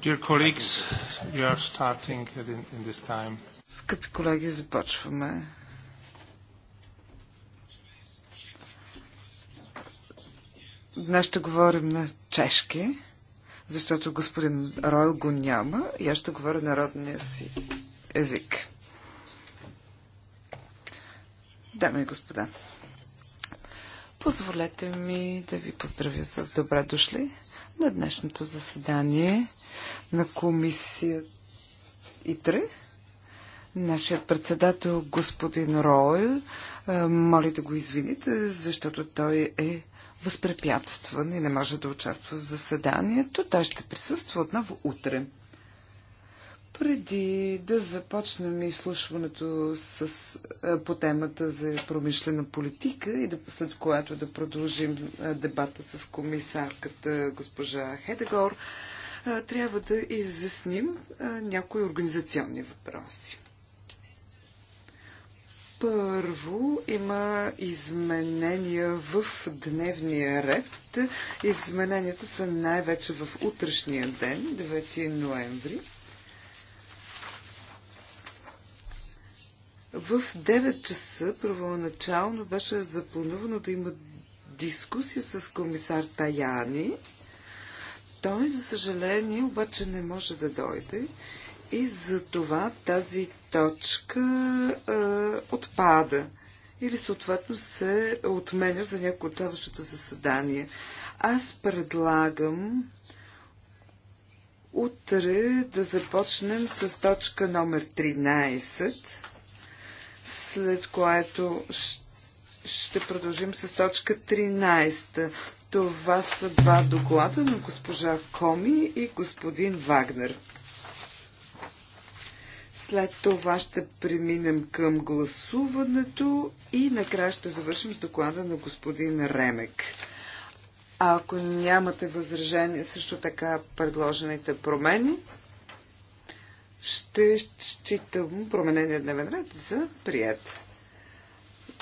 Dear colleagues, we are starting in, in this time. Скъпи колеги, започваме. Днес ще говорим на чешки, защото господин Ройл го няма и аз ще говоря народния си език. Дами и господа, позволете ми да ви поздравя с добре дошли на днешното заседание на комисия ИТРЕ. Нашият председател, господин Ройл, Моля да го извините, защото той е възпрепятстван и не може да участва в заседанието. Той ще присъства отново утре. Преди да започнем изслушването с, по темата за промишлена политика и да, след която да продължим дебата с комисарката госпожа Хедегор, трябва да изясним някои организационни въпроси. Първо има изменения в дневния ред. Измененията са най-вече в утрешния ден, 9 ноември. В 9 часа първоначално беше запланувано да има дискусия с комисар Таяни той, за съжаление, обаче не може да дойде и за това тази точка а, отпада или съответно се отменя за някои от следващото заседание. Аз предлагам утре да започнем с точка номер 13, след което ще продължим с точка 13. Това са два доклада на госпожа Коми и господин Вагнер. След това ще преминем към гласуването и накрая ще завършим с доклада на господин Ремек. А ако нямате възражение също така предложените промени, ще считам променения дневен ред за прият.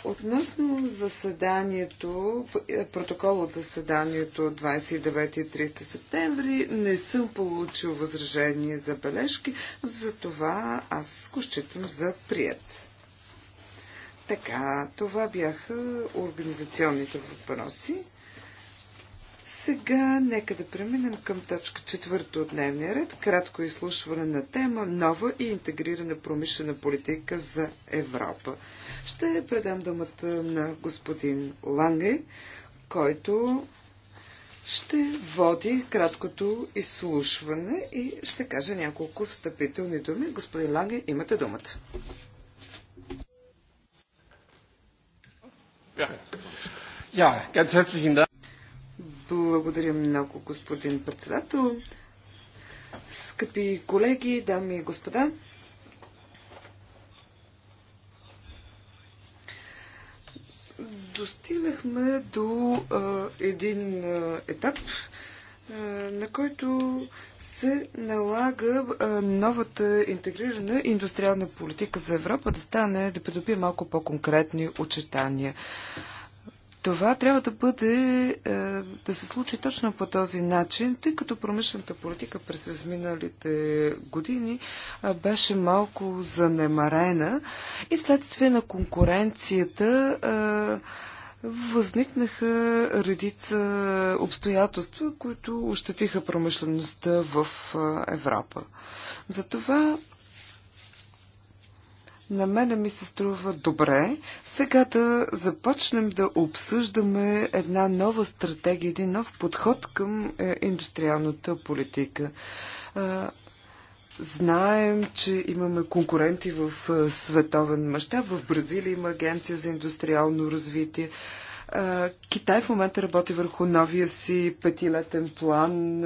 Относно заседанието, е, протокол от заседанието от 29 и 30 септември, не съм получил възражение за бележки, затова аз го считам за прият. Така, това бяха организационните въпроси. Сега нека да преминем към точка четвърта от дневния ред. Кратко изслушване на тема нова и интегрирана промишлена политика за Европа. Ще предам думата на господин Ланге, който ще води краткото изслушване и ще каже няколко встъпителни думи. Господин Ланге, имате думата. Благодаря много, господин председател. Скъпи колеги, дами и господа, достигнахме до а, един а, етап, а, на който се налага а, новата интегрирана индустриална политика за Европа да стане, да придобие малко по-конкретни очетания. Това трябва да бъде, е, да се случи точно по този начин, тъй като промишлената политика през изминалите години беше малко занемарена и вследствие на конкуренцията възникнаха редица обстоятелства, които ощетиха промишлеността в Европа. Затова на мене ми се струва добре сега да започнем да обсъждаме една нова стратегия, един нов подход към е, индустриалната политика. Е, знаем, че имаме конкуренти в е, световен мащаб. В Бразилия има агенция за индустриално развитие. Китай в момента работи върху новия си петилетен план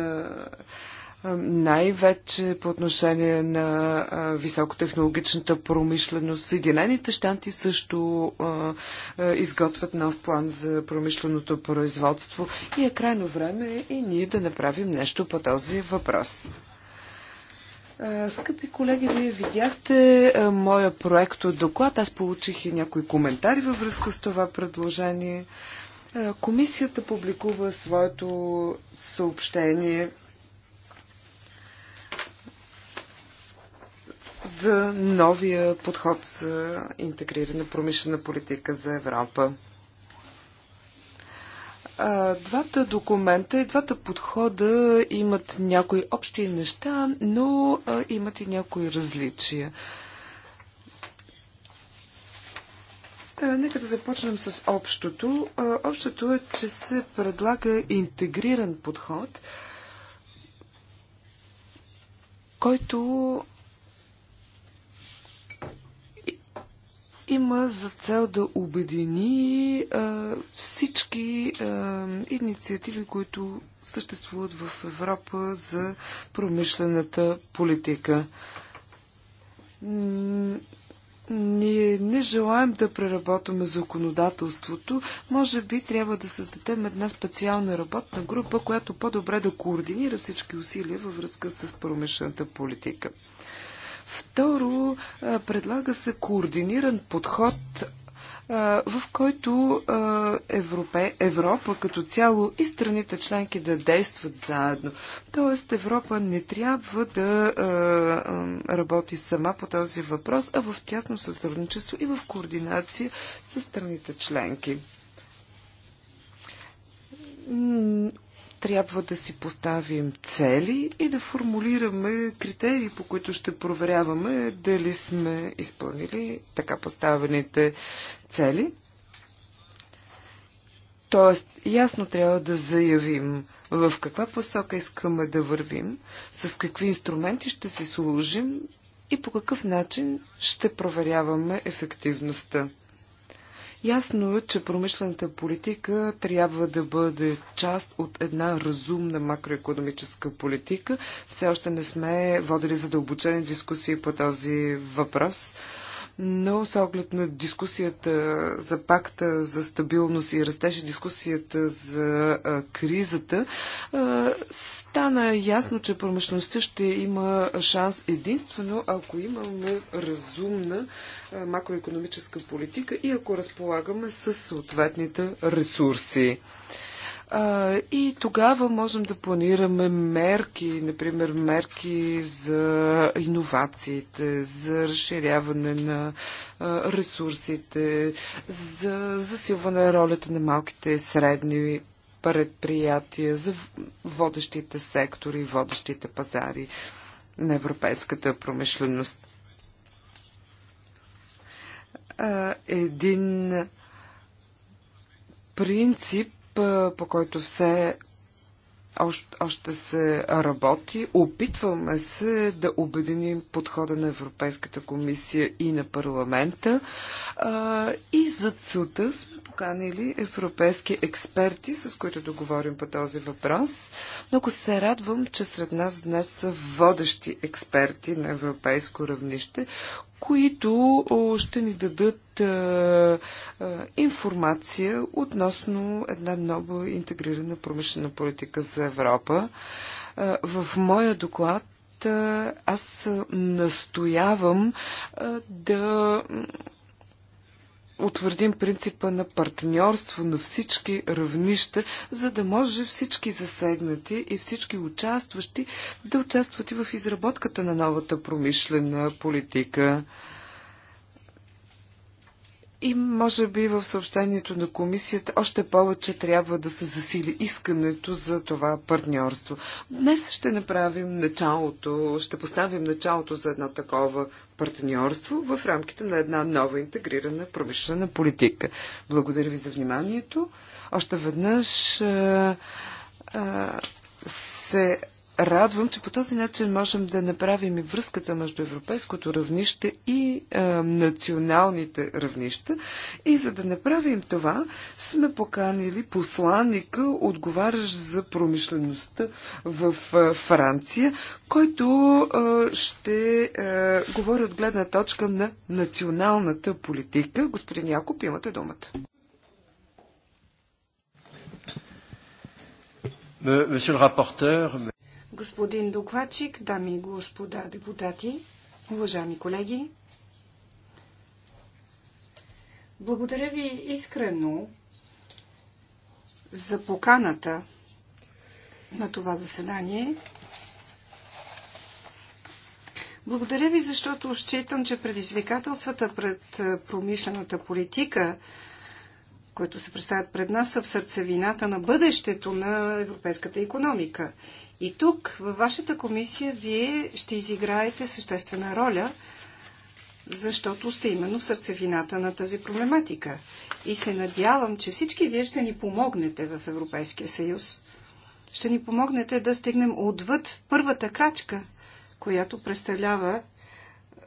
най-вече по отношение на високотехнологичната промишленост. Съединените щанти също изготвят нов план за промишленото производство и е крайно време и ние да направим нещо по този въпрос. Скъпи колеги, вие видяхте моя проект от доклад. Аз получих и някои коментари във връзка с това предложение. Комисията публикува своето съобщение за новия подход за интегрирана промишлена политика за Европа. Двата документа и двата подхода имат някои общи неща, но имат и някои различия. Е, нека да започнем с общото. Общото е, че се предлага интегриран подход, който има за цел да обедини а, всички а, инициативи, които съществуват в Европа за промишлената политика. Ние не желаем да преработваме законодателството. Може би трябва да създадем една специална работна група, която по-добре да координира всички усилия във връзка с промишлената политика. Второ, предлага се координиран подход в който Европе, Европа като цяло и страните членки да действат заедно. Тоест Европа не трябва да работи сама по този въпрос, а в тясно сътрудничество и в координация с страните членки. трябва да си поставим цели и да формулираме критерии, по които ще проверяваме дали сме изпълнили така поставените цели. Тоест, ясно трябва да заявим в каква посока искаме да вървим, с какви инструменти ще се служим и по какъв начин ще проверяваме ефективността. Ясно е, че промишлената политика трябва да бъде част от една разумна макроекономическа политика. Все още не сме водили задълбочени дискусии по този въпрос но с оглед на дискусията за пакта за стабилност и растеше дискусията за а, кризата, а, стана ясно, че промишлеността ще има шанс единствено, ако имаме разумна а, макроекономическа политика и ако разполагаме с съответните ресурси и тогава можем да планираме мерки, например мерки за иновациите, за разширяване на ресурсите, за засилване на ролята на малките и средни предприятия, за водещите сектори, водещите пазари на европейската промишленост. Един принцип по който все още, още се работи. Опитваме се да обединим подхода на Европейската комисия и на парламента. А, и за целта сме поканили европейски експерти, с които да говорим по този въпрос. Много се радвам, че сред нас днес са водещи експерти на европейско равнище, които ще ни дадат информация относно една нова интегрирана промишлена политика за Европа. В моя доклад аз настоявам да утвърдим принципа на партньорство на всички равнища, за да може всички засегнати и всички участващи да участват и в изработката на новата промишлена политика. И може би в съобщението на комисията още повече трябва да се засили искането за това партньорство. Днес ще направим началото, ще поставим началото за едно такова партньорство в рамките на една нова интегрирана промишлена политика. Благодаря ви за вниманието. Още веднъж а, а, се радвам, че по този начин можем да направим и връзката между европейското равнище и е, националните равнища. И за да направим това, сме поканили посланника, отговарящ за промишлеността в е, Франция, който е, ще е, говори от гледна точка на националната политика. Господин Якоб, имате думата. Monsieur le rapporteur, Господин докладчик, дами и господа депутати, уважаеми колеги, благодаря ви искрено за поканата на това заседание. Благодаря ви, защото считам, че предизвикателствата пред промишлената политика, които се представят пред нас, са в сърцевината на бъдещето на европейската економика. И тук, във вашата комисия, вие ще изиграете съществена роля, защото сте именно сърцевината на тази проблематика. И се надявам, че всички вие ще ни помогнете в Европейския съюз. Ще ни помогнете да стигнем отвъд първата крачка, която представлява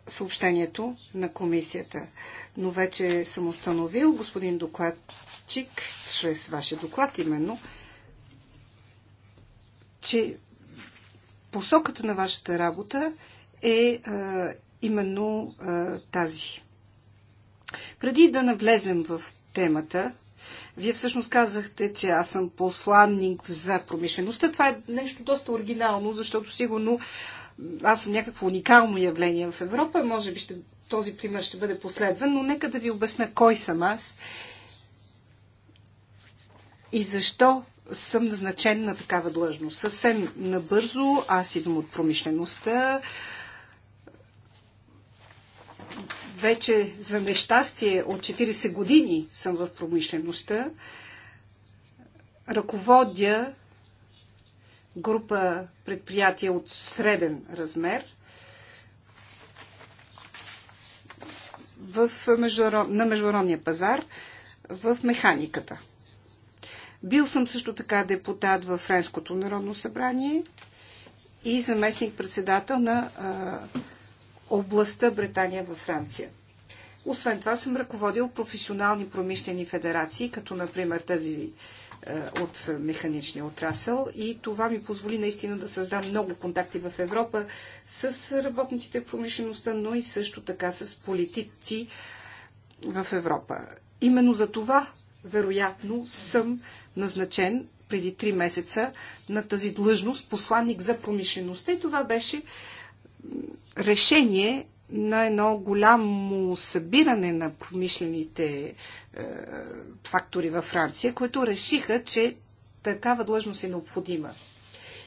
съобщението на комисията. Но вече съм установил, господин докладчик, чрез вашия доклад именно, че посоката на вашата работа е а, е, именно а, е, тази. Преди да навлезем в темата, вие всъщност казахте, че аз съм посланник за промишлеността. Това е нещо доста оригинално, защото сигурно аз съм някакво уникално явление в Европа. Може би ще, този пример ще бъде последван, но нека да ви обясна кой съм аз и защо съм назначен на такава длъжност. Съвсем набързо, аз идвам от промишлеността. Вече за нещастие от 40 години съм в промишлеността. Ръководя група предприятия от среден размер – в международ... на международния пазар в механиката. Бил съм също така депутат в Френското народно събрание и заместник-председател на а, областта Британия във Франция. Освен това съм ръководил професионални промишлени федерации, като например тази от механичния отрасъл и това ми позволи наистина да създам много контакти в Европа с работниците в промишлеността, но и също така с политици в Европа. Именно за това, вероятно, съм назначен преди три месеца на тази длъжност посланник за промишлеността и това беше решение на едно голямо събиране на промишлените е, фактори във Франция, които решиха, че такава длъжност е необходима.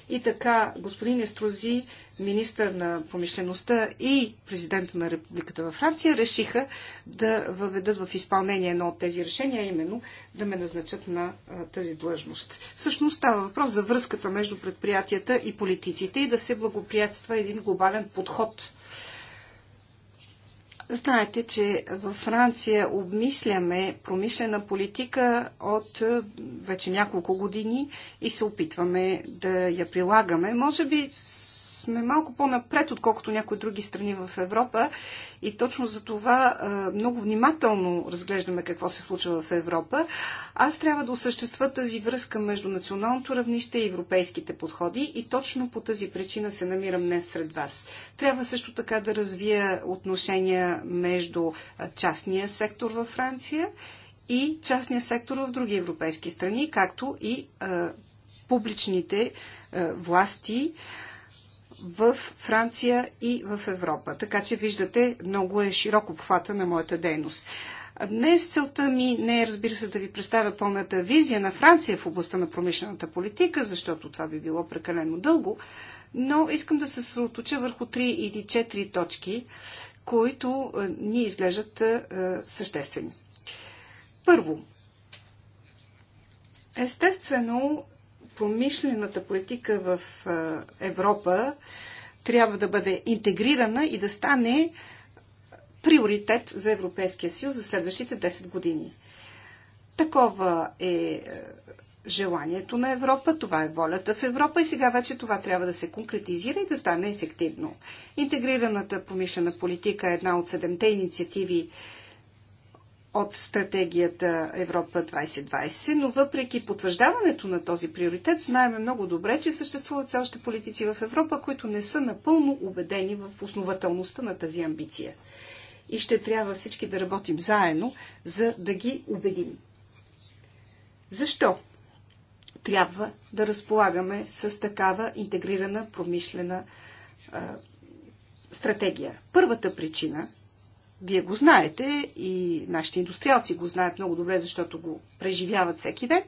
И така, господин Естрози, министър на промишлеността и президента на Републиката във Франция, решиха да въведат в изпълнение едно от тези решения, именно да ме назначат на тази длъжност. Всъщност става въпрос за връзката между предприятията и политиците и да се благоприятства един глобален подход Знаете, че във Франция обмисляме промишлена политика от е, вече няколко години и се опитваме да я прилагаме. Може би сме малко по-напред, отколкото някои други страни в Европа и точно за това много внимателно разглеждаме какво се случва в Европа. Аз трябва да осъществя тази връзка между националното равнище и европейските подходи и точно по тази причина се намирам днес сред вас. Трябва също така да развия отношения между частния сектор във Франция и частния сектор в други европейски страни, както и публичните власти, в Франция и в Европа. Така че виждате, много е широко обхвата на моята дейност. Днес целта ми не е, разбира се, да ви представя пълната визия на Франция в областта на промишлената политика, защото това би било прекалено дълго, но искам да се съсредоточа върху 3 или 4 точки, които е, ни изглеждат е, съществени. Първо, естествено, промишлената политика в Европа трябва да бъде интегрирана и да стане приоритет за Европейския съюз за следващите 10 години. Такова е, е желанието на Европа, това е волята в Европа и сега вече това трябва да се конкретизира и да стане ефективно. Интегрираната промишлена политика е една от седемте инициативи, от стратегията Европа 2020, но въпреки потвърждаването на този приоритет, знаеме много добре, че съществуват все още политици в Европа, които не са напълно убедени в основателността на тази амбиция. И ще трябва всички да работим заедно, за да ги убедим. Защо трябва да разполагаме с такава интегрирана промишлена а, стратегия? Първата причина – вие го знаете и нашите индустриалци го знаят много добре, защото го преживяват всеки ден,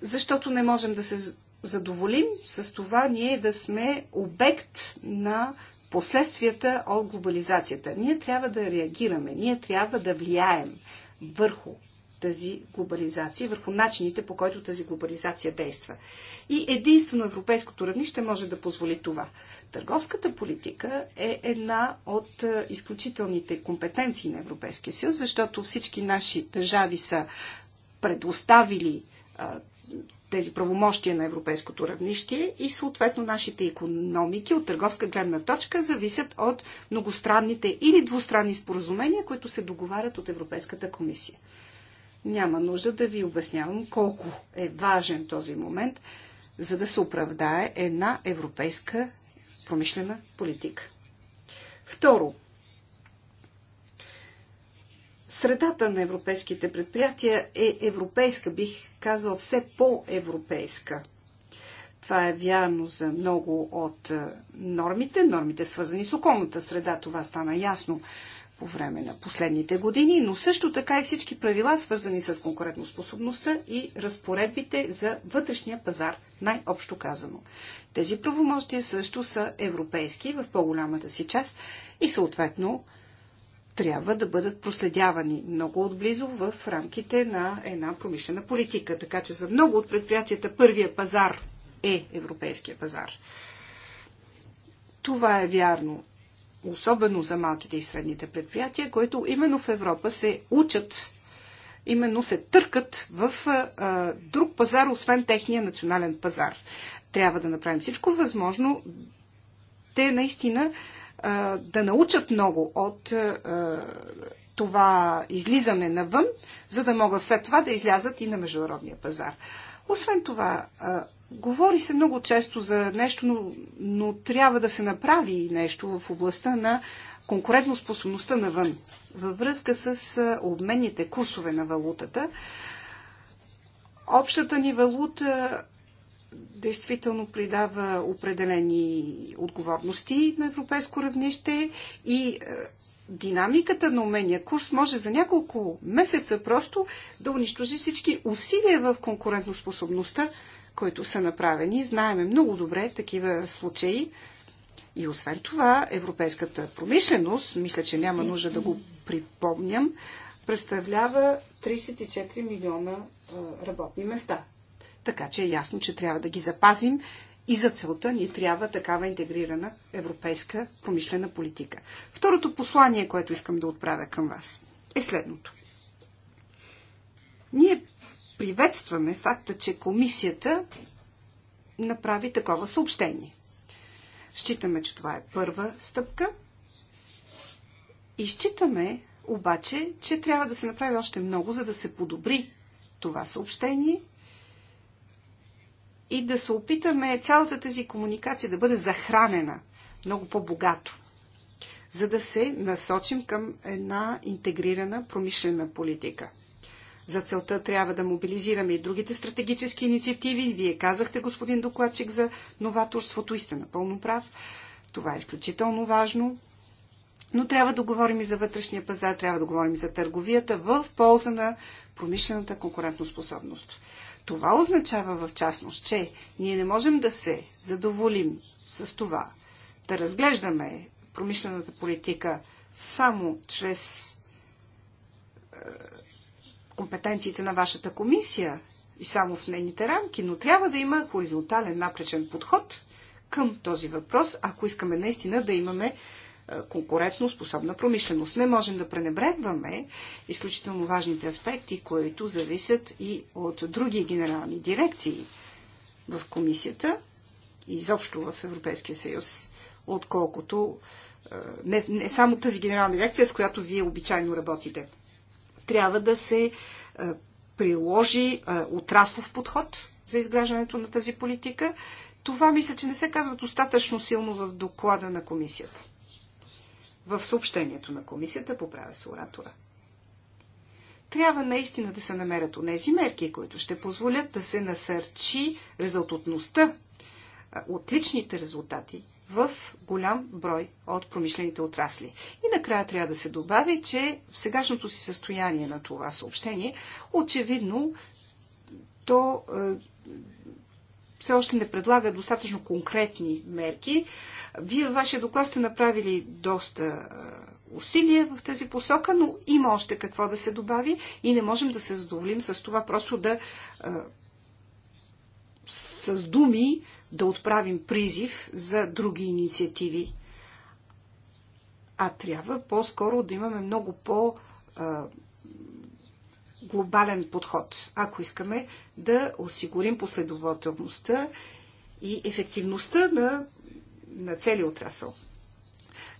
защото не можем да се задоволим с това ние да сме обект на последствията от глобализацията. Ние трябва да реагираме, ние трябва да влияем върху тази глобализация, върху начините по който тази глобализация действа. И единствено европейското равнище може да позволи това. Търговската политика е една от е, изключителните компетенции на Европейския съюз, защото всички наши държави са предоставили е, тези правомощия на европейското равнище и съответно нашите економики от търговска гледна точка зависят от многостранните или двустранни споразумения, които се договарят от Европейската комисия. Няма нужда да ви обяснявам колко е важен този момент, за да се оправдае една европейска промишлена политика. Второ, средата на европейските предприятия е европейска, бих казал все по-европейска. Това е вярно за много от е, нормите, нормите свързани с околната среда, това стана ясно по време на последните години, но също така и всички правила, свързани с конкурентоспособността и разпоредбите за вътрешния пазар, най-общо казано. Тези правомощия също са европейски в по-голямата си част и съответно трябва да бъдат проследявани много отблизо в рамките на една промишлена политика. Така че за много от предприятията първия пазар е европейския пазар. Това е вярно особено за малките и средните предприятия, които именно в Европа се учат, именно се търкат в а, друг пазар, освен техния национален пазар. Трябва да направим всичко възможно те наистина а, да научат много от а, това излизане навън, за да могат след това да излязат и на международния пазар. Освен това, а, Говори се много често за нещо, но, но трябва да се направи нещо в областта на способността навън. Във връзка с обменните курсове на валутата, общата ни валута действително придава определени отговорности на европейско равнище и динамиката на умения курс може за няколко месеца просто да унищожи всички усилия в конкурентоспособността които са направени. Знаеме много добре такива случаи. И освен това, европейската промишленост, мисля, че няма нужда да го припомням, представлява 34 милиона работни места. Така че е ясно, че трябва да ги запазим и за целта ни трябва такава интегрирана европейска промишлена политика. Второто послание, което искам да отправя към вас, е следното. Ние приветстваме факта, че комисията направи такова съобщение. Считаме, че това е първа стъпка и считаме обаче, че трябва да се направи още много, за да се подобри това съобщение и да се опитаме цялата тази комуникация да бъде захранена много по-богато, за да се насочим към една интегрирана промишлена политика – за целта трябва да мобилизираме и другите стратегически инициативи. Вие казахте, господин докладчик, за новаторството и сте напълно прав. Това е изключително важно. Но трябва да говорим и за вътрешния пазар, трябва да говорим и за търговията в полза на промишлената конкурентоспособност. Това означава в частност, че ние не можем да се задоволим с това, да разглеждаме промишлената политика само чрез е, компетенциите на вашата комисия и само в нейните рамки, но трябва да има хоризонтален напречен подход към този въпрос, ако искаме наистина да имаме е, конкурентно способна промишленост. Не можем да пренебрегваме изключително важните аспекти, които зависят и от други генерални дирекции в комисията и изобщо в Европейския съюз, отколкото е, не, не само тази генерална дирекция, с която вие обичайно работите трябва да се е, приложи е, отраслов подход за изграждането на тази политика. Това мисля, че не се казва достатъчно силно в доклада на комисията. В съобщението на комисията поправя се оратора. Трябва наистина да се намерят онези мерки, които ще позволят да се насърчи резултатността, е, от личните резултати в голям брой от промишлените отрасли. И накрая трябва да се добави, че в сегашното си състояние на това съобщение, очевидно, то е, все още не предлага достатъчно конкретни мерки. Вие във вашия доклад сте направили доста е, усилия в тази посока, но има още какво да се добави и не можем да се задоволим с това просто да е, с думи да отправим призив за други инициативи, а трябва по-скоро да имаме много по- глобален подход, ако искаме да осигурим последователността и ефективността на, на целия отрасъл.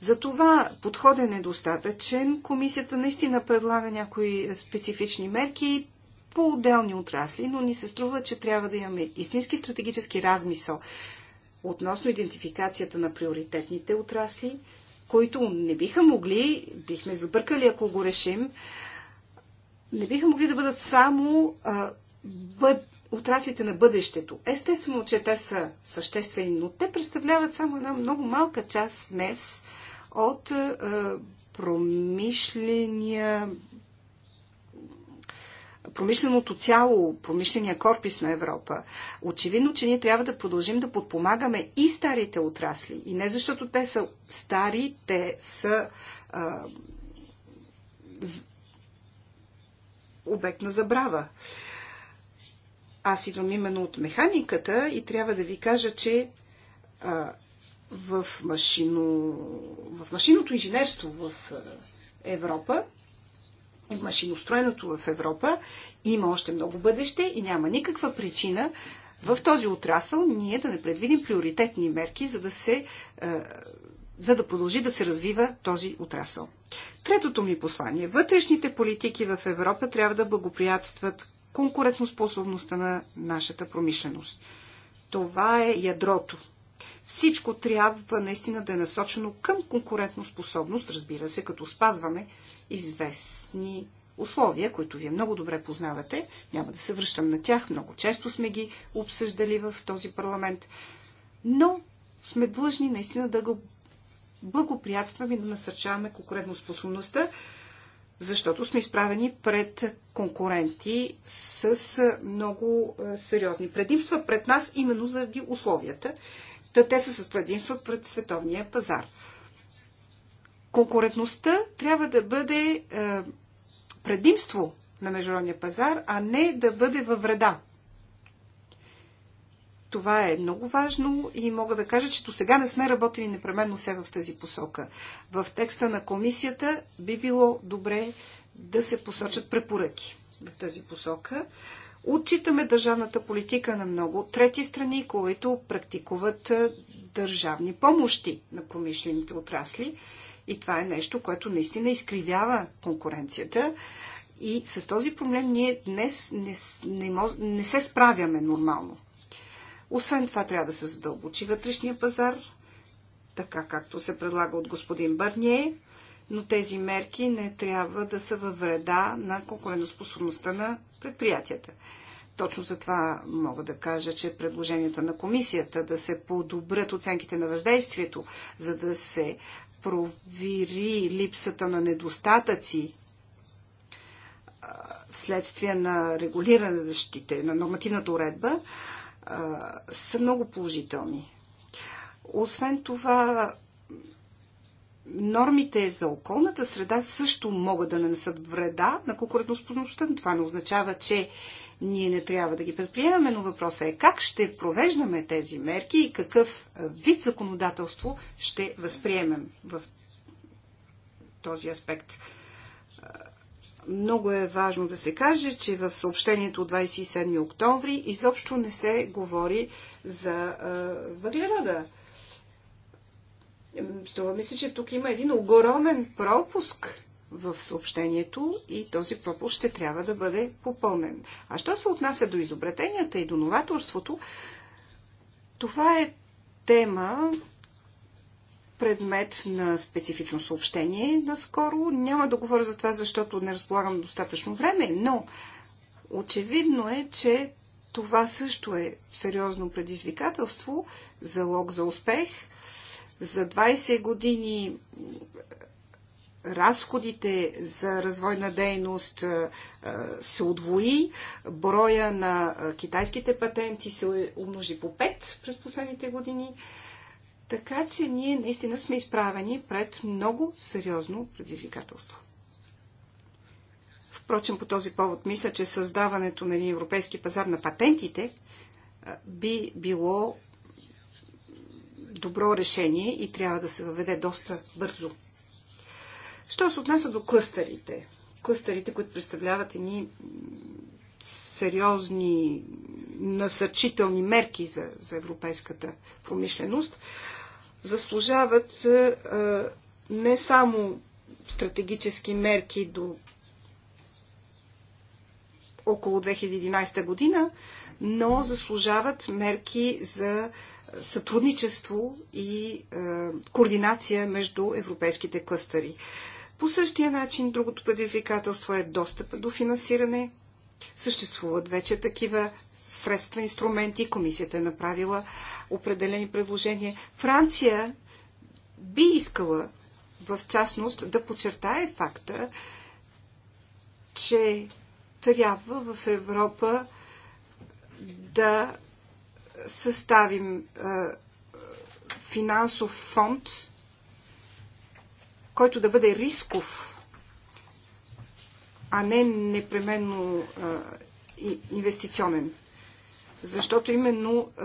Затова подходът е недостатъчен. Комисията наистина предлага някои специфични мерки, по отделни отрасли, но ни се струва, че трябва да имаме истински стратегически размисъл относно идентификацията на приоритетните отрасли, които не биха могли, бихме забъркали ако го решим, не биха могли да бъдат само а, бъд, отраслите на бъдещето. Естествено, че те са съществени, но те представляват само една много малка част днес от а, промишления промишленото цяло, промишления корпус на Европа. Очевидно, че ние трябва да продължим да подпомагаме и старите отрасли. И не защото те са стари, те са а, обект на забрава. Аз идвам именно от механиката и трябва да ви кажа, че а, в, машино, в машиното инженерство в Европа машиностроеното в Европа има още много бъдеще и няма никаква причина в този отрасъл ние да не предвидим приоритетни мерки, за да, се, е, за да продължи да се развива този отрасъл. Третото ми послание. Вътрешните политики в Европа трябва да благоприятстват конкурентоспособността на нашата промишленост. Това е ядрото всичко трябва наистина да е насочено към способност, разбира се, като спазваме известни условия, които вие много добре познавате. Няма да се връщам на тях, много често сме ги обсъждали в този парламент. Но сме длъжни наистина да го благоприятстваме и да насърчаваме способността, защото сме изправени пред конкуренти с много е, сериозни предимства пред нас, именно заради условията да те са с предимство пред световния пазар. Конкурентността трябва да бъде е, предимство на международния пазар, а не да бъде във вреда. Това е много важно и мога да кажа, че до сега не сме работили непременно се в тази посока. В текста на комисията би било добре да се посочат препоръки в тази посока. Отчитаме държавната политика на много трети страни, които практикуват е, държавни помощи на промишлените отрасли. И това е нещо, което наистина изкривява конкуренцията. И с този проблем ние днес не, не, мож, не се справяме нормално. Освен това трябва да се задълбочи вътрешния пазар, така както се предлага от господин Бърние, но тези мерки не трябва да са във вреда на конкурентоспособността на предприятията. Точно за това мога да кажа, че предложенията на комисията да се подобрят оценките на въздействието, за да се провери липсата на недостатъци вследствие на регулиращите, на нормативната уредба, са много положителни. Освен това, нормите за околната среда също могат да нанесат вреда на конкурентоспособността. Това не означава, че ние не трябва да ги предприемаме, но въпросът е как ще провеждаме тези мерки и какъв вид законодателство ще възприемем в този аспект. Много е важно да се каже, че в съобщението от 27 октомври изобщо не се говори за въглерода. Това мисля, че тук има един огромен пропуск в съобщението и този пропуск ще трябва да бъде попълнен. А що се отнася до изобретенията и до новаторството, това е тема, предмет на специфично съобщение наскоро. Няма да говоря за това, защото не разполагам достатъчно време, но очевидно е, че това също е сериозно предизвикателство, залог за успех – за 20 години разходите за развойна дейност се отвои, броя на китайските патенти се умножи по 5 през последните години. Така че ние наистина сме изправени пред много сериозно предизвикателство. Впрочем, по този повод мисля, че създаването на един европейски пазар на патентите би било добро решение и трябва да се въведе доста бързо. Що се отнася до клъстерите? Клъстерите, които представляват едни сериозни насърчителни мерки за, за европейската промишленост, заслужават е, е не само стратегически мерки до около 2011 година, но заслужават мерки за сътрудничество и е, координация между европейските клъстъри. По същия начин другото предизвикателство е достъп до финансиране. Съществуват вече такива средства, инструменти. Комисията е направила определени предложения. Франция би искала в частност да подчертае факта, че трябва в Европа да съставим е, финансов фонд, който да бъде рисков, а не непременно е, инвестиционен. Защото именно е,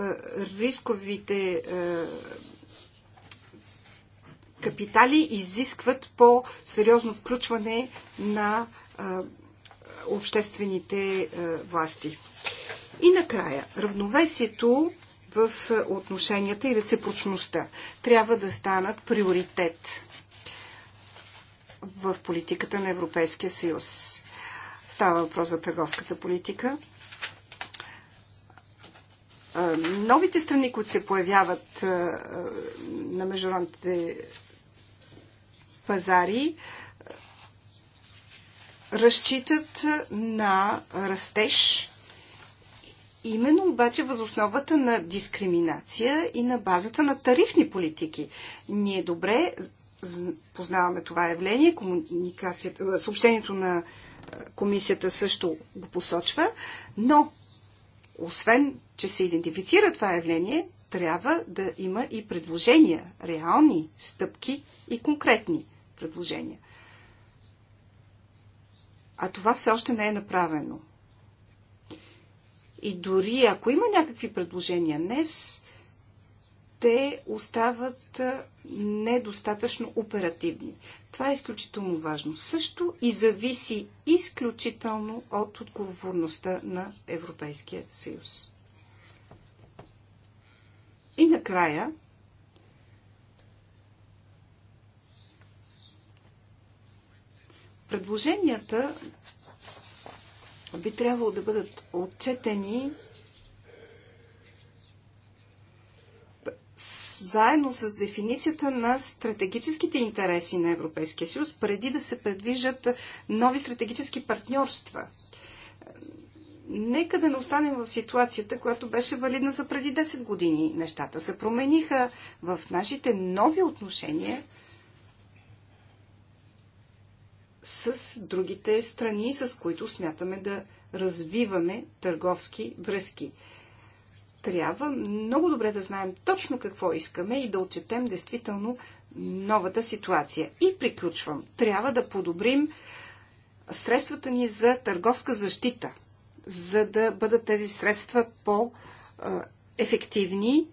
рисковите капитали изискват по-сериозно включване на обществените власти. И накрая, равновесието в отношенията и реципрочността трябва да станат приоритет в политиката на Европейския съюз. Става въпрос за търговската политика. Новите страни, които се появяват на международните пазари, разчитат на растеж именно обаче възосновата на дискриминация и на базата на тарифни политики. Ние добре познаваме това явление, комуникацията, съобщението на комисията също го посочва, но освен, че се идентифицира това явление, трябва да има и предложения, реални стъпки и конкретни предложения. А това все още не е направено. И дори ако има някакви предложения днес, те остават недостатъчно оперативни. Това е изключително важно. Също и зависи изключително от отговорността на Европейския съюз. И накрая, предложенията би трябвало да бъдат отчетени заедно с дефиницията на стратегическите интереси на Европейския съюз, преди да се предвижат нови стратегически партньорства. Нека да не останем в ситуацията, която беше валидна за преди 10 години. Нещата се промениха в нашите нови отношения с другите страни, с които смятаме да развиваме търговски връзки. Трябва много добре да знаем точно какво искаме и да отчетем действително новата ситуация. И приключвам. Трябва да подобрим средствата ни за търговска защита, за да бъдат тези средства по-ефективни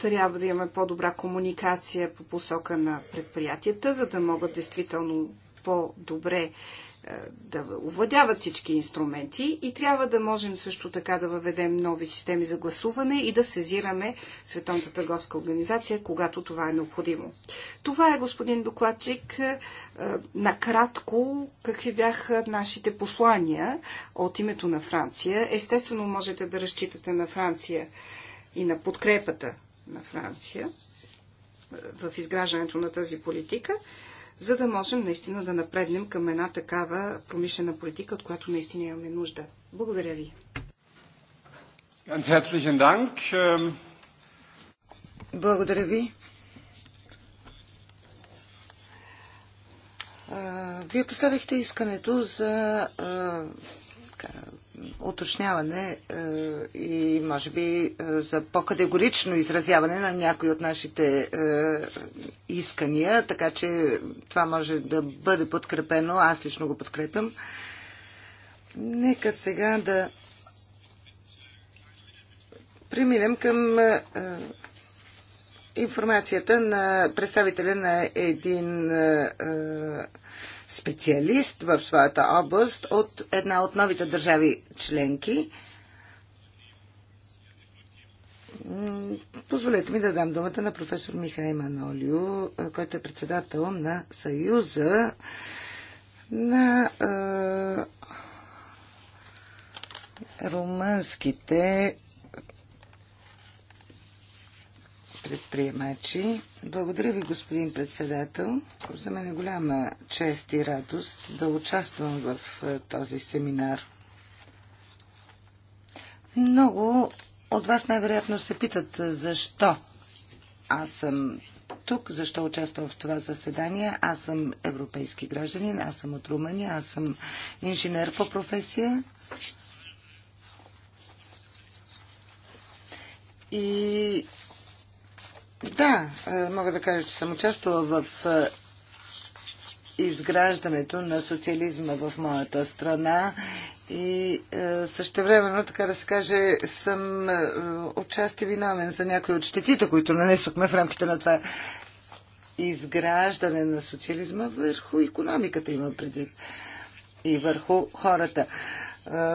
трябва да имаме по-добра комуникация по посока на предприятията, за да могат действително по-добре е, да овладяват всички инструменти и трябва да можем също така да въведем нови системи за гласуване и да сезираме Световната търговска организация, когато това е необходимо. Това е, господин докладчик, е, е, накратко какви бяха нашите послания от името на Франция. Естествено, можете да разчитате на Франция и на подкрепата на Франция в изграждането на тази политика, за да можем наистина да напреднем към една такава промишлена политика, от която наистина имаме нужда. Благодаря ви. Благодаря ви. Вие поставихте искането за уточняване е, и може би е, за по-категорично изразяване на някои от нашите е, искания, така че това може да бъде подкрепено. Аз лично го подкрепям. Нека сега да преминем към информацията на представителя на един специалист в своята област от една от новите държави членки. Позволете ми да дам думата на професор Михай Манолио, който е председател на Съюза на румънските предприемачи. Благодаря ви, господин председател. За мен е голяма чест и радост да участвам в е, този семинар. Много от вас най-вероятно се питат е, защо аз съм тук, защо участвам в това заседание. Аз съм европейски гражданин, аз съм от Румъния, аз съм инженер по професия. И да, е, мога да кажа, че съм участвала в е, изграждането на социализма в моята страна и е, същевременно, така да се каже, съм отчасти виновен за някои от щетите, които нанесохме в рамките на това изграждане на социализма върху економиката има предвид и върху хората.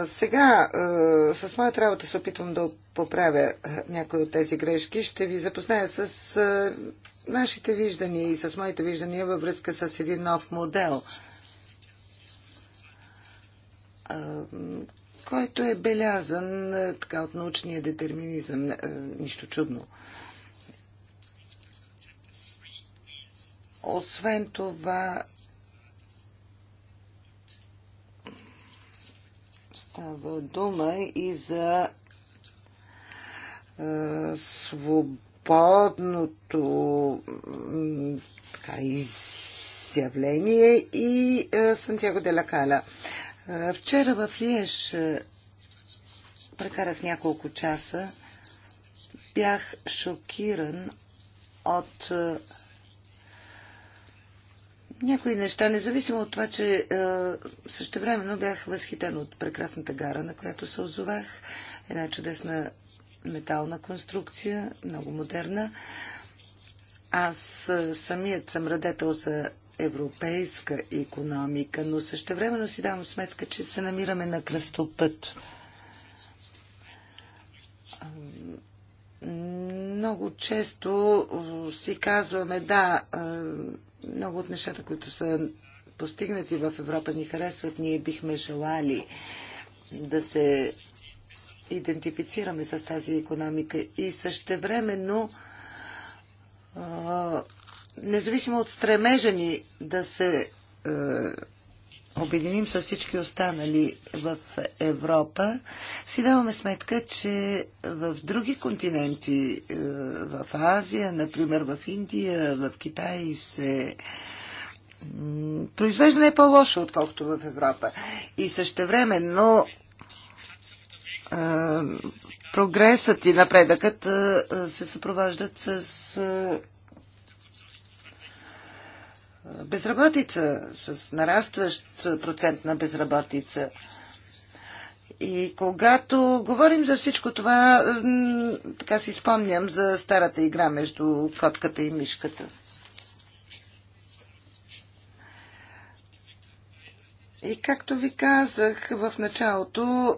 Сега с моята работа се опитвам да поправя някои от тези грешки. Ще ви запозная с нашите виждания и с моите виждания във връзка с един нов модел, който е белязан така, от научния детерминизъм. Нищо чудно. Освен това, Става дума и за е, свободното така, изявление и е, Сантьяго Лакала. Е, вчера в Лиеш е, прекарах няколко часа. Бях шокиран от е, някои неща, независимо от това, че е, същевременно бях възхитен от прекрасната гара, на която се озовах. Една чудесна метална конструкция, много модерна. Аз е, самият съм радетел за европейска економика, но същевременно си давам сметка, че се намираме на кръстопът. Много често си казваме, да, много от нещата, които са постигнати в Европа, ни харесват. Ние бихме желали да се идентифицираме с тази економика и същевременно независимо от стремежа ни да се обединим с всички останали в Европа, си даваме сметка, че в други континенти, е, в Азия, например в Индия, в Китай се произвеждане е по-лошо, отколкото в Европа. И същевременно е, прогресът и напредъкът е, се съпровождат с безработица, с нарастващ процент на безработица. И когато говорим за всичко това, така си спомням за старата игра между котката и мишката. И както ви казах в началото,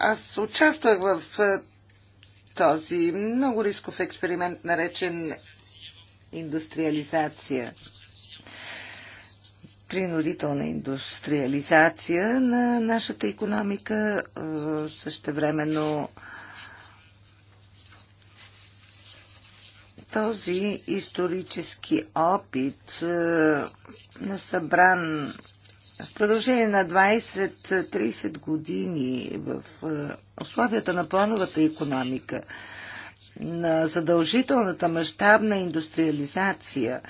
аз участвах в този много рисков експеримент, наречен индустриализация – принудителна индустриализация на нашата економика, същевременно този исторически опит на събран в продължение на 20-30 години в условията на плановата економика, на задължителната мащабна индустриализация,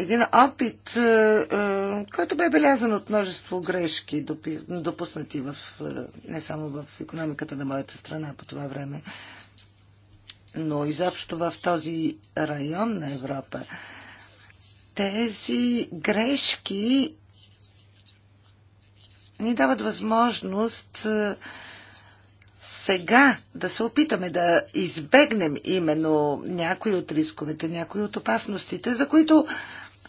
един опит, е, е, който бе белязан от множество грешки, допуснати в, е, не само в економиката на моята страна по това време, но изобщо в този район на Европа. Тези грешки ни дават възможност сега да се опитаме да избегнем именно някои от рисковете, някои от опасностите, за които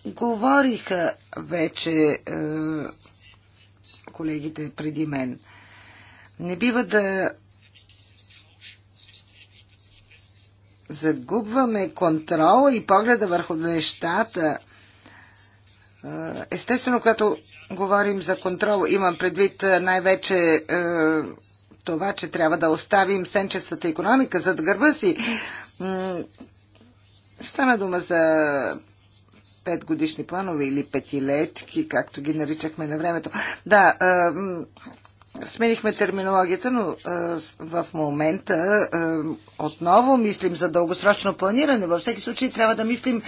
говориха вече е, колегите преди мен. Не бива да загубваме контрола и погледа върху нещата. Е, естествено, когато говорим за контрол, имам предвид е, най-вече е, това, че трябва да оставим сенчестата економика зад гърба си. Стана дума за годишни планове или петилетки, както ги наричахме на времето. Да, сменихме терминологията, но в момента отново мислим за дългосрочно планиране. Във всеки случай трябва да мислим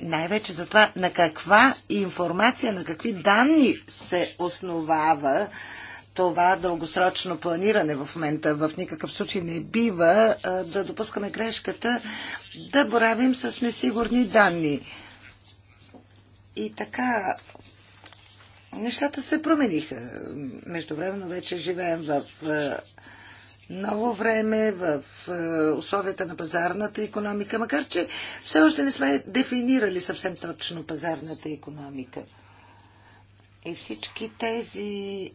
най-вече за това на каква информация, на какви данни се основава това дългосрочно планиране в момента. В никакъв случай не бива да допускаме грешката да боравим с несигурни данни. И така, нещата се промениха. Междувременно вече живеем в ново време, в условията на пазарната економика, макар че все още не сме дефинирали съвсем точно пазарната економика. И всички тези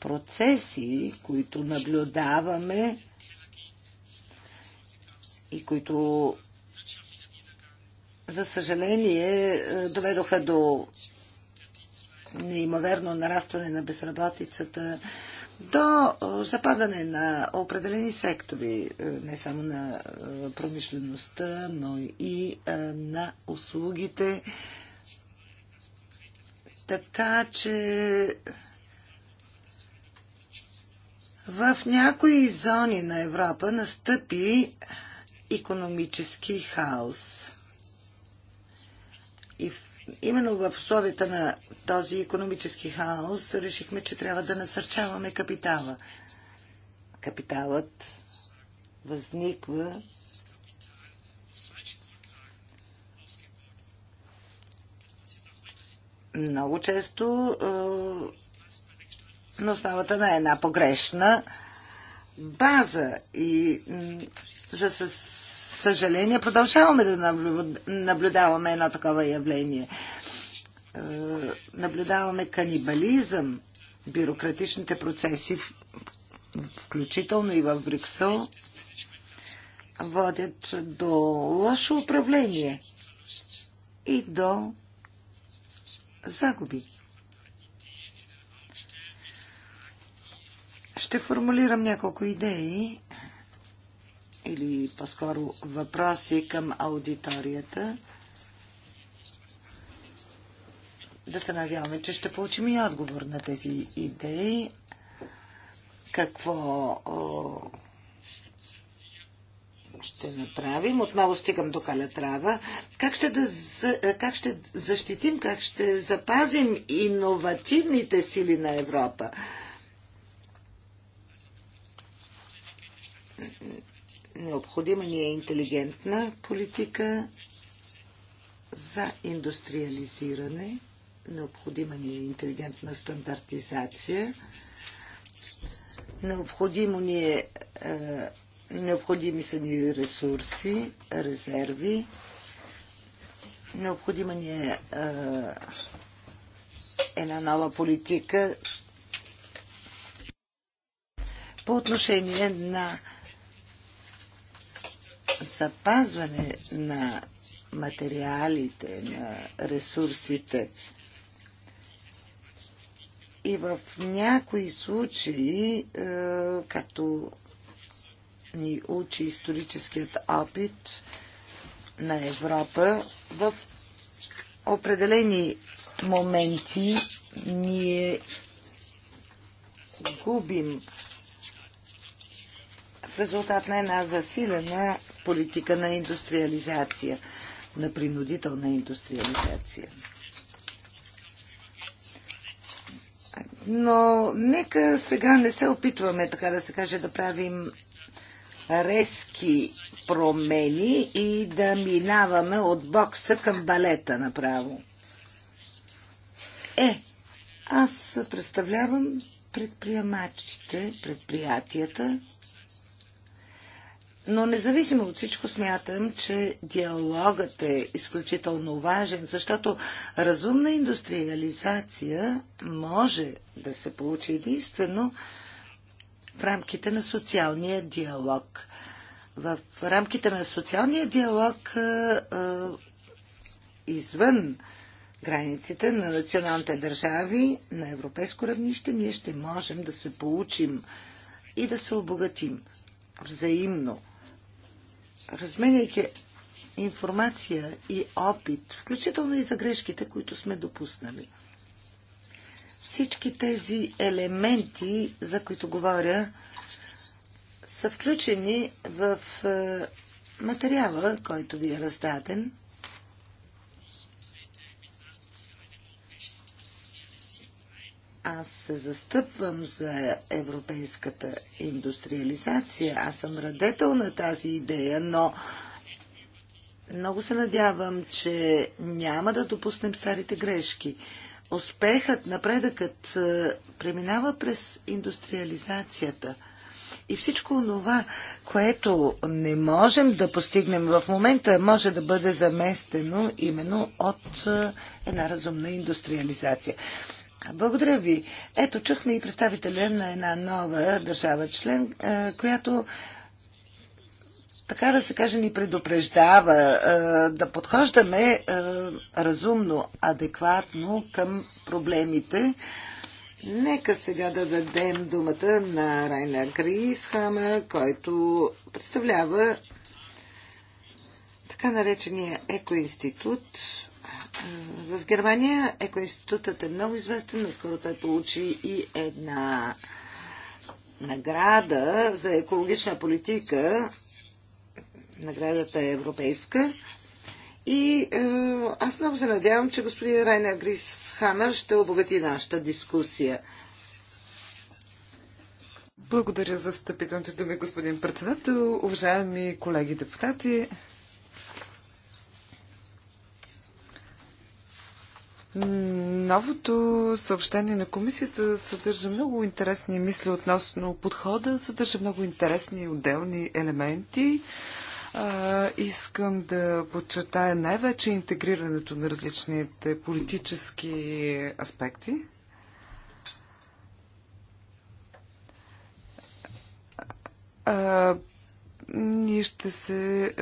процеси, които наблюдаваме и които за съжаление доведоха до неимоверно нарастване на безработицата, до западане на определени сектори, не само на промишлеността, но и на услугите, така че в някои зони на Европа настъпи економически хаос. И именно в условията на този економически хаос решихме, че трябва да насърчаваме капитала. Капиталът възниква много често е, на основата на една погрешна база. И за съжаление продължаваме да наблюдаваме едно такова явление. Е, наблюдаваме канибализъм, бюрократичните процеси, включително и в Брюксел, водят до лошо управление и до загуби. Ще формулирам няколко идеи или по-скоро въпроси към аудиторията. Да се надяваме, че ще получим и отговор на тези идеи. Какво ще направим? Отново стигам до Калетрава. Как ще, да, как ще защитим, как ще запазим иновативните сили на Европа? Необходима ни е интелигентна политика за индустриализиране. Необходима ни е интелигентна стандартизация. Необходимо ни е, е Необходими са ни ресурси, резерви. Необходима ни е една нова политика по отношение на запазване на материалите, на ресурсите. И в някои случаи, както ни учи историческият опит на Европа. В определени моменти ние губим в резултат на една засилена политика на индустриализация, на принудителна индустриализация. Но нека сега не се опитваме, така да се каже, да правим резки промени и да минаваме от бокса към балета направо. Е, аз представлявам предприемачите, предприятията, но независимо от всичко смятам, че диалогът е изключително важен, защото разумна индустриализация може да се получи единствено в рамките на социалния диалог. В рамките на социалния диалог извън границите на националните държави на европейско равнище ние ще можем да се получим и да се обогатим взаимно, разменяйки информация и опит, включително и за грешките, които сме допуснали всички тези елементи, за които говоря, са включени в е, материала, който ви е раздаден. Аз се застъпвам за европейската индустриализация. Аз съм радетел на тази идея, но много се надявам, че няма да допуснем старите грешки. Успехът, напредъкът е, преминава през индустриализацията. И всичко това, което не можем да постигнем в момента, може да бъде заместено именно от е, една разумна индустриализация. Благодаря ви. Ето, чухме и представителя на една нова държава член, е, която така да се каже, ни предупреждава е, да подхождаме е, разумно, адекватно към проблемите. Нека сега да дадем думата на Райна Крисхама, който представлява така наречения екоинститут. Е, в Германия екоинститутът е много известен. Наскоро той получи и една награда за екологична политика Наградата е европейска. И е, аз много се надявам, че господин Райна Грис Хамер ще обогати нашата дискусия. Благодаря за встъпителните думи, господин председател, уважаеми колеги депутати. Новото съобщение на комисията съдържа много интересни мисли относно подхода, съдържа много интересни отделни елементи. А, искам да подчертая най-вече интегрирането на различните политически аспекти. А, ние ще се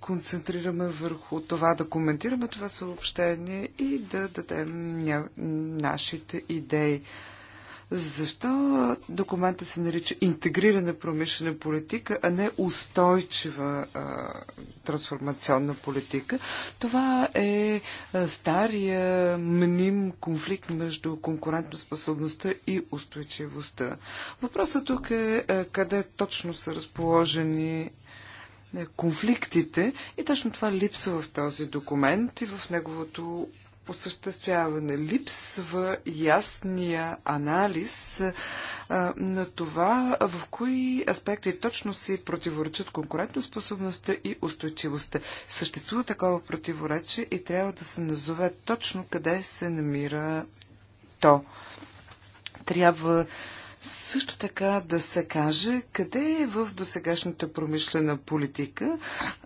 концентрираме върху това да коментираме това съобщение и да дадем ня... нашите идеи. Защо документа се нарича интегрирана промишлена политика, а не устойчива а, трансформационна политика? Това е а, стария мним конфликт между конкурентоспособността и устойчивостта. Въпросът тук е а, къде точно са разположени конфликтите и точно това липсва в този документ и в неговото осъществяване. Липсва ясния анализ а, на това в кои аспекти точно си противоречат конкурентоспособността и устойчивостта. Съществува такова противоречие и трябва да се назове точно къде се намира то. Трябва също така да се каже къде е в досегашната промишлена политика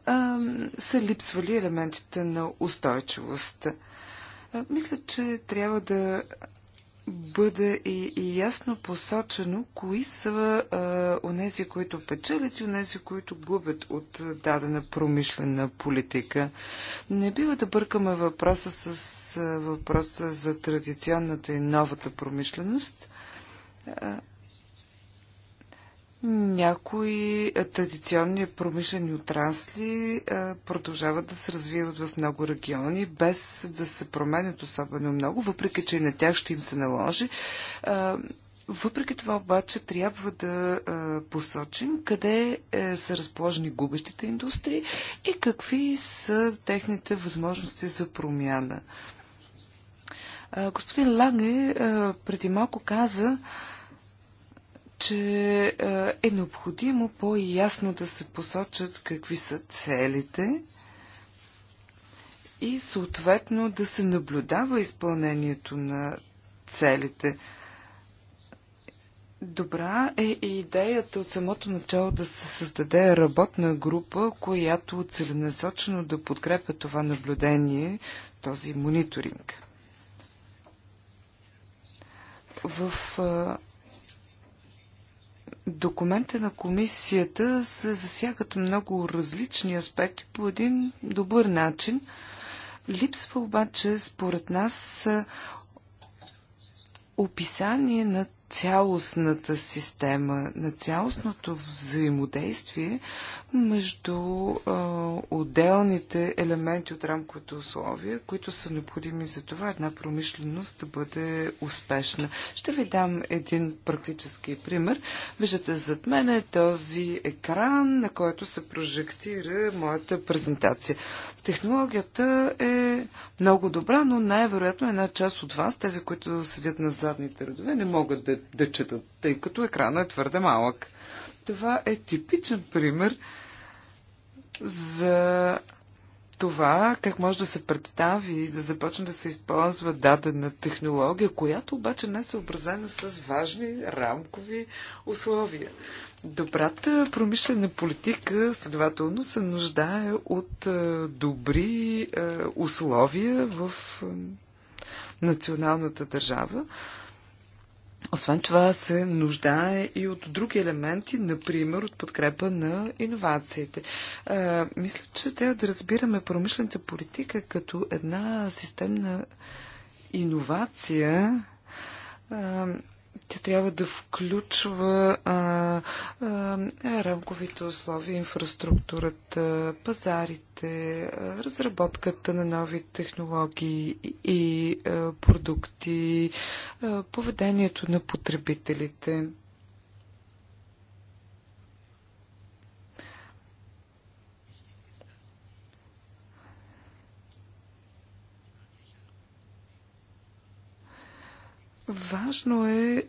а, са липсвали елементите на устойчивост. Мисля, че трябва да бъде и, и ясно посочено кои са а, онези, които печелят и онези, които губят от дадена промишлена политика. Не бива да бъркаме въпроса с а, въпроса за традиционната и новата промишленост. А, някои е, традиционни промишлени отрасли е, продължават да се развиват в много региони, без да се променят особено много, въпреки че и на тях ще им се наложи. Е, въпреки това обаче трябва да посочим къде са разположени губещите индустрии и какви са техните възможности за промяна. господин Ланге преди малко каза, че е, е необходимо по-ясно да се посочат какви са целите и съответно да се наблюдава изпълнението на целите. Добра е и идеята от самото начало да се създаде работна група, която целенасочено да подкрепя това наблюдение, този мониторинг. В е, документа на комисията се засягат много различни аспекти по един добър начин. Липсва обаче, според нас, описание на цялостната система, на цялостното взаимодействие между а, отделните елементи от рамковите условия, които са необходими за това една промишленост да бъде успешна. Ще ви дам един практически пример. Виждате зад мен е този екран, на който се прожектира моята презентация. Технологията е много добра, но най-вероятно една част от вас, тези, които седят на задните редове, не могат да, да четат, тъй като екранът е твърде малък. Това е типичен пример за това как може да се представи и да започне да се използва дадена технология, която обаче не е съобразена с важни рамкови условия. Добрата промишлена политика, следователно, се нуждае от е, добри е, условия в е, националната държава. Освен това се нуждае и от други елементи, например от подкрепа на иновациите. мисля, че трябва да разбираме промишлената политика като една системна иновация, тя трябва да включва а, а, рамковите условия, инфраструктурата, пазарите, разработката на нови технологии и а, продукти, а, поведението на потребителите. Важно е, е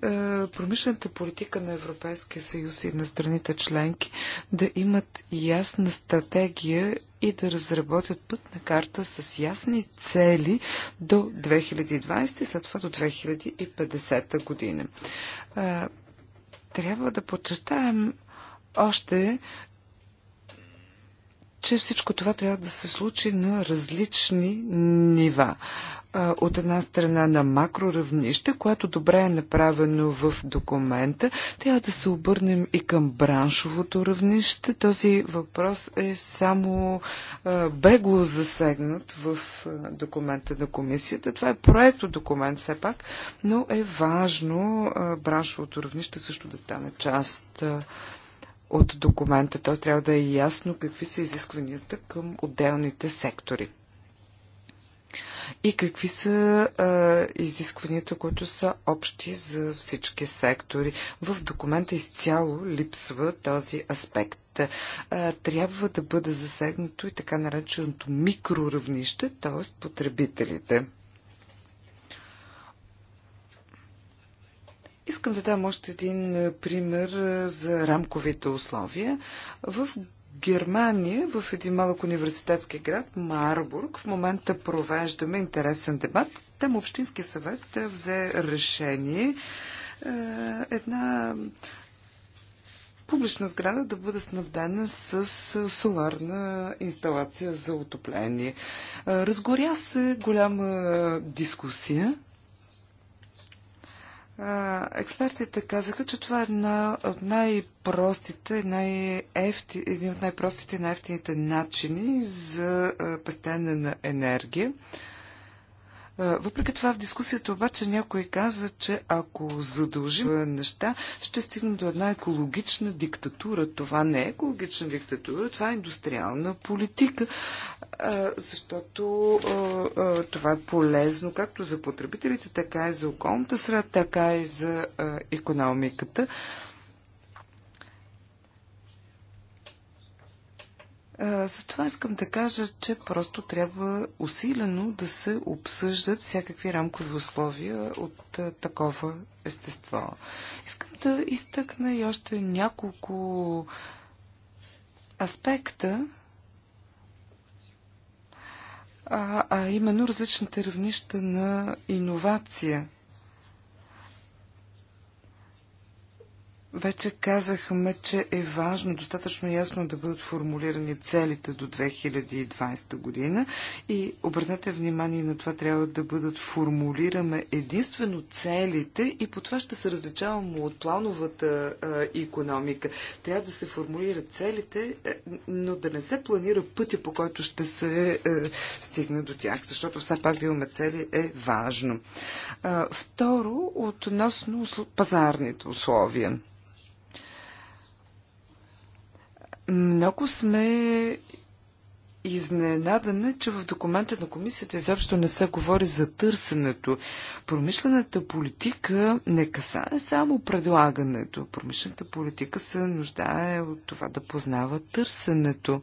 промишлената политика на Европейския съюз и на страните членки да имат ясна стратегия и да разработят пътна карта с ясни цели до 2020 и след това до 2050 година. Е, трябва да подчертаем още, че всичко това трябва да се случи на различни нива. От една страна на макроравнище, което добре е направено в документа, трябва да се обърнем и към браншовото равнище. Този въпрос е само бегло засегнат в документа на комисията. Това е проекто документ все пак, но е важно браншовото равнище също да стане част от документа. Т.е. трябва да е ясно какви са изискванията към отделните сектори. И какви са а, изискванията, които са общи за всички сектори? В документа изцяло липсва този аспект. А, трябва да бъде засегнато и така нареченото микроравнище, т.е. потребителите. Искам да дам още един е, пример е, за рамковите условия. В Германия, в един малък университетски град, Марбург, в момента провеждаме интересен дебат. Там Общински съвет е, взе решение една публична сграда да бъде снабдена с соларна инсталация за отопление. Разгоря се голяма дискусия експертите казаха, че това е една от най-простите, най един от най-простите и най-ефтините начини за пестене на енергия. Въпреки това в дискусията обаче някой каза, че ако задължим неща, ще стигнем до една екологична диктатура. Това не е екологична диктатура, това е индустриална политика, защото това е полезно както за потребителите, така и за околната среда, така и за економиката. С това искам да кажа, че просто трябва усилено да се обсъждат всякакви рамкови условия от такова естество. Искам да изтъкна и още няколко аспекта, а, а именно различните равнища на иновация – Вече казахме, че е важно достатъчно ясно да бъдат формулирани целите до 2020 година и обърнете внимание на това трябва да бъдат формулираме единствено целите и по това ще се различаваме от плановата а, економика. Трябва да се формулират целите, е, но да не се планира пътя по който ще се а, е, стигне до тях, защото все пак да имаме цели е важно. А, второ, относно пазарните условия. Много сме изненадане, че в документа на комисията изобщо не се говори за търсенето. Промишлената политика не касае само предлагането. Промишлената политика се нуждае от това да познава търсенето.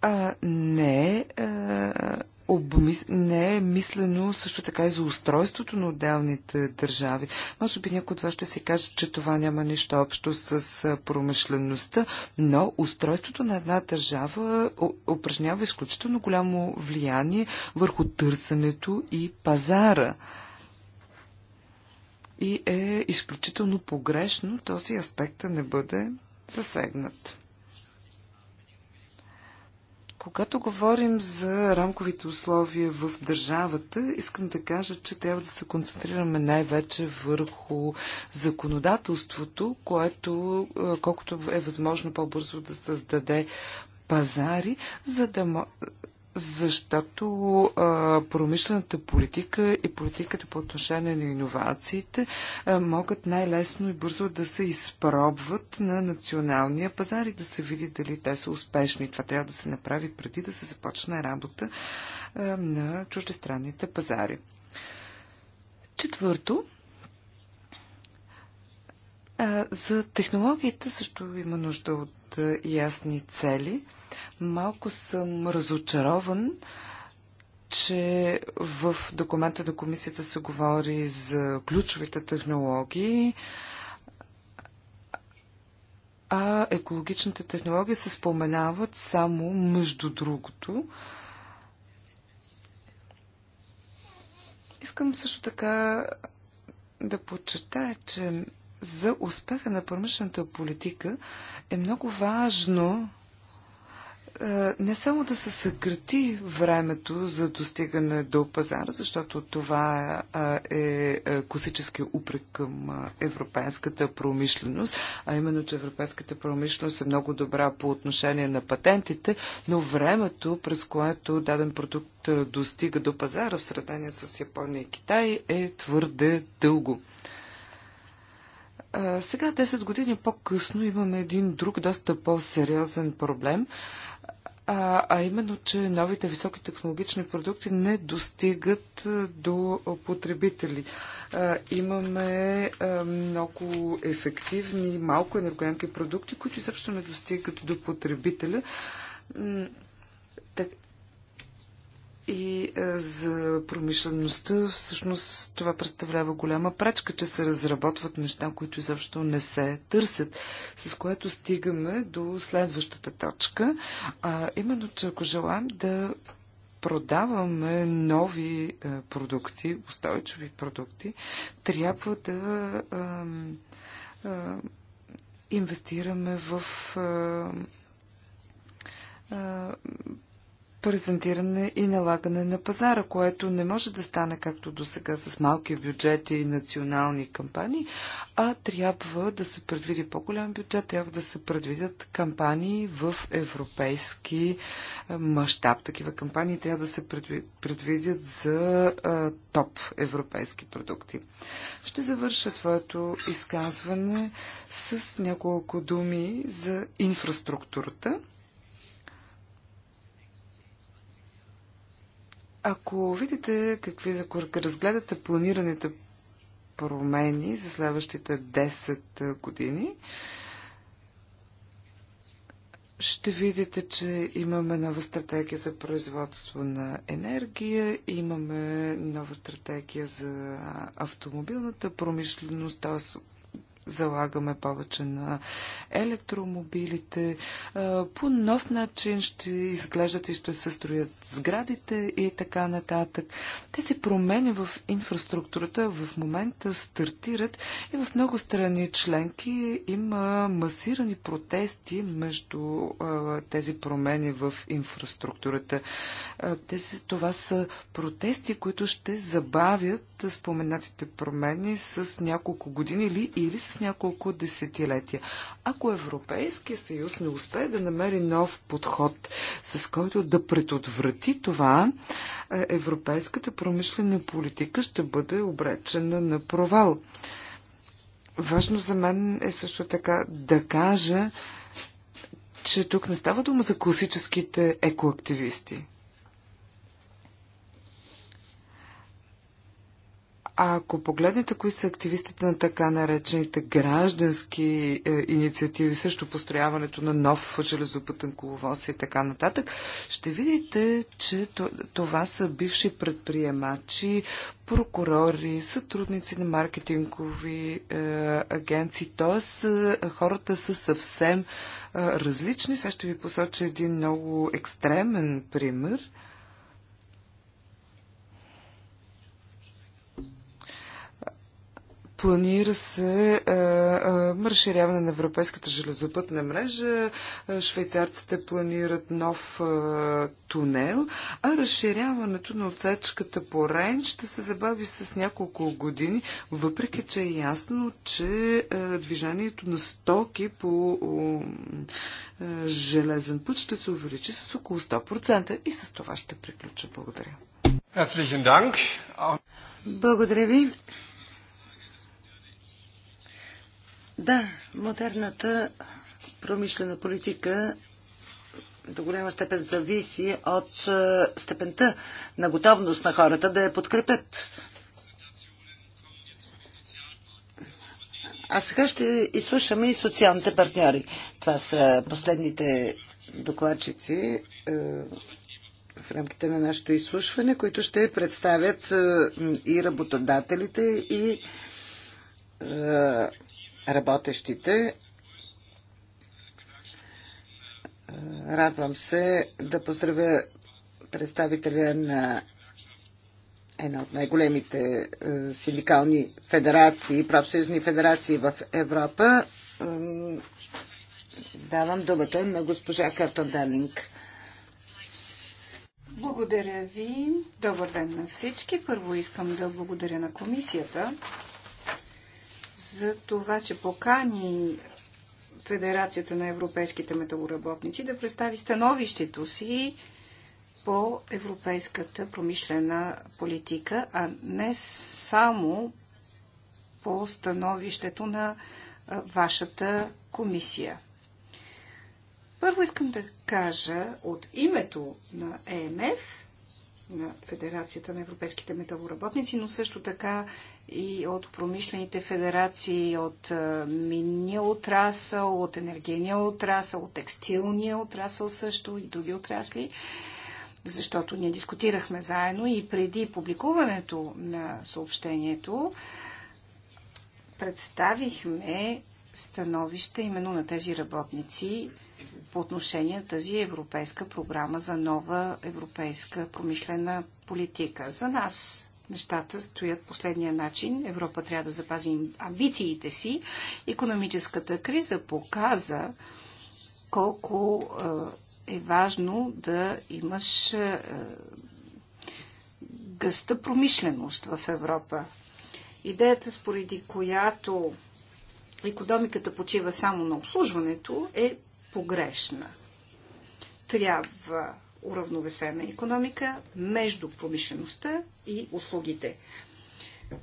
А не а, обмис... не е мислено също така и за устройството на отделните държави. Може би някой от вас ще си каже, че това няма нищо общо с промишлеността, но устройството на една държава упражнява изключително голямо влияние върху търсенето и пазара. И е изключително погрешно този аспект да не бъде засегнат. Когато говорим за рамковите условия в държавата, искам да кажа, че трябва да се концентрираме най-вече върху законодателството, което е, колкото е възможно по-бързо да създаде пазари, за да, защото а, промишлената политика и политиката по отношение на иновациите а, могат най-лесно и бързо да се изпробват на националния пазар и да се види дали те са успешни. Това трябва да се направи преди да се започне работа а, на чуждестранните пазари. Четвърто, а, за технологията също има нужда от а, ясни цели – Малко съм разочарован, че в документа на комисията се говори за ключовите технологии, а екологичните технологии се споменават само между другото. Искам също така да подчертая, че за успеха на промишлената политика е много важно е, не само да се съкрати времето за достигане до пазара, защото това е, е, е класически упрек към европейската промишленост, а именно, че европейската промишленост е много добра по отношение на патентите, но времето, през което даден продукт достига до пазара в сравнение с Япония и Китай е твърде дълго сега, 10 години по-късно, имаме един друг, доста по-сериозен проблем а, а именно, че новите високотехнологични продукти не достигат до потребители. А, имаме а, много ефективни, малко енергоемки продукти, които изобщо не достигат до потребителя и е, за промишлеността всъщност това представлява голяма пречка, че се разработват неща, които изобщо не се търсят, с което стигаме до следващата точка, а именно, че ако желаем да продаваме нови е, продукти, устойчиви продукти, трябва да а, а, инвестираме в а, презентиране и налагане на пазара, което не може да стане както до сега с малки бюджети и национални кампании, а трябва да се предвиди по-голям бюджет, трябва да се предвидят кампании в европейски е, мащаб. Такива кампании трябва да се предвидят за е, топ европейски продукти. Ще завърша твоето изказване с няколко думи за инфраструктурата Ако видите какви, ако разгледате планираните промени за следващите 10 години, ще видите, че имаме нова стратегия за производство на енергия, имаме нова стратегия за автомобилната промишленост, т.е залагаме повече на електромобилите. По нов начин ще изглеждат и ще се строят сградите и така нататък. Тези промени в инфраструктурата в момента стартират и в много страни членки има масирани протести между тези промени в инфраструктурата. Тези, това са протести, които ще забавят споменатите промени с няколко години или, или с няколко десетилетия. Ако Европейския съюз не успее да намери нов подход, с който да предотврати това, е, европейската промишлена политика ще бъде обречена на провал. Важно за мен е също така да кажа, че тук не става дума за класическите екоактивисти. А ако погледнете кои са активистите на така наречените граждански е, инициативи, също построяването на нов железопътен коловоз и така нататък, ще видите, че това са бивши предприемачи, прокурори, сътрудници на маркетингови е, агенции, т.е. хората са съвсем е, различни. Сега ще ви посоча един много екстремен пример – Планира се а, е, а, е, разширяване на европейската железопътна мрежа. Е, швейцарците планират нов а, тунел, а разширяването на отсечката по Рейн ще се забави с няколко години, въпреки че е ясно, че а, движението на стоки по а, железен път ще се увеличи с около 100%. И с това ще приключа. Благодаря. Благодаря ви. Да, модерната промишлена политика до голяма степен зависи от е, степента на готовност на хората да я подкрепят. А сега ще изслушаме и социалните партньори. Това са последните докладчици е, в рамките на нашето изслушване, които ще представят е, и работодателите, и работещите. Радвам се да поздравя представителя на една от най-големите е, синдикални федерации, профсъюзни федерации в Европа. Давам думата на госпожа Картон Данинг. Благодаря ви. Добър ден на всички. Първо искам да благодаря на комисията за това, че покани Федерацията на европейските металоработници да представи становището си по европейската промишлена политика, а не само по становището на вашата комисия. Първо искам да кажа от името на ЕМФ, на Федерацията на европейските металоработници, но също така и от промишлените федерации, от е, минния отрасъл, от енергийния отрасъл, от текстилния отрасъл също и други отрасли, защото ние дискутирахме заедно и преди публикуването на съобщението представихме становище именно на тези работници по отношение на тази европейска програма за нова европейска промишлена политика. За нас нещата стоят последния начин. Европа трябва да запази амбициите си. Економическата криза показа колко е, е важно да имаш е, гъста промишленост в Европа. Идеята, спореди която економиката почива само на обслужването, е погрешна. Трябва уравновесена економика между промишлеността и услугите.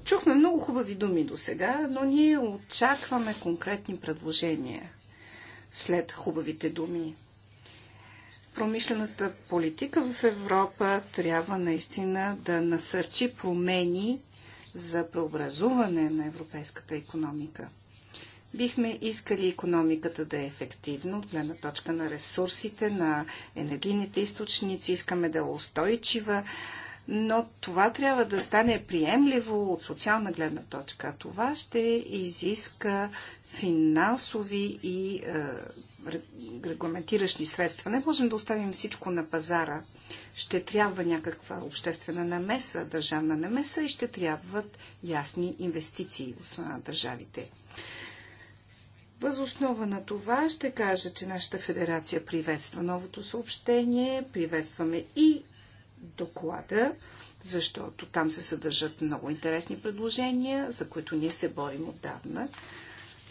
Чухме много хубави думи до сега, но ние очакваме конкретни предложения след хубавите думи. Промишлената политика в Европа трябва наистина да насърчи промени за преобразуване на европейската економика – Бихме искали економиката да е ефективна от гледна точка на ресурсите, на енергийните източници, искаме да е устойчива, но това трябва да стане приемливо от социална гледна точка. Това ще изиска финансови и е, регламентиращи средства. Не можем да оставим всичко на пазара. Ще трябва някаква обществена намеса, държавна намеса и ще трябват ясни инвестиции от страна на държавите. Възоснова на това ще кажа, че нашата федерация приветства новото съобщение, приветстваме и доклада, защото там се съдържат много интересни предложения, за които ние се борим отдавна.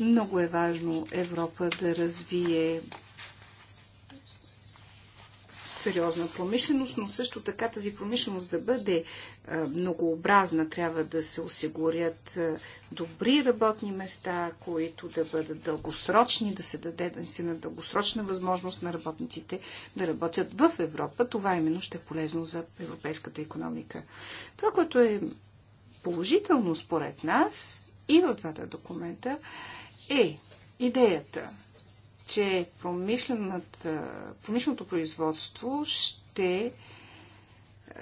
Много е важно Европа да развие сериозна промишленост, но също така тази промишленост да бъде е, многообразна. Трябва да се осигурят е, добри работни места, които да бъдат дългосрочни, да се даде наистина дългосрочна възможност на работниците да работят в Европа. Това именно ще е полезно за европейската економика. Това, което е положително според нас и в двата документа е идеята че промишленото производство ще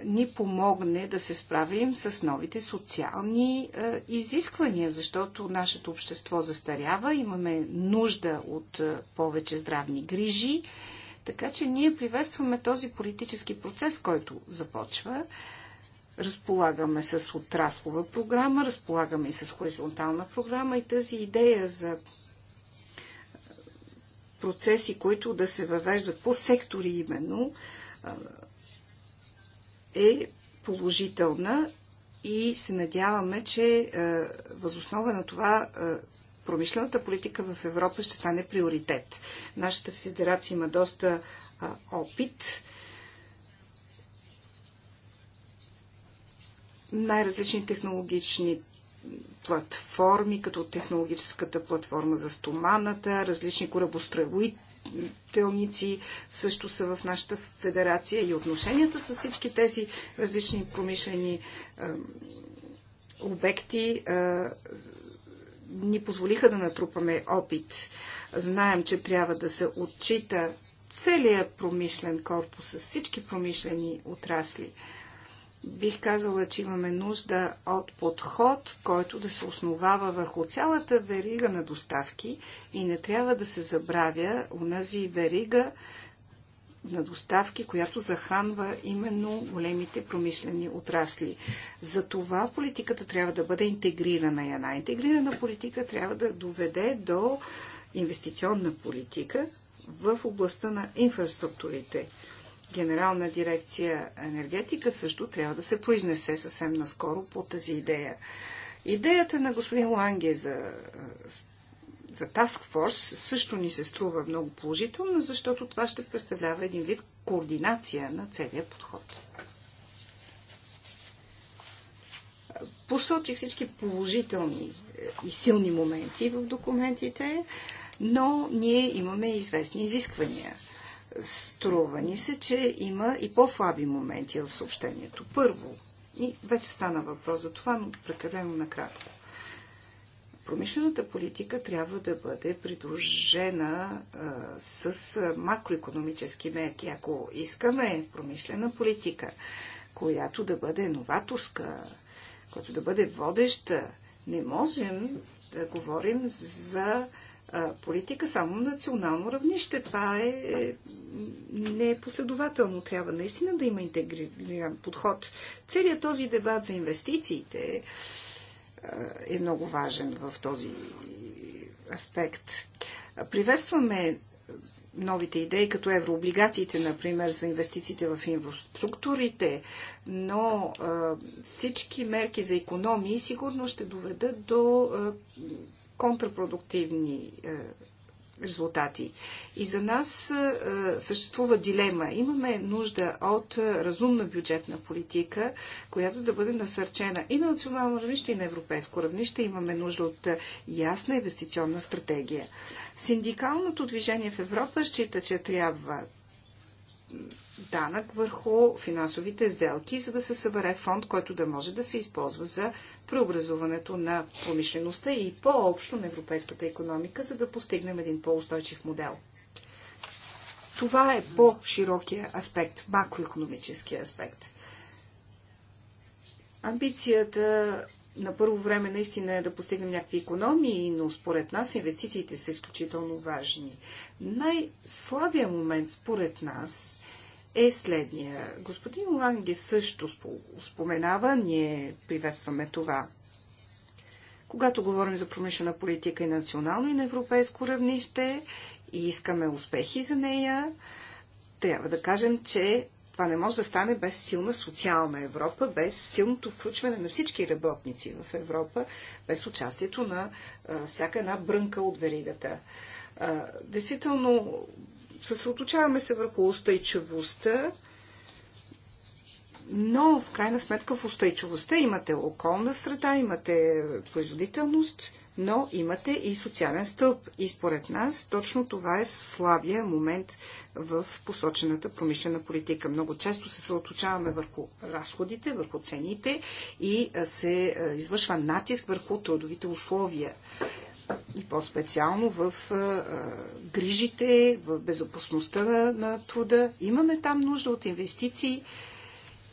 ни помогне да се справим с новите социални е, изисквания, защото нашето общество застарява, имаме нужда от е, повече здравни грижи, така че ние приветстваме този политически процес, който започва. Разполагаме с отраслова програма, разполагаме и с хоризонтална програма и тази идея за процеси, които да се въвеждат по сектори именно, е положителна и се надяваме, че възоснова на това промишлената политика в Европа ще стане приоритет. Нашата федерация има доста опит. Най-различни технологични платформи, като технологическата платформа за стоманата, различни корабостроителници също са в нашата федерация и отношенията с всички тези различни промишлени е, обекти е, ни позволиха да натрупаме опит. Знаем, че трябва да се отчита целият промишлен корпус с всички промишлени отрасли. Е, Бих казала, че имаме нужда от подход, който да се основава върху цялата верига на доставки и не трябва да се забравя унази верига на доставки, която захранва именно големите промишлени отрасли. За това политиката трябва да бъде интегрирана и една интегрирана политика трябва да доведе до инвестиционна политика в областта на инфраструктурите. Генерална дирекция енергетика също трябва да се произнесе съвсем наскоро по тази идея. Идеята на господин Ланге за, за Task Force също ни се струва много положителна, защото това ще представлява един вид координация на целия подход. Посочих всички положителни и силни моменти в документите, но ние имаме известни изисквания Струва ни се, че има и по-слаби моменти в съобщението. Първо, и вече стана въпрос за това, но прекалено накратко. Промишлената политика трябва да бъде придружена а, с макроекономически мерки. Ако искаме промишлена политика, която да бъде новаторска, която да бъде водеща, не можем да говорим за политика само на национално равнище. Това е непоследователно. Е, е Трябва наистина да има интегриран подход. Целият този дебат за инвестициите е много важен в този аспект. Приветстваме новите идеи, като еврооблигациите, например, за инвестициите в инфраструктурите, но всички мерки за економии сигурно ще доведат до контрапродуктивни е, резултати. И за нас е, е, съществува дилема. Имаме нужда от разумна бюджетна политика, която да бъде насърчена и на национално равнище, и на европейско равнище. Имаме нужда от ясна инвестиционна стратегия. Синдикалното движение в Европа счита, че трябва данък върху финансовите сделки, за да се събере фонд, който да може да се използва за преобразуването на промишлеността и по-общо на европейската економика, за да постигнем един по-устойчив модел. Това е по-широкия аспект, макроекономическия аспект. Амбицията на първо време наистина е да постигнем някакви економии, но според нас инвестициите са изключително важни. Най-слабия момент според нас е следния. Господин Ланги също споменава, ние приветстваме това. Когато говорим за промишлена политика и национално и на европейско равнище и искаме успехи за нея, трябва да кажем, че това не може да стане без силна социална Европа, без силното включване на всички работници в Европа, без участието на а, всяка една брънка от веригата. А, действително, съсредоточаваме се върху устойчивостта, но в крайна сметка в устойчивостта имате околна среда, имате производителност, но имате и социален стълб. И според нас точно това е слабия момент в посочената промишлена политика. Много често се съоточаваме върху разходите, върху цените и се извършва натиск върху трудовите условия и по-специално в грижите, в безопасността на, на труда. Имаме там нужда от инвестиции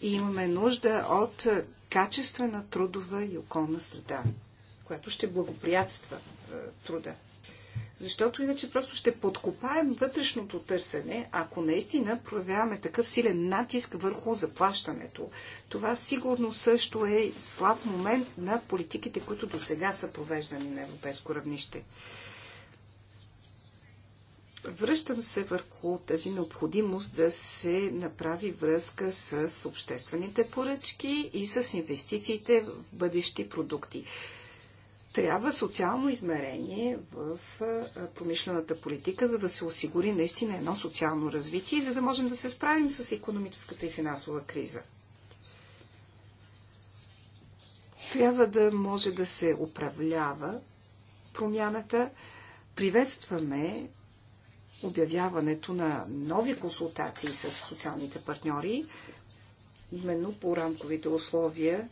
и имаме нужда от качествена трудова и околна среда, която ще благоприятства труда защото иначе просто ще подкопаем вътрешното търсене, ако наистина проявяваме такъв силен натиск върху заплащането. Това сигурно също е слаб момент на политиките, които до сега са провеждани на европейско равнище. Връщам се върху тази необходимост да се направи връзка с обществените поръчки и с инвестициите в бъдещи продукти трябва социално измерение в промишлената политика, за да се осигури наистина едно социално развитие и за да можем да се справим с економическата и финансова криза. Трябва да може да се управлява промяната. Приветстваме обявяването на нови консултации с социалните партньори, именно по рамковите условия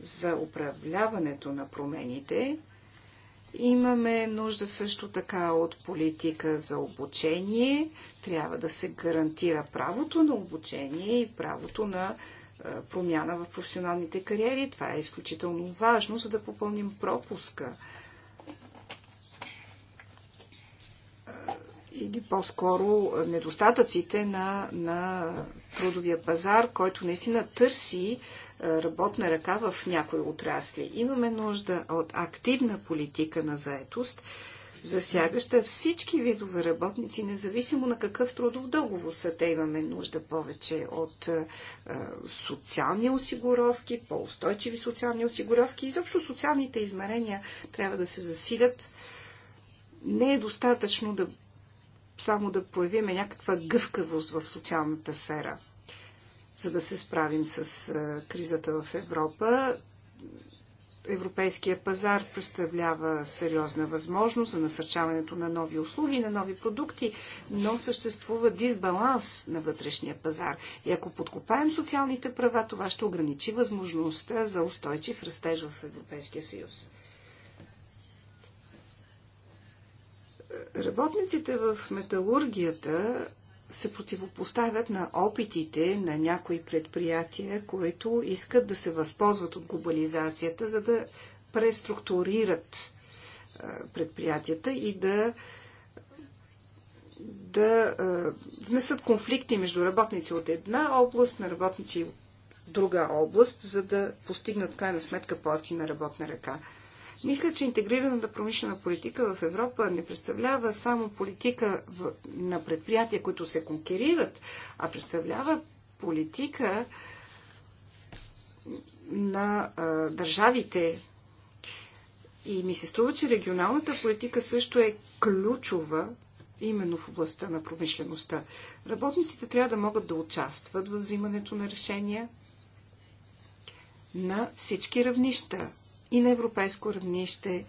за управляването на промените. Имаме нужда също така от политика за обучение. Трябва да се гарантира правото на обучение и правото на е, промяна в професионалните кариери. Това е изключително важно, за да попълним пропуска. Е, или по-скоро недостатъците на, на трудовия пазар, който наистина търси работна ръка в някои отрасли. Имаме нужда от активна политика на заетост, засягаща всички видове работници, независимо на какъв трудов договор са те. Имаме нужда повече от е, социални осигуровки, по-устойчиви социални осигуровки. Изобщо социалните измерения трябва да се засилят. Не е достатъчно да само да проявиме някаква гъвкавост в социалната сфера за да се справим с кризата в Европа. Европейския пазар представлява сериозна възможност за насърчаването на нови услуги, на нови продукти, но съществува дисбаланс на вътрешния пазар. И ако подкопаем социалните права, това ще ограничи възможността за устойчив растеж в Европейския съюз. Работниците в металургията се противопоставят на опитите на някои предприятия, които искат да се възползват от глобализацията, за да преструктурират предприятията и да да внесат конфликти между работници от една област на работници от друга област, за да постигнат крайна сметка по-ефтина работна ръка. Мисля, че интегрираната промишлена политика в Европа не представлява само политика в, на предприятия, които се конкурират, а представлява политика на а, държавите. И ми се струва, че регионалната политика също е ключова именно в областта на промишлеността. Работниците трябва да могат да участват в взимането на решения на всички равнища и на европейско равнище,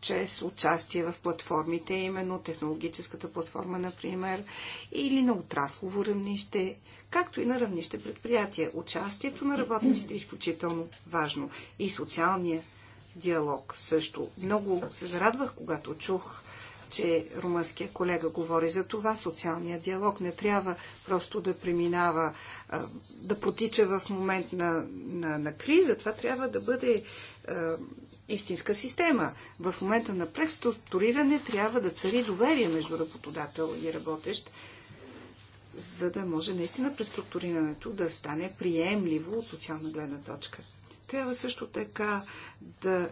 чрез участие в платформите, именно технологическата платформа, например, или на отраслово равнище, както и на равнище предприятия. Участието на работниците е изключително важно. И социалния диалог също. Много се зарадвах, когато чух, че румънския колега говори за това. Социалният диалог не трябва просто да преминава, да потича в момент на, на, на криза. Това трябва да бъде е, истинска система. В момента на преструктуриране трябва да цари доверие между работодател и работещ, за да може наистина преструктурирането да стане приемливо от социална гледна точка. Трябва също така да е,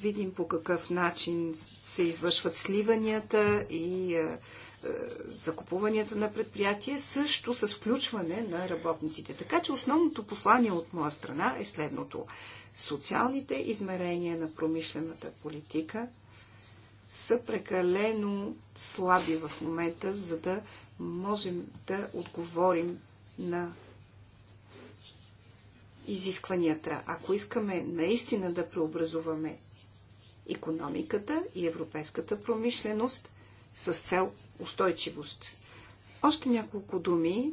видим по какъв начин се извършват сливанията и е, е закупуванията на предприятие, също с включване на работниците. Така че основното послание от моя страна е следното социалните измерения на промишлената политика са прекалено слаби в момента, за да можем да отговорим на изискванията. Ако искаме наистина да преобразуваме економиката и европейската промишленост с цел устойчивост. Още няколко думи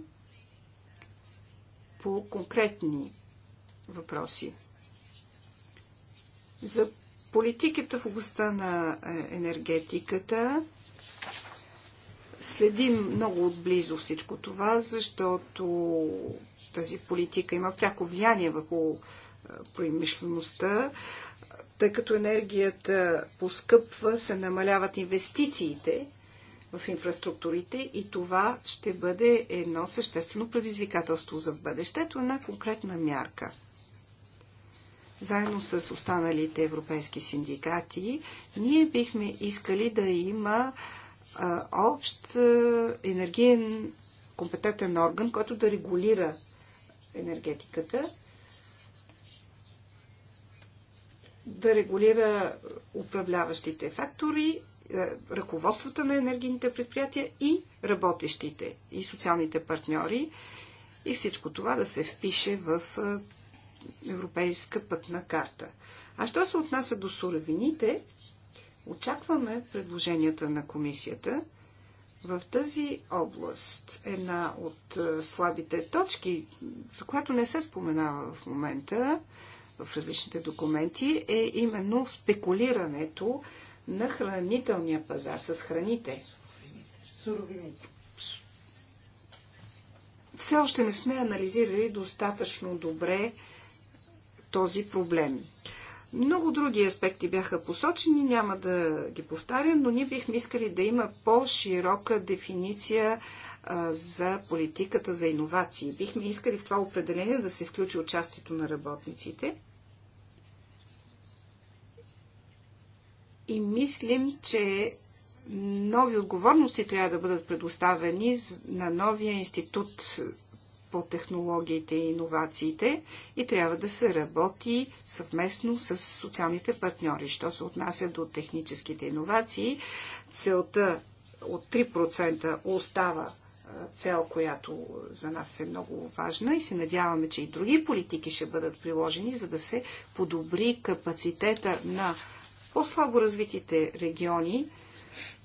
по конкретни въпроси за политиката в областта на е, енергетиката. Следим много отблизо всичко това, защото тази политика има пряко влияние върху е, промишлеността. Тъй като енергията поскъпва, се намаляват инвестициите в инфраструктурите и това ще бъде едно съществено предизвикателство за в бъдещето на конкретна мярка – заедно с останалите европейски синдикати, ние бихме искали да има а, общ а, енергиен компетентен орган, който да регулира енергетиката, да регулира управляващите фактори, ръководствата на енергийните предприятия и работещите и социалните партньори и всичко това да се впише в европейска пътна карта. А що се отнася до суровините, очакваме предложенията на комисията. В тази област една от е, слабите точки, за която не се споменава в момента в различните документи, е именно спекулирането на хранителния пазар с храните. Суровините. Все още не сме анализирали достатъчно добре този проблем. Много други аспекти бяха посочени, няма да ги повтарям, но ние бихме искали да има по-широка дефиниция за политиката за иновации. Бихме искали в това определение да се включи участието на работниците. И мислим, че нови отговорности трябва да бъдат предоставени на новия институт по технологиите и иновациите и трябва да се работи съвместно с социалните партньори. Що се отнася до техническите иновации, целта от 3% остава цел, която за нас е много важна и се надяваме, че и други политики ще бъдат приложени, за да се подобри капацитета на по-слабо развитите региони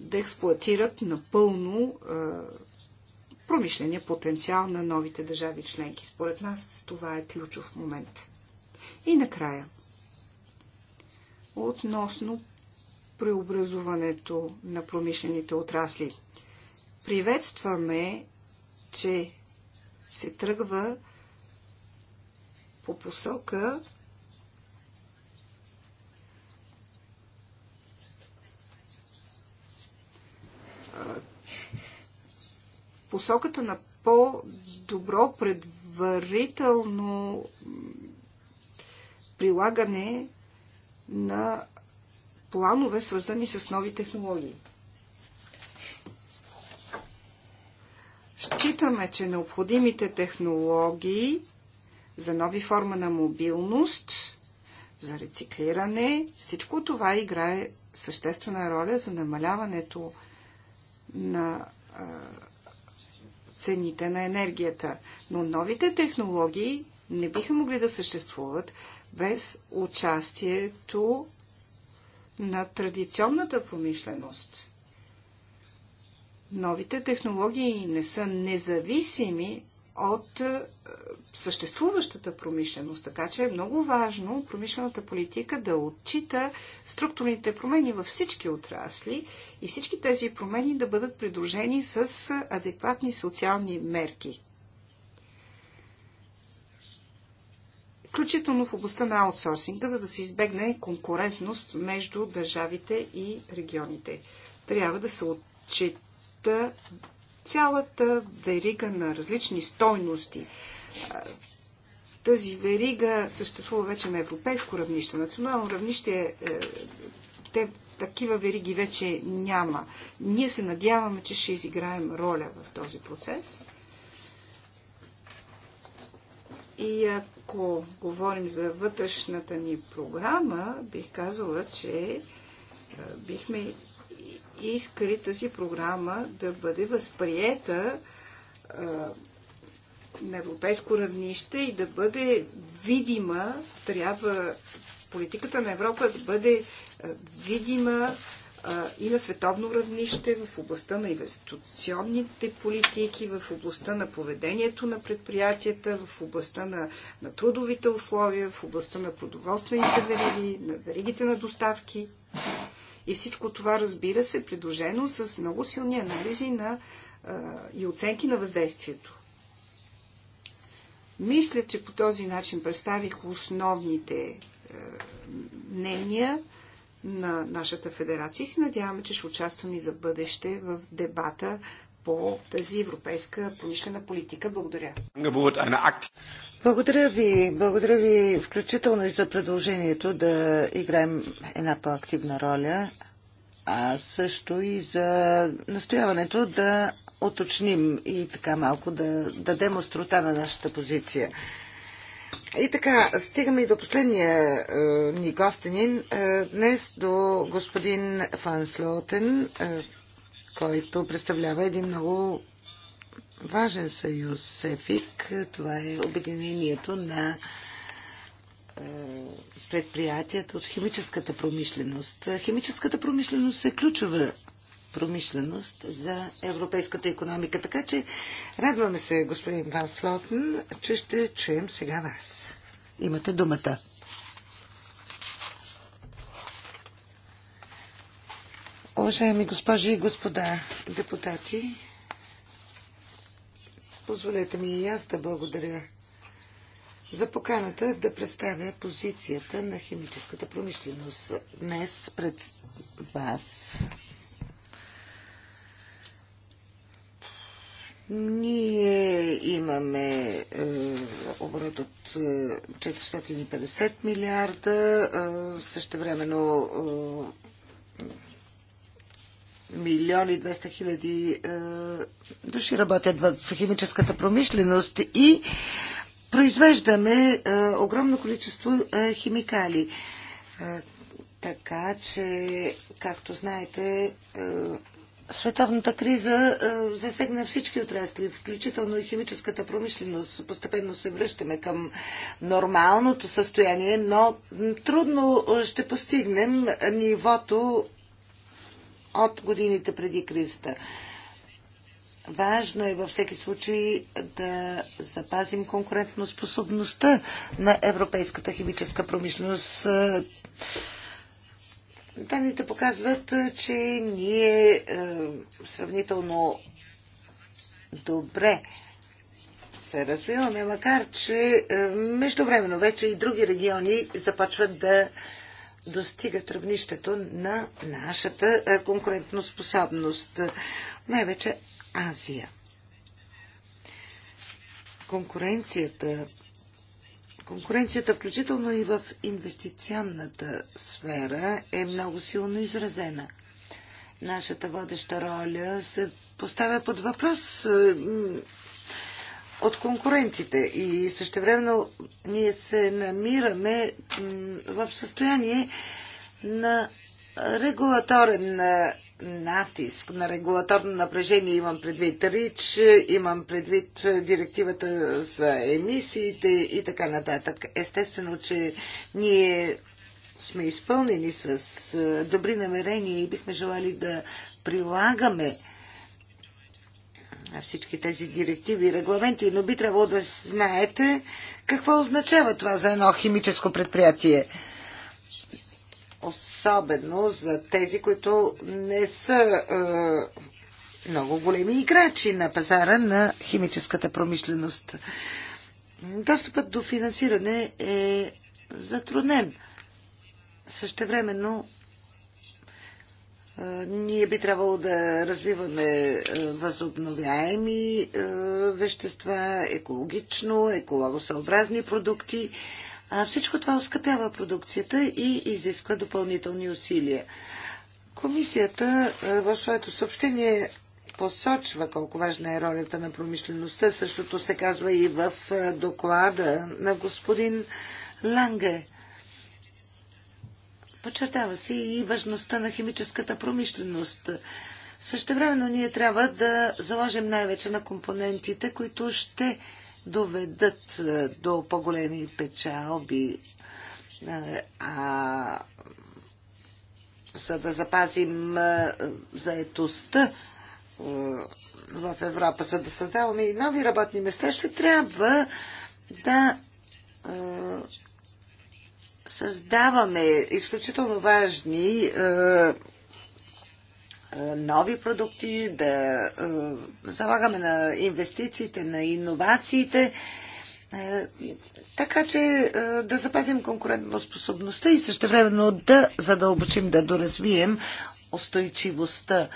да експлуатират напълно промишления потенциал на новите държави членки. Според нас това е ключов момент. И накрая, относно преобразуването на промишлените отрасли. Приветстваме, че се тръгва по посока посоката на по-добро предварително прилагане на планове, свързани с нови технологии. Считаме, че необходимите технологии за нови форма на мобилност, за рециклиране, всичко това играе съществена роля за намаляването на цените на енергията. Но новите технологии не биха могли да съществуват без участието на традиционната промишленост. Новите технологии не са независими от е, съществуващата промишленост. Така че е много важно промишлената политика да отчита структурните промени във всички отрасли и всички тези промени да бъдат придружени с адекватни социални мерки. Включително в областта на аутсорсинга, за да се избегне конкурентност между държавите и регионите. Трябва да се отчита цялата верига на различни стойности. Тази верига съществува вече на европейско равнище. Национално равнище е, те, такива вериги вече няма. Ние се надяваме, че ще изиграем роля в този процес. И ако говорим за вътрешната ни програма, бих казала, че е, бихме искали тази програма да бъде възприета а, на европейско равнище и да бъде видима, трябва политиката на Европа да бъде а, видима а, и на световно равнище в областта на инвестиционните политики, в областта на поведението на предприятията, в областта на, на трудовите условия, в областта на продоволствените вериги, на веригите на доставки. И всичко това, разбира се, придружено с много силни анализи на, а, и оценки на въздействието. Мисля, че по този начин представих основните а, е, мнения на нашата федерация и се надяваме, че ще участваме за бъдеще в дебата по тази европейска промишлена политика. Благодаря. Благодаря ви. Благодаря ви включително и за предложението да играем една по-активна роля, а също и за настояването да оточним и така малко да дадем острота на нашата позиция. И така, стигаме и до последния е, ни гостенин. Е, днес до господин Фан Слотен, е, който представлява един много важен съюз СЕФИК. Това е обединението на е, предприятията от химическата промишленост. Химическата промишленост е ключова промишленост за европейската економика. Така че радваме се, господин Ван Слотен, че ще чуем сега вас. Имате думата. Уважаеми госпожи и господа депутати, позволете ми и аз да благодаря за поканата да представя позицията на химическата промишленост днес пред вас. Ние имаме е, оборот от 450 е, милиарда, е, същевременно е, милион и 200 хиляди е, души работят в химическата промишленост и произвеждаме е, огромно количество е, химикали. Така че, както знаете, световната криза засегна всички отрасли, включително и химическата промишленост. Постепенно се връщаме към нормалното състояние, но трудно ще постигнем нивото от годините преди кризата. Важно е във всеки случай да запазим конкурентноспособността на европейската химическа промишленост. Данните показват, че ние е, сравнително добре се развиваме, макар че е, междувременно вече и други региони започват да достигат равнището на нашата е, конкурентоспособност, най-вече Азия. Конкуренцията, конкуренцията, включително и в инвестиционната сфера, е много силно изразена. Нашата водеща роля се поставя под въпрос е, от конкурентите и същевременно ние се намираме в състояние на регулаторен натиск, на регулаторно напрежение имам предвид РИЧ, имам предвид директивата за емисиите и така нататък. Естествено, че ние сме изпълнени с добри намерения и бихме желали да прилагаме на всички тези директиви и регламенти, но би трябвало да знаете какво означава това за едно химическо предприятие. Особено за тези, които не са е, много големи играчи на пазара на химическата промишленост. Достъпът до финансиране е затруднен. Същевременно ние би трябвало да развиваме възобновяеми вещества, екологично, екологосъобразни продукти. А всичко това оскъпява продукцията и изисква допълнителни усилия. Комисията в своето съобщение посочва колко важна е ролята на промишлеността. Същото се казва и в доклада на господин Ланге. Подчертава се и важността на химическата промишленост. Същевременно ние трябва да заложим най-вече на компонентите, които ще доведат е, до по-големи печалби. Е, а за да запазим е, заетостта в Европа, за да създаваме и нови работни места, ще трябва да създаваме изключително важни е, е, нови продукти, да е, залагаме на инвестициите, на иновациите, така че да запазим способността и същевременно да задълбочим, да доразвием устойчивостта.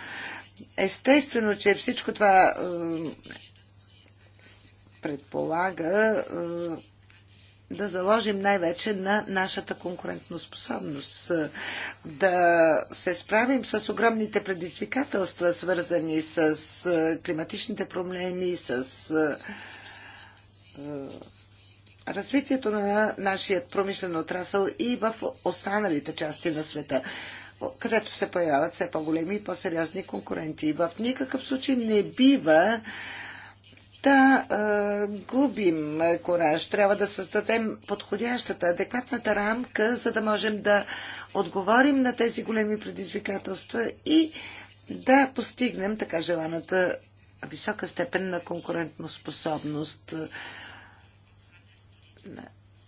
Естествено, че всичко това предполага да заложим най-вече на нашата конкурентноспособност, да се справим с огромните предизвикателства, свързани с е, климатичните промени, с е, е, развитието на нашия промишлен отрасъл и в останалите части на света където се появяват все по-големи и по-сериозни конкуренти. В никакъв случай не бива да а, губим кораж. Трябва да създадем подходящата, адекватната рамка, за да можем да отговорим на тези големи предизвикателства и да постигнем така желаната висока степен на конкурентоспособност.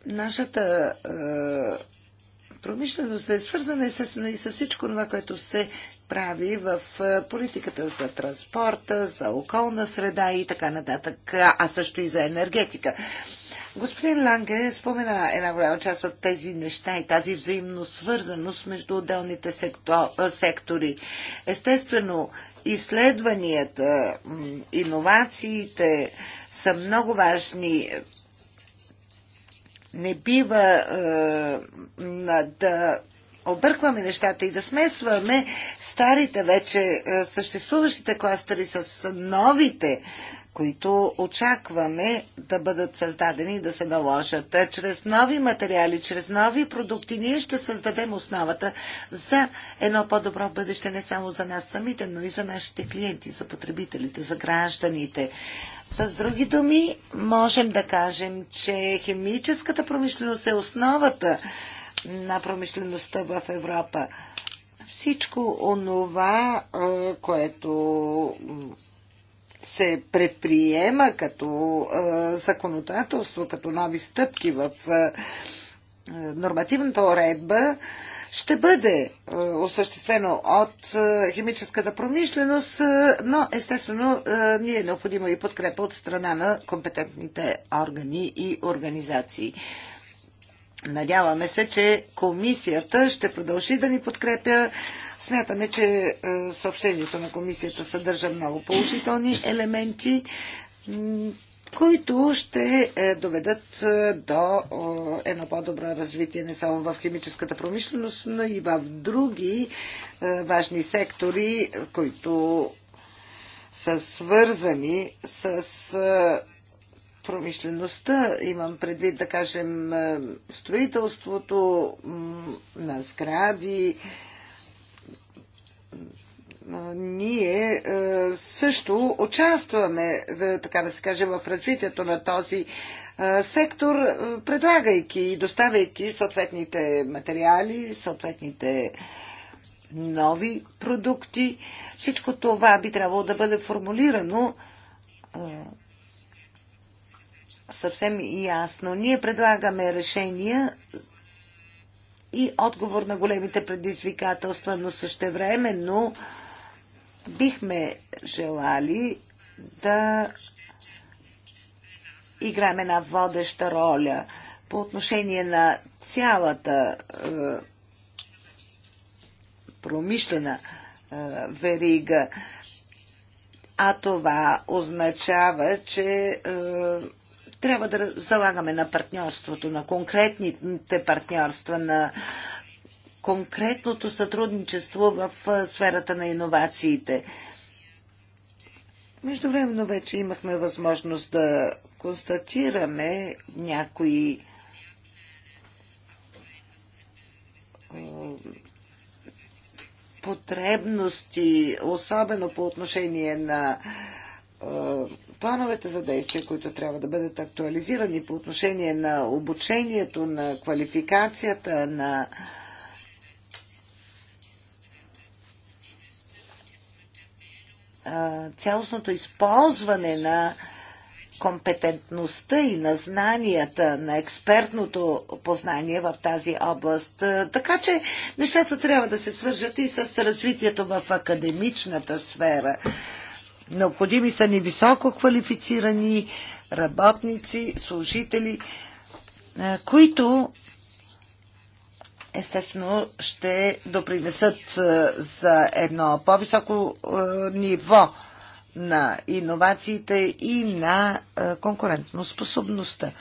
Нашата а, промишленост е свързана естествено и с всичко това, което се прави в политиката за транспорта, за околна среда и така нататък, а също и за енергетика. Господин Ланге спомена една голяма част от тези неща и тази взаимно свързаност между отделните сектори. Естествено, изследванията, иновациите са много важни. Не бива е, да объркваме нещата и да смесваме старите вече е, съществуващите кластери с новите, които очакваме да бъдат създадени и да се наложат. Е, чрез нови материали, чрез нови продукти ние ще създадем основата за едно по-добро бъдеще не само за нас самите, но и за нашите клиенти, за потребителите, за гражданите. С други думи, можем да кажем, че химическата промишленост е основата на промишлеността в Европа. Всичко онова, което се предприема като законодателство, като нови стъпки в нормативната уредба, ще бъде осъществено от химическата промишленост, но естествено ни е необходимо и подкрепа от страна на компетентните органи и организации. Надяваме се, че комисията ще продължи да ни подкрепя. Смятаме, че е, съобщението на комисията съдържа много положителни елементи, които ще е, доведат е, до едно по-добро развитие не само в химическата промишленост, но и в други важни сектори, които са свързани с промишлеността, имам предвид, да кажем, е, строителството на сгради, е, ние е, също участваме, така да се каже, в развитието на този сектор, предлагайки и доставяйки съответните материали, съответните нови продукти. Всичко това би трябвало да бъде формулирано съвсем ясно. Ние предлагаме решения и отговор на големите предизвикателства, но същевременно бихме желали да играем една водеща роля по отношение на цялата е, промишлена е, верига. А това означава, че е, трябва да залагаме на партньорството, на конкретните партньорства, на конкретното сътрудничество в сферата на иновациите. Междувременно вече имахме възможност да констатираме някои потребности, особено по отношение на плановете за действие, които трябва да бъдат актуализирани по отношение на обучението, на квалификацията, на цялостното използване на компетентността и на знанията, на експертното познание в тази област. Така че нещата трябва да се свържат и с развитието в академичната сфера. Необходими са ни високо квалифицирани работници, служители, които естествено ще допринесат за едно по-високо ниво на иновациите и на конкурентноспособността.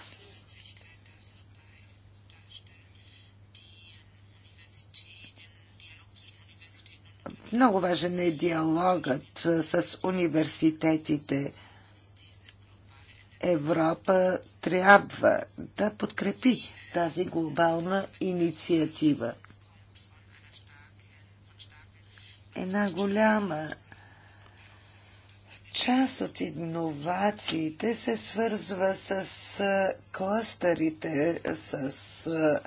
Много важен е диалогът с университетите. Европа трябва да подкрепи тази глобална инициатива. Една голяма част от иновациите се свързва с кластерите, с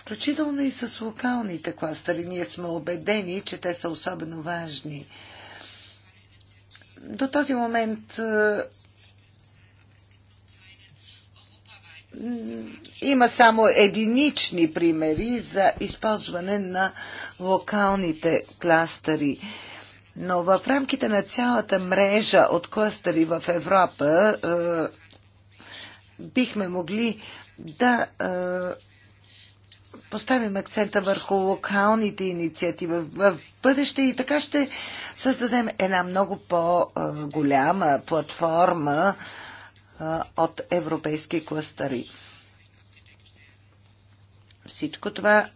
включително и с локалните кластери. Ние сме убедени, че те са особено важни. До този момент е, има само единични примери за използване на локалните кластери. Но в рамките на цялата мрежа от кластери в Европа е, бихме могли да е, поставим акцента върху локалните инициативи в бъдеще и така ще създадем една много по-голяма платформа от европейски кластъри. Всичко това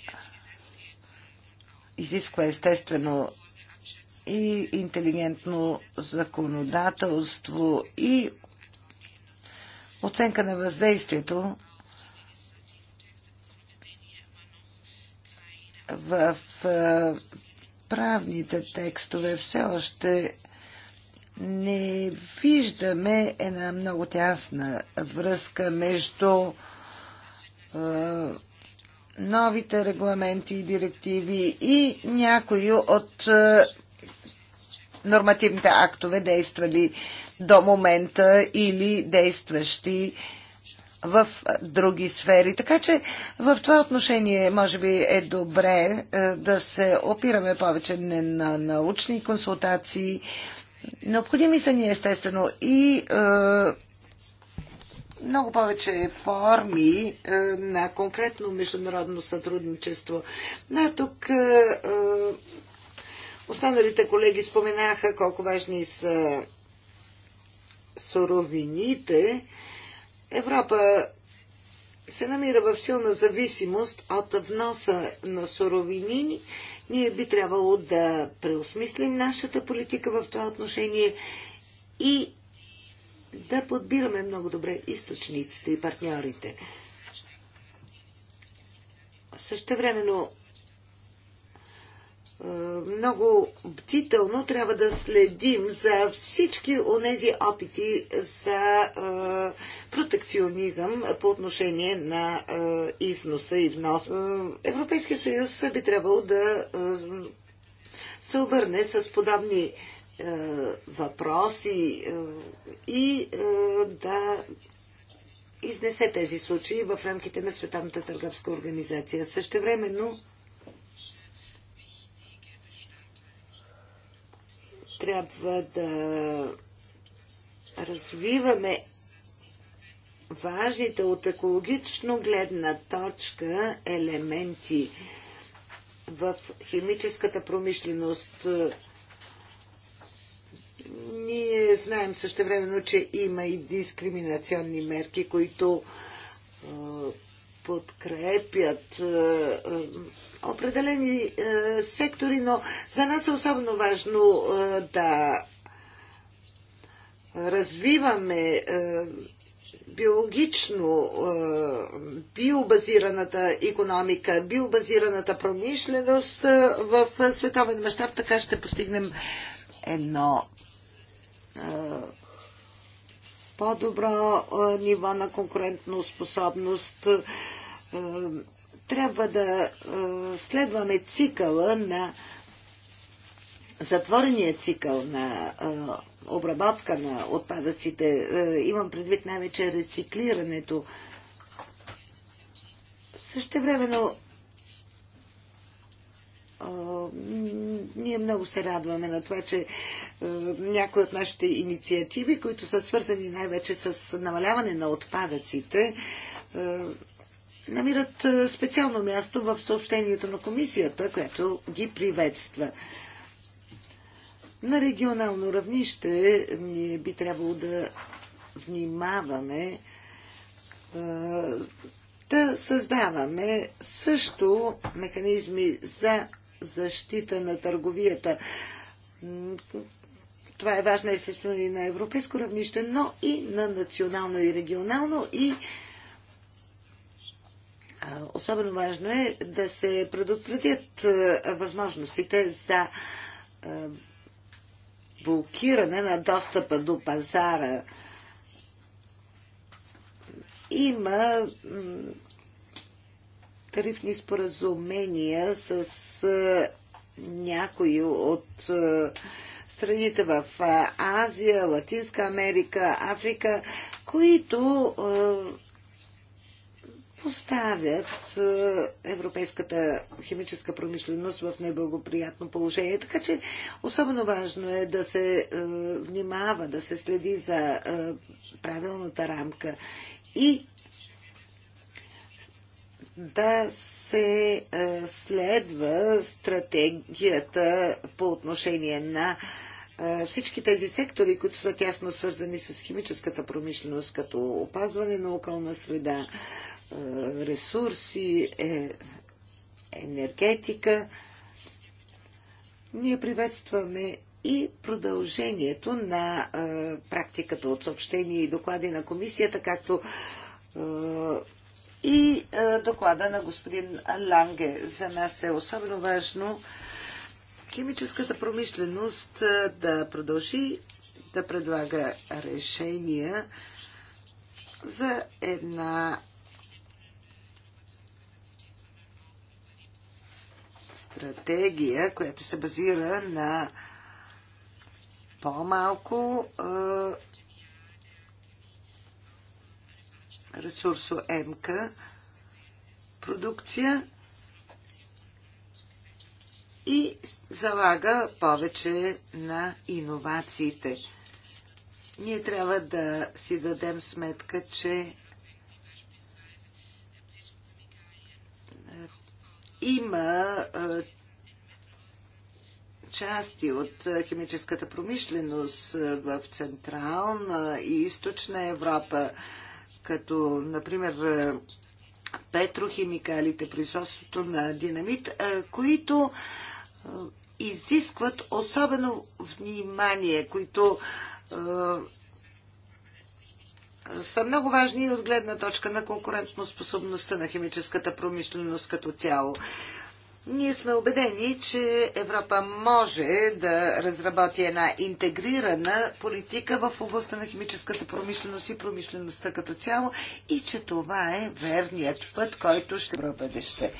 изисква естествено и интелигентно законодателство и оценка на въздействието в правните текстове все още не виждаме една много тясна връзка между новите регламенти и директиви и някои от нормативните актове, действали до момента или действащи в други сфери. Така че в това отношение може би е добре е, да се опираме повече на научни консултации. Необходими са ни естествено и е, много повече форми е, на конкретно международно сътрудничество. Да, тук е, е, останалите колеги споменаха колко важни са суровините Европа се намира в силна зависимост от вноса на суровини, ние би трябвало да преосмислим нашата политика в това отношение и да подбираме много добре източниците и партньорите. Същевременно е, много бдително трябва да следим за всички онези опити за е, протекционизъм по отношение на е, износа и внос. Европейския съюз би трябвало да се обърне с подобни въпроси и да изнесе тези случаи в рамките на Световната търговска организация. Същевременно трябва да развиваме важните от екологично гледна точка елементи в химическата промишленост. Ние знаем също времено, че има и дискриминационни мерки, които подкрепят е, е, определени е, сектори, но за нас е особено важно е, да развиваме е, биологично е, биобазираната економика, биобазираната промишленост е, в е, световен мащаб, така ще постигнем едно по-добро ниво на конкурентно способност. Трябва да следваме цикъла на затворения цикъл на обработка на отпадъците. Имам предвид най-вече рециклирането. Също времено ние много се радваме на това, че някои от нашите инициативи, които са свързани най-вече с намаляване на отпадъците, намират специално място в съобщението на комисията, което ги приветства. На регионално равнище ние би трябвало да внимаваме да създаваме също механизми за защита на търговията. Това е важно естествено и на европейско равнище, но и на национално и регионално и особено важно е да се предотвратят възможностите за блокиране на достъпа до пазара. Има тарифни споразумения с някои от страните в Азия, Латинска Америка, Африка, които поставят европейската химическа промишленост в неблагоприятно положение. Така че особено важно е да се внимава, да се следи за правилната рамка и да се е, следва стратегията по отношение на е, всички тези сектори, които са тясно свързани с химическата промишленост, като опазване на околна среда, е, ресурси, енергетика. Ние приветстваме и продължението на практиката от съобщения и доклади на комисията, както и е, доклада на господин Ланге. За нас е особено важно химическата промишленост е, да продължи да предлага решения за една стратегия, която се базира на по-малко е, Ресурсо МК продукция и залага повече на иновациите. Ние трябва да си дадем сметка, че е, има е, части от е, химическата промишленост в Централна и Източна Европа, като например е, петрохимикалите, производството на динамит, е, които е, изискват особено внимание, които са много важни от гледна точка на способността на химическата промишленост като цяло. Ние сме убедени, че Европа може да разработи една интегрирана политика в областта на химическата промишленост и промишлеността като цяло и че това е верният път, който ще бъдеще.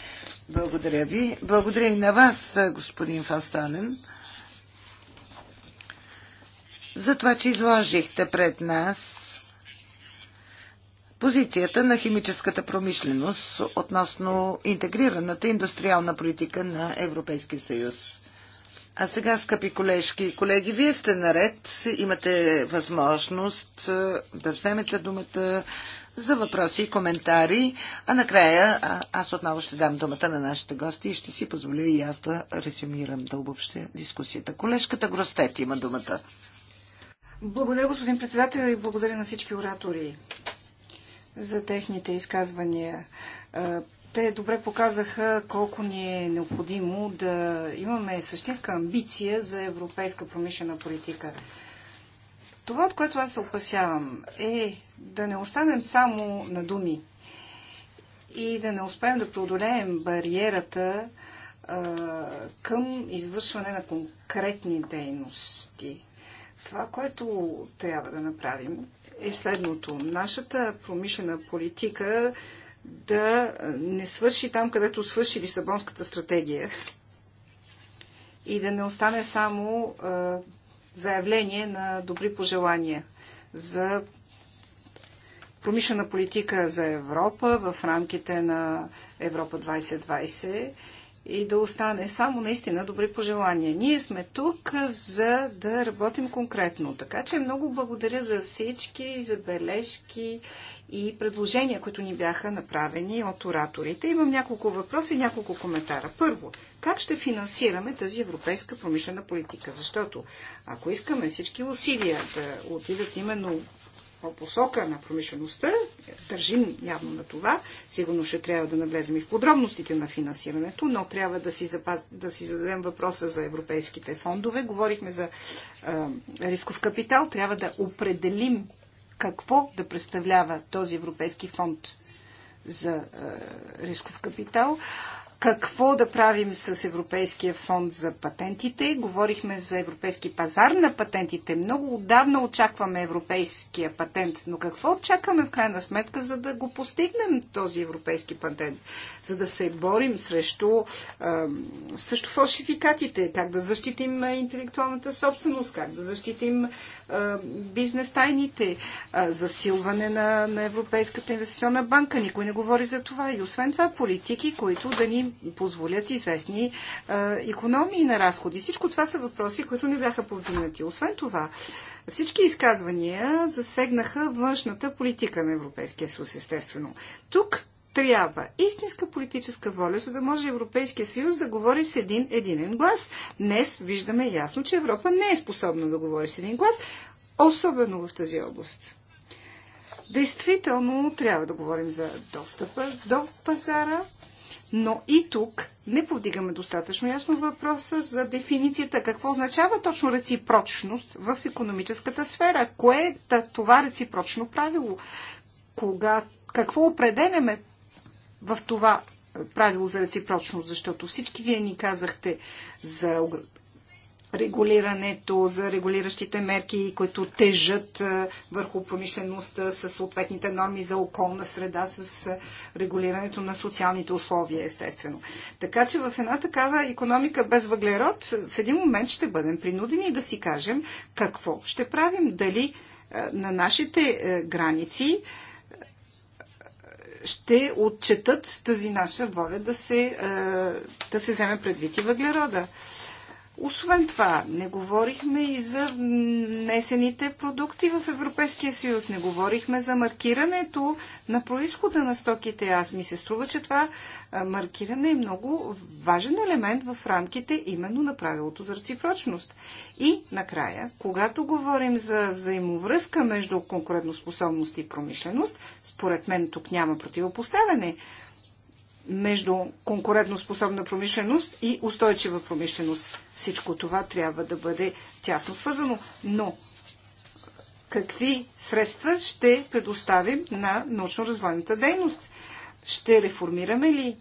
Благодаря ви. Благодаря и на вас, господин Фастанен, за това, че изложихте пред нас позицията на химическата промишленост относно интегрираната индустриална политика на Европейския съюз. А сега, скъпи колежки и колеги, вие сте наред, имате възможност да вземете думата за въпроси и коментари, а накрая аз отново ще дам думата на нашите гости и ще си позволя и аз да резюмирам, да обобщя дискусията. Колежката Гростет има думата. Благодаря, господин председател, и благодаря на всички оратори за техните изказвания. Те добре показаха колко ни е необходимо да имаме същинска амбиция за европейска промишлена политика. Това, от което аз се опасявам, е да не останем само на думи и да не успеем да преодолеем бариерата а, към извършване на конкретни дейности. Това, което трябва да направим, е следното. Нашата промишлена политика да не свърши там, където свърши Лисабонската стратегия и да не остане само заявление на добри пожелания за промишлена политика за Европа в рамките на Европа 2020 и да остане само наистина добри пожелания. Ние сме тук, за да работим конкретно. Така че много благодаря за всички забележки и предложения, които ни бяха направени от ораторите. Имам няколко въпроса и няколко коментара. Първо, как ще финансираме тази европейска промишлена политика? Защото ако искаме всички усилия да отидат именно посока на промишлеността. Държим явно на това. Сигурно ще трябва да навлезем и в подробностите на финансирането, но трябва да си, запаз... да си зададем въпроса за европейските фондове. Говорихме за а, рисков капитал. Трябва да определим какво да представлява този европейски фонд за а, рисков капитал. А, какво да правим с Европейския фонд за патентите. Говорихме за европейски пазар на патентите. Много отдавна очакваме европейския патент, но какво очакваме в крайна сметка, за да го постигнем този европейски патент? За да се борим срещу срещу фалшификатите, как да защитим интелектуалната собственост, как да защитим бизнес тайните, засилване на, на Европейската инвестиционна банка. Никой не говори за това. И освен това политики, които да ни позволят известни економии на разходи. Всичко това са въпроси, които не бяха повдигнати. Освен това, всички изказвания засегнаха външната политика на Европейския съюз, естествено. Тук трябва истинска политическа воля, за да може Европейския съюз да говори с един единен глас. Днес виждаме ясно, че Европа не е способна да говори с един глас, особено в тази област. Действително трябва да говорим за достъпа до пазара, но и тук не повдигаме достатъчно ясно въпроса за дефиницията. Какво означава точно реципрочност в економическата сфера? Кое е това реципрочно правило? Кога, какво определяме в това правило за реципрочност, защото всички вие ни казахте за регулирането, за регулиращите мерки, които тежат върху промишлеността с съответните норми за околна среда, с регулирането на социалните условия, естествено. Така че в една такава економика без въглерод, в един момент ще бъдем принудени да си кажем какво ще правим, дали на нашите граници ще отчетат тази наша воля да се, е, да се вземе предвид и въглерода. Освен това, не говорихме и за внесените продукти в Европейския съюз, не говорихме за маркирането на происхода на стоките. Аз ми се струва, че това маркиране е много важен елемент в рамките именно на правилото за реципрочност. И накрая, когато говорим за взаимовръзка между конкурентоспособност и промишленост, според мен тук няма противопоставяне между конкурентоспособна промишленост и устойчива промишленост. Всичко това трябва да бъде тясно свързано, но какви средства ще предоставим на научно-развойната дейност? Ще реформираме ли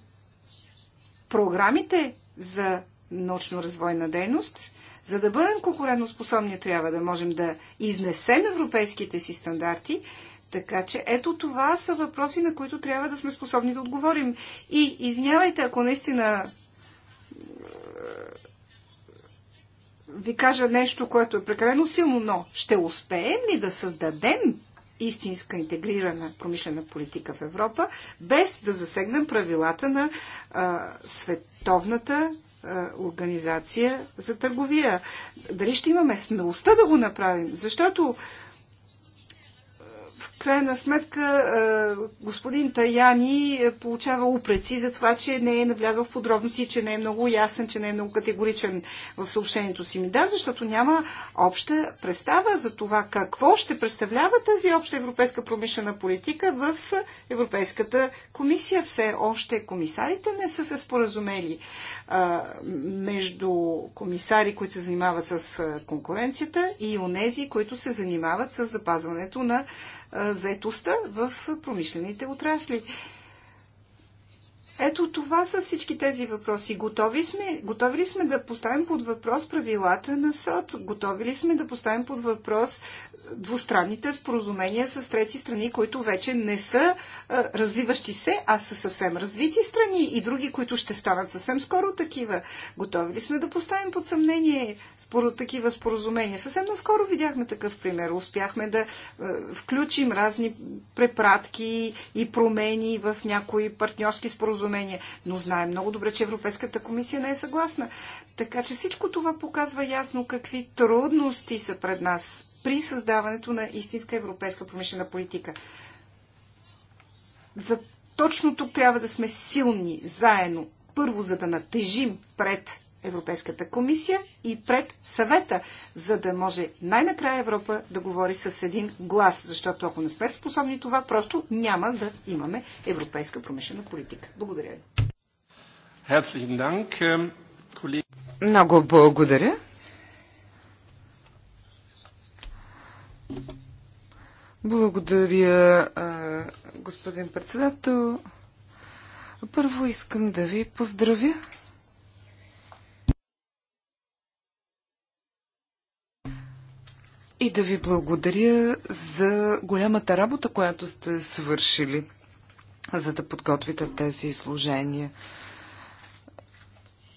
програмите за научно-развойна дейност? За да бъдем конкурентоспособни, трябва да можем да изнесем европейските си стандарти така че ето това са въпроси, на които трябва да сме способни да отговорим. И извинявайте, ако наистина е, ви кажа нещо, което е прекалено силно, но ще успеем ли да създадем истинска интегрирана промишлена политика в Европа, без да засегнем правилата на а, световната а, организация за търговия. Дали ще имаме смелостта да го направим? Защото крайна сметка е, господин Таяни е, получава упреци за това, че не е навлязъл в подробности, че не е много ясен, че не е много категоричен в съобщението си. Ми да, защото няма обща представа за това какво ще представлява тази обща европейска промишлена политика в Европейската комисия. Все още комисарите не са се споразумели е, между комисари, които се занимават с конкуренцията и онези, които се занимават с запазването на заетостта в промишлените отрасли. Ето това са всички тези въпроси. Готови, сме, готови ли сме да поставим под въпрос правилата на съд. Готови ли сме да поставим под въпрос е, двустранните споразумения с трети страни, които вече не са а, е, развиващи се, а са съвсем развити страни и други, които ще станат съвсем скоро такива? Готови ли сме да поставим под съмнение споро, такива споразумения? Съвсем наскоро видяхме такъв пример. Успяхме да а, е, включим разни препратки и промени в някои партньорски споразумения споразумение. Но знаем много добре, че Европейската комисия не е съгласна. Така че всичко това показва ясно какви трудности са пред нас при създаването на истинска европейска промишлена политика. За точно тук трябва да сме силни, заедно. Първо, за да натежим пред Европейската комисия и пред съвета, за да може най-накрая Европа да говори с един глас, защото ако не сме способни това, просто няма да имаме европейска промишлена политика. Благодаря ви. Ähm, Много благодаря. Благодаря, господин председател. Първо искам да ви поздравя и да ви благодаря за голямата работа, която сте свършили, за да подготвите тези изложения.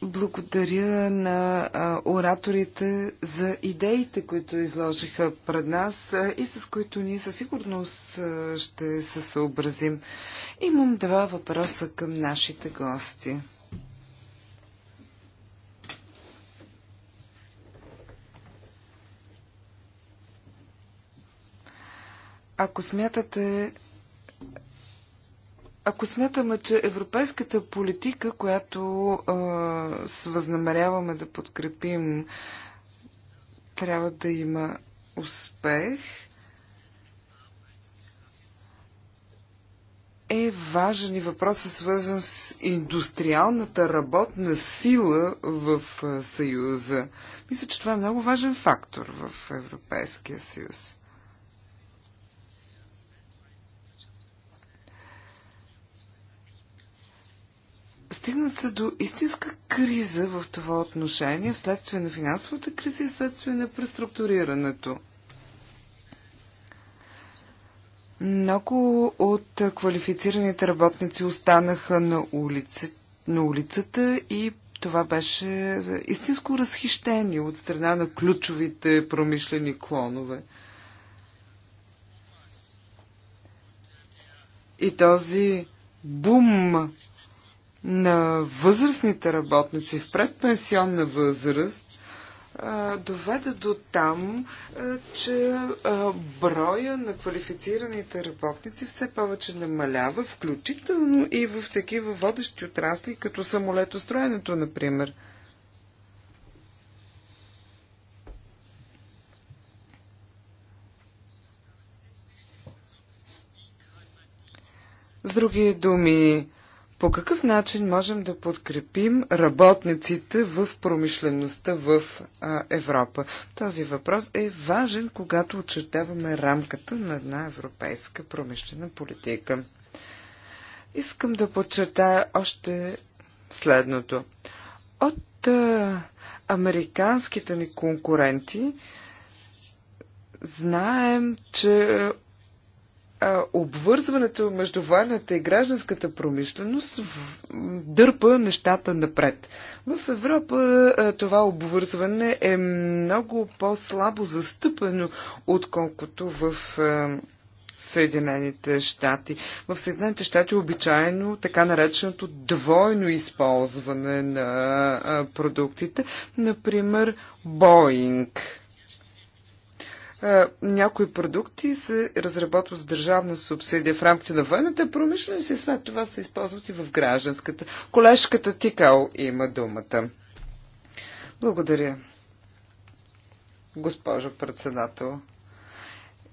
Благодаря на ораторите за идеите, които изложиха пред нас и с които ние със сигурност ще се съобразим. Имам два въпроса към нашите гости. Ако смятате, ако смятаме, че европейската политика, която а, с възнамеряваме да подкрепим, трябва да има успех, е важен и въпросът е свързан с индустриалната работна сила в Съюза. Мисля, че това е много важен фактор в Европейския съюз. Стигна се до истинска криза в това отношение, вследствие на финансовата криза и вследствие на преструктурирането. Много от квалифицираните работници останаха на, улици, на улицата и това беше истинско разхищение от страна на ключовите промишлени клонове. И този бум на възрастните работници в предпенсионна възраст доведе до там, че броя на квалифицираните работници все повече намалява, включително и в такива водещи отрасли, като самолетостроенето, например. С други думи, по какъв начин можем да подкрепим работниците в промишлеността в Европа? Този въпрос е важен, когато очертаваме рамката на една европейска промишлена политика. Искам да подчертая още следното. От а, американските ни конкуренти знаем, че обвързването между военната и гражданската промишленост дърпа нещата напред. В Европа това обвързване е много по-слабо застъпено, отколкото в Съединените щати. В Съединените щати обичайно така нареченото двойно използване на продуктите, например Боинг е, някои продукти се разработват с държавна субсидия в рамките на военната промишленост и след това се използват и в гражданската. Колежката Тикал има думата. Благодаря, госпожо председател.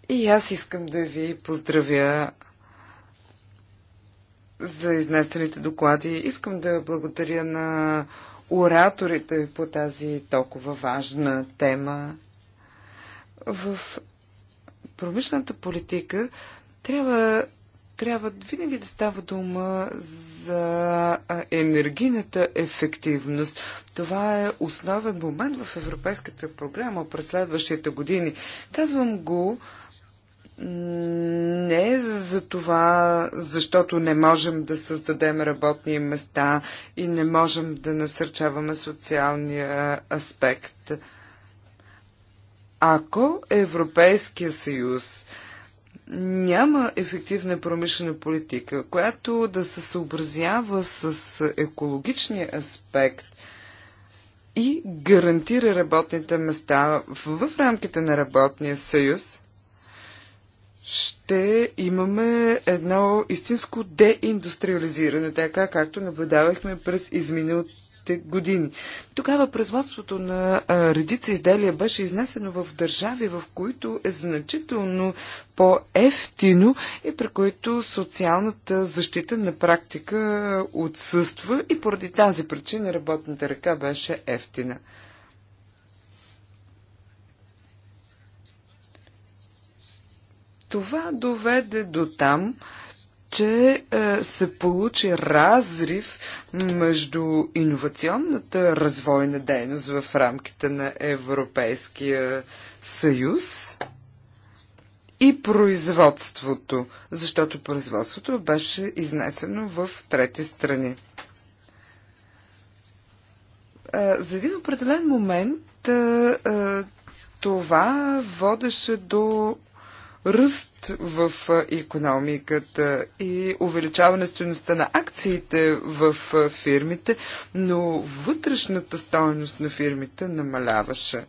И аз искам да ви поздравя за изнесените доклади. Искам да благодаря на ораторите по тази толкова важна тема в промишлената политика трябва, трябва винаги да става дума за енергийната ефективност. Това е основен момент в Европейската програма през следващите години. Казвам го, не за това, защото не можем да създадем работни места и не можем да насърчаваме социалния аспект. Ако Европейския съюз няма ефективна промишлена политика, която да се съобразява с екологичния аспект и гарантира работните места в рамките на работния съюз, ще имаме едно истинско деиндустриализиране, така както наблюдавахме през изминалото години. Тогава производството на редица изделия беше изнесено в държави, в които е значително по-ефтино и при които социалната защита на практика отсъства и поради тази причина работната ръка беше ефтина. Това доведе до там, че е, се получи разрив между иновационната развойна дейност в рамките на Европейския съюз и производството, защото производството беше изнесено в трети страни. Е, за един определен момент е, това водеше до ръст в економиката и увеличаване стоеността на акциите в фирмите, но вътрешната стоеност на фирмите намаляваше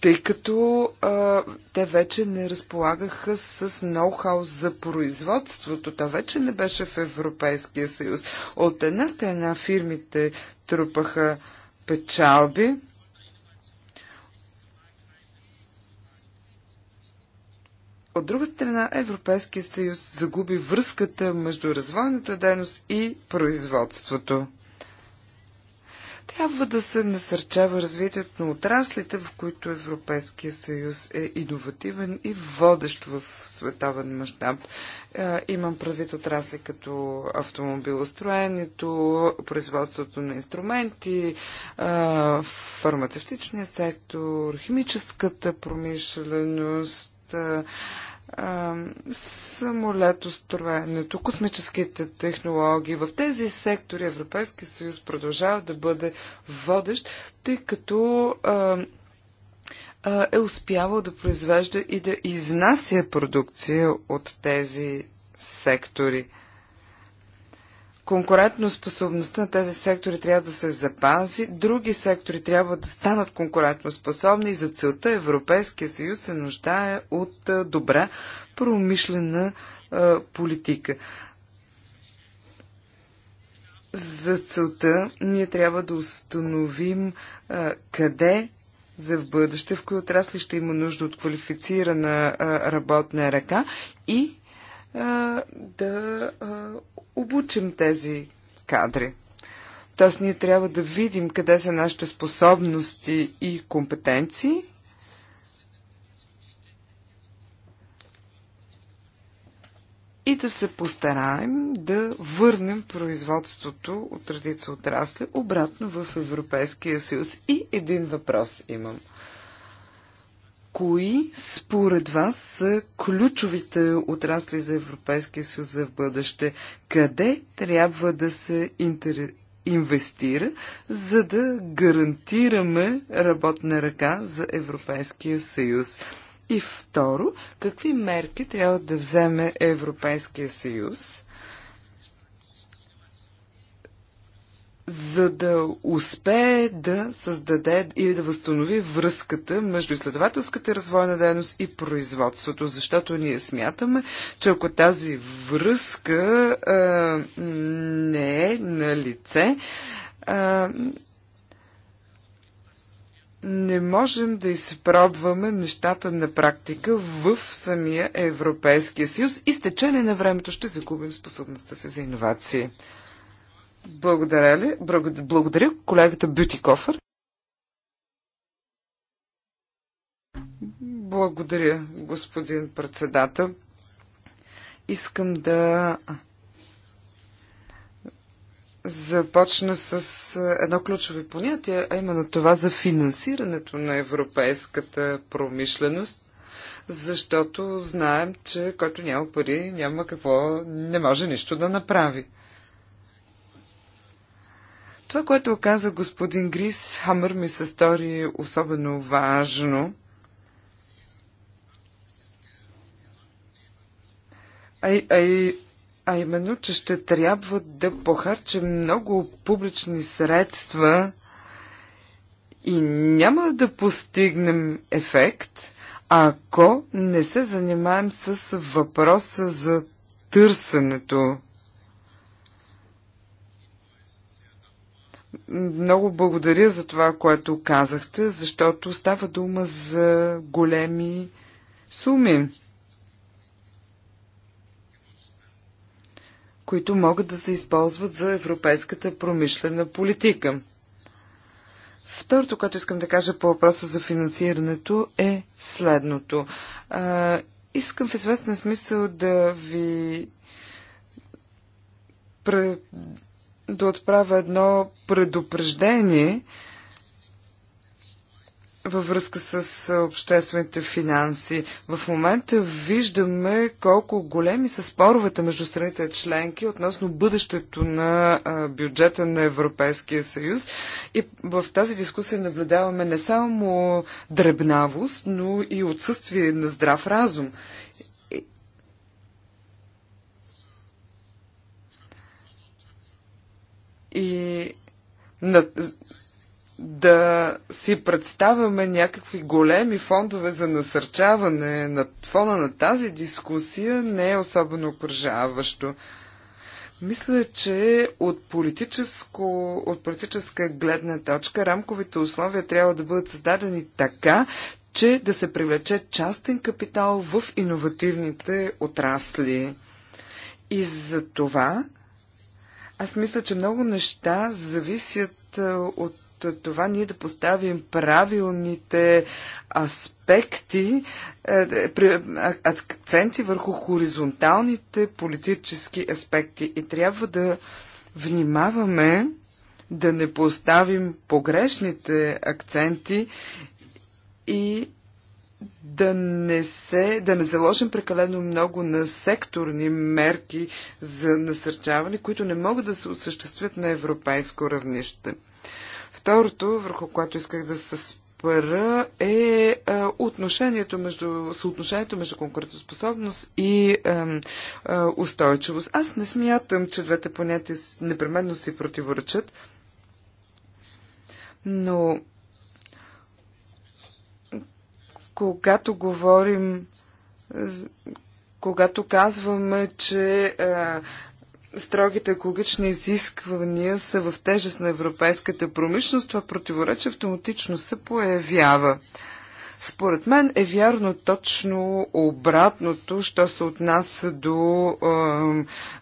тъй като а, те вече не разполагаха с ноу-хау за производството. То вече не беше в Европейския съюз. От една страна фирмите трупаха печалби, От друга страна, Европейският съюз загуби връзката между развойната дейност и производството. Трябва да се насърчава развитието на отраслите, в които Европейския съюз е иновативен и водещ в световен мащаб. Е, имам правит отрасли като автомобилостроенето, производството на инструменти, е, фармацевтичния сектор, химическата промишленост, самолетостроенето, космическите технологии. В тези сектори Европейския съюз продължава да бъде водещ, тъй като е успявал да произвежда и да изнася продукция от тези сектори конкурентоспособността на тези сектори трябва да се запази, други сектори трябва да станат конкурентоспособни и за целта Европейския съюз се нуждае от добра промишлена политика. За целта ние трябва да установим къде за в бъдеще, в кои отрасли ще има нужда от квалифицирана работна ръка и да обучим тези кадри. Тоест ние трябва да видим къде са нашите способности и компетенции. И да се постараем да върнем производството от традиция отрасли обратно в Европейския съюз. И един въпрос имам – кои според вас са ключовите отрасли за Европейския съюз за бъдеще? Къде трябва да се интер... инвестира, за да гарантираме работна ръка за Европейския съюз? И второ, какви мерки трябва да вземе Европейския съюз, за да успее да създаде или да възстанови връзката между изследователската и развойна дейност и производството, защото ние смятаме, че ако тази връзка а, не е на лице, а, не можем да изпробваме нещата на практика в самия Европейския съюз и с течение на времето ще загубим способността си за иновации. Благодаря ли? Благодаря колегата Кофър. Благодаря, господин председател. Искам да започна с едно ключово понятие, а именно това за финансирането на европейската промишленост, защото знаем, че който няма пари, няма какво, не може нищо да направи. Това, което каза господин Грис Хамър ми се стори особено важно. А, а, а именно, че ще трябва да похарчим много публични средства и няма да постигнем ефект, ако не се занимаем с въпроса за търсенето Много благодаря за това, което казахте, защото става дума за големи суми, които могат да се използват за европейската промишлена политика. Второто, което искам да кажа по въпроса за финансирането е следното. А, искам в известен смисъл да ви да отправя едно предупреждение във връзка с обществените финанси. В момента виждаме колко големи са споровете между страните членки относно бъдещето на бюджета на Европейския съюз. И в тази дискусия наблюдаваме не само дребнавост, но и отсъствие на здрав разум. и на, да си представяме някакви големи фондове за насърчаване на фона на тази дискусия не е особено окружаващо. Мисля, че от, политическо, от политическа гледна точка рамковите условия трябва да бъдат създадени така, че да се привлече частен капитал в иновативните отрасли. И за това аз мисля, че много неща зависят е, от това ние да поставим правилните аспекти, е, акценти върху хоризонталните политически аспекти. И трябва да внимаваме да не поставим погрешните акценти и да не, се, да не заложим прекалено много на секторни мерки за насърчаване, които не могат да се осъществят на европейско равнище. Второто, върху което исках да се спра, е, е отношението между, съотношението между конкурентоспособност и е, е, устойчивост. Аз не смятам, че двете понятия непременно си противоречат, но когато говорим, когато казваме, че строгите екологични изисквания са в тежест на европейската промишленост, това противоречие автоматично се появява. Според мен е вярно точно обратното, що се отнася до е,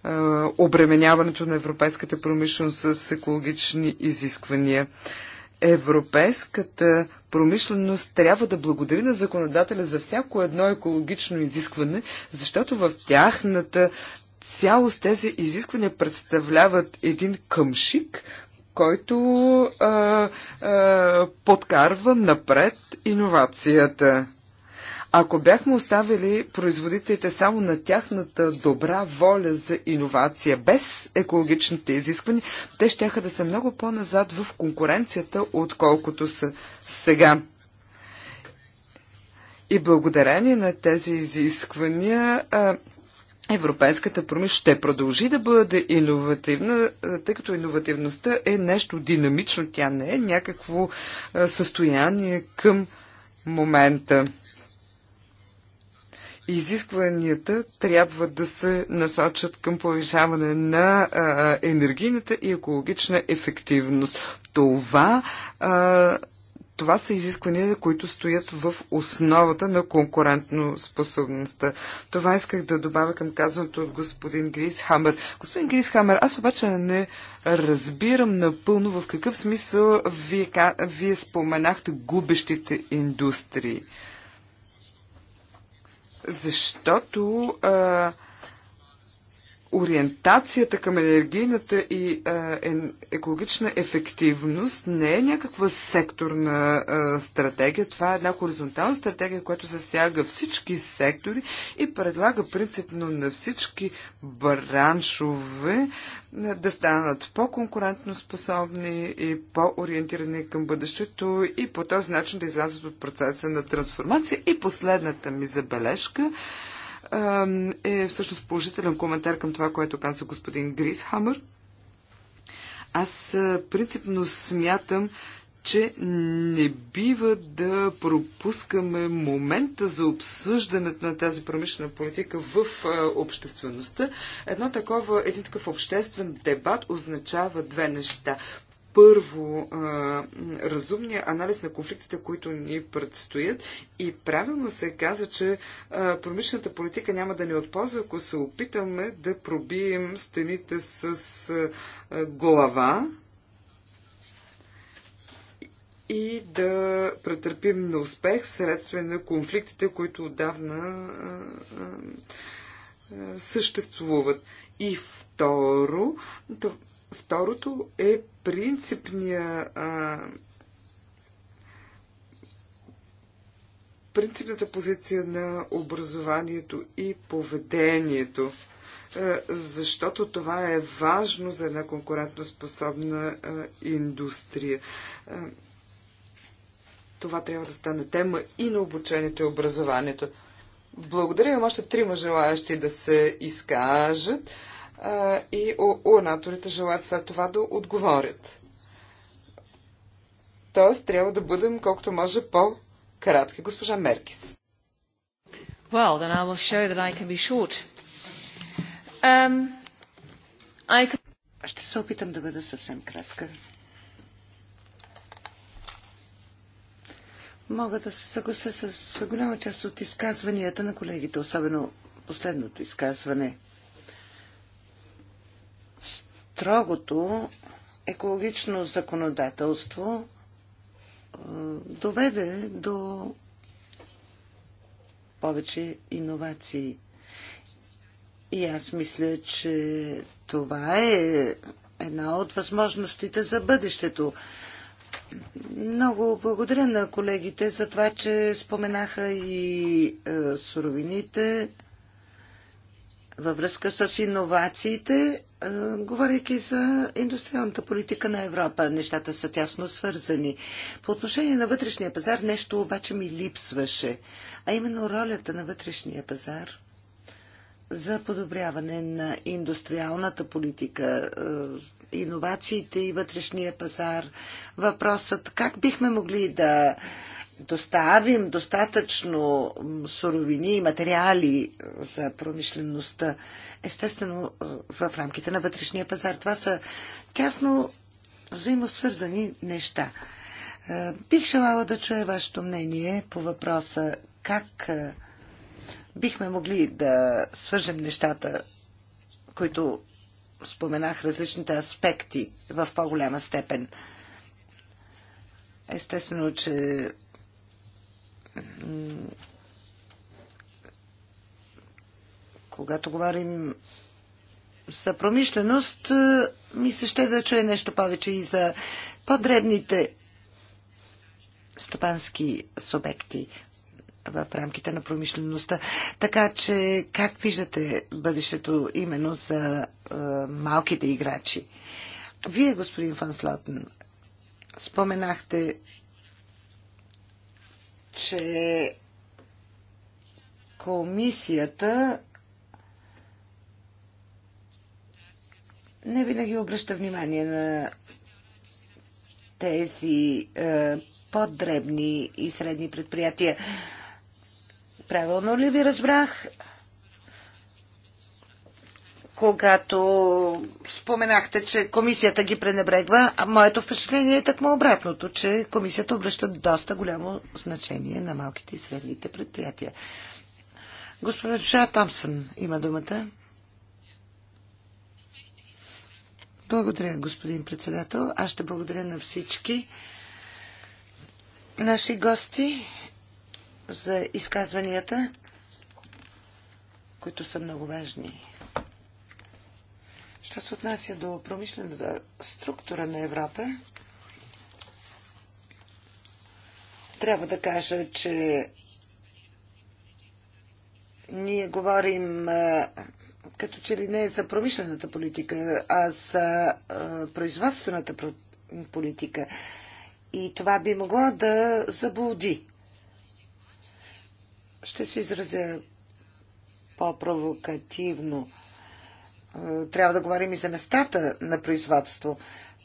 е, обременяването на европейската промишленост с екологични изисквания. Европейската промишленост трябва да благодари на законодателя за всяко едно екологично изискване, защото в тяхната цялост тези изисквания представляват един къмшик, който а, а, подкарва напред иновацията. Ако бяхме оставили производителите само на тяхната добра воля за иновация без екологичните изисквания, те ще да са много по-назад в конкуренцията, отколкото са сега. И благодарение на тези изисквания европейската промишленост ще продължи да бъде иновативна, тъй като иновативността е нещо динамично, тя не е някакво състояние към момента изискванията трябва да се насочат към повишаване на а, енергийната и екологична ефективност. Това а, това са изисквания, които стоят в основата на конкурентно способността. Това исках да добавя към казаното от господин Грис Хамер. Господин Грис аз обаче не разбирам напълно в какъв смисъл вие, вие споменахте губещите индустрии защото а, ориентацията към енергийната и екологична ефективност не е някаква секторна стратегия. Това е една хоризонтална стратегия, която засяга всички сектори и предлага принципно на всички браншове да станат по-конкурентно способни и по-ориентирани към бъдещето и по този начин да излязат от процеса на трансформация. И последната ми забележка – е всъщност положителен коментар към това, което каза господин Грисхамър. Аз принципно смятам, че не бива да пропускаме момента за обсъждането на тази промишлена политика в обществеността. Едно такова, един такъв обществен дебат означава две неща първо разумния анализ на конфликтите, които ни предстоят и правилно се казва, че промишлената политика няма да ни отползва, ако се опитаме да пробием стените с глава и да претърпим успех средства на конфликтите, които отдавна съществуват. И второ, второто е принципния а, принципната позиция на образованието и поведението, защото това е важно за една конкурентоспособна индустрия. Това трябва да стане тема и на обучението и образованието. Благодаря ви, още трима желаящи да се изкажат и ораторите желаят след това да отговорят. Тоест, трябва да бъдем колкото може по-кратки. Госпожа Меркис. Well, then I will show that I can be short. Um, I can... Ще се опитам да бъда съвсем кратка. Мога да се съглася с голяма част от изказванията на колегите, особено последното изказване – строгото екологично законодателство доведе до повече иновации. И аз мисля, че това е една от възможностите за бъдещето. Много благодаря на колегите за това, че споменаха и е, суровините във връзка с иновациите е, говорейки за индустриалната политика на Европа, нещата са тясно свързани. По отношение на вътрешния пазар нещо обаче ми липсваше, а именно ролята на вътрешния пазар за подобряване на индустриалната политика, е, иновациите и вътрешния пазар. Въпросът как бихме могли да доставим достатъчно суровини и материали е, за промишлеността, естествено е, в рамките на вътрешния пазар. Това са тясно взаимосвързани неща. Е, бих желала да чуя вашето мнение по въпроса как бихме могли да свържем нещата, които споменах различните аспекти в по-голяма степен. Естествено, че когато говорим за промишленост, е, ми се ще да чуя нещо повече и за по-дребните стопански субекти в рамките на промишлеността. Така че как виждате бъдещето именно за е, малките играчи? Вие, господин Фанслотен, споменахте че комисията не винаги обръща внимание на тези е, по-дребни и средни предприятия. Правилно ли ви разбрах? когато споменахте, че комисията ги пренебрегва, а моето впечатление е такмо обратното, че комисията обръща доста голямо значение на малките и средните предприятия. Господин Госпожа Томсън има думата. Благодаря, господин председател. Аз ще благодаря на всички наши гости за изказванията, които са много важни. Що се отнася до промишлената структура на Европа, трябва да кажа, че ние говорим като че ли не за промишлената политика, а за производствената политика. И това би могло да заблуди. Ще се изразя по-провокативно трябва да говорим и за местата на производство.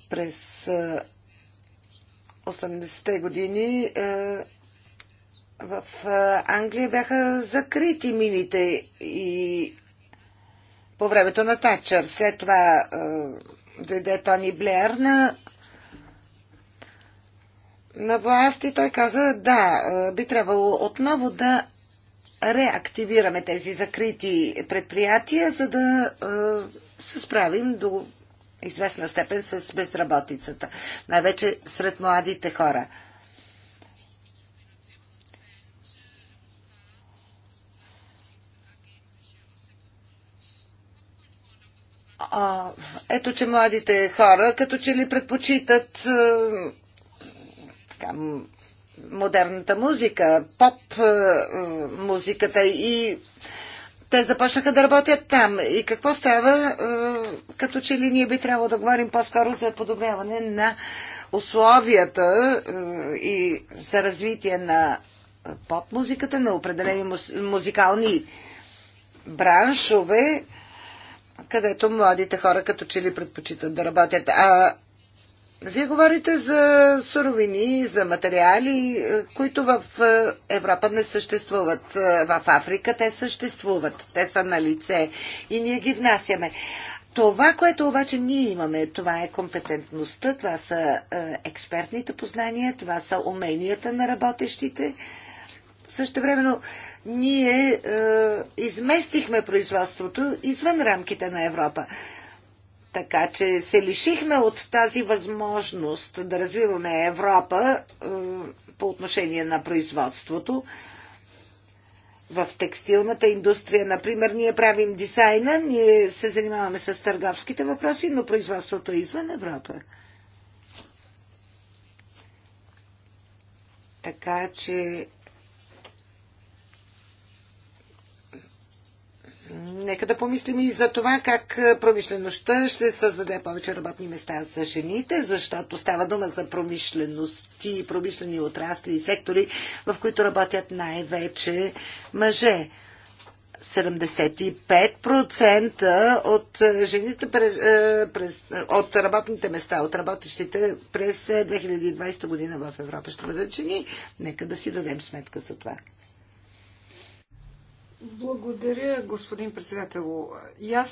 През 80-те години в Англия бяха закрити мините и по времето на Тачър. След това дойде Тони Блер на на власт и той каза, да, би трябвало отново да реактивираме тези закрити предприятия, за да е, се справим до известна степен с безработицата, най-вече сред младите хора. А, ето, че младите хора като че ли предпочитат а, е, така, модерната музика, поп е, е, музиката и те започнаха да работят там. И какво става? Е, като че ли ние би трябвало да говорим по-скоро за подобряване на условията и за развитие на поп-музиката, на определени музикални браншове, където младите хора като че ли предпочитат да работят. А вие говорите за суровини, за материали, е, които в е, Европа не съществуват. Е, в Африка те съществуват. Те са на лице и ние ги внасяме. Това, което обаче ние имаме, това е компетентността, това са експертните познания, това са уменията на работещите. Също времено ние е, изместихме производството извън рамките на Европа. Така че се лишихме от тази възможност да развиваме Европа е, по отношение на производството. В текстилната индустрия, например, ние правим дизайна, ние се занимаваме с търговските въпроси, но производството е извън Европа. Така че Нека да помислим и за това как промишлеността ще създаде повече работни места за жените, защото става дума за промишлености, промишлени отрасли и сектори, в които работят най-вече мъже. 75% от жените през, през, от работните места, от работещите през 2020 година в Европа ще бъдат жени. Нека да си дадем сметка за това. Благодаря, господин председател. И аз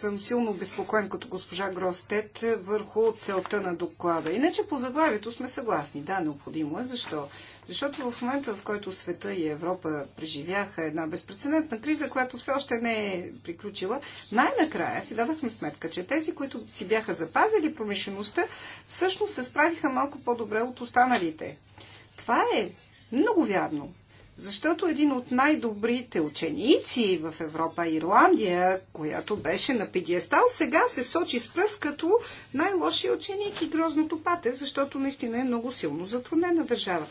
съм силно обезпокоен като госпожа Гростет върху целта на доклада. Иначе по заглавието сме съгласни. Да, необходимо е. Защо? Защото в момента, в който света и Европа преживяха една безпредседентна криза, която все още не е приключила, най-накрая си дадахме сметка, че тези, които си бяха запазили промишлеността, всъщност се справиха малко по-добре от останалите. Това е много вярно. Защото един от най-добрите ученици в Европа, Ирландия, която беше на педиестал, сега се сочи с пръст като най-лошия ученик и грозното пате, защото наистина е много силно затруднена държава.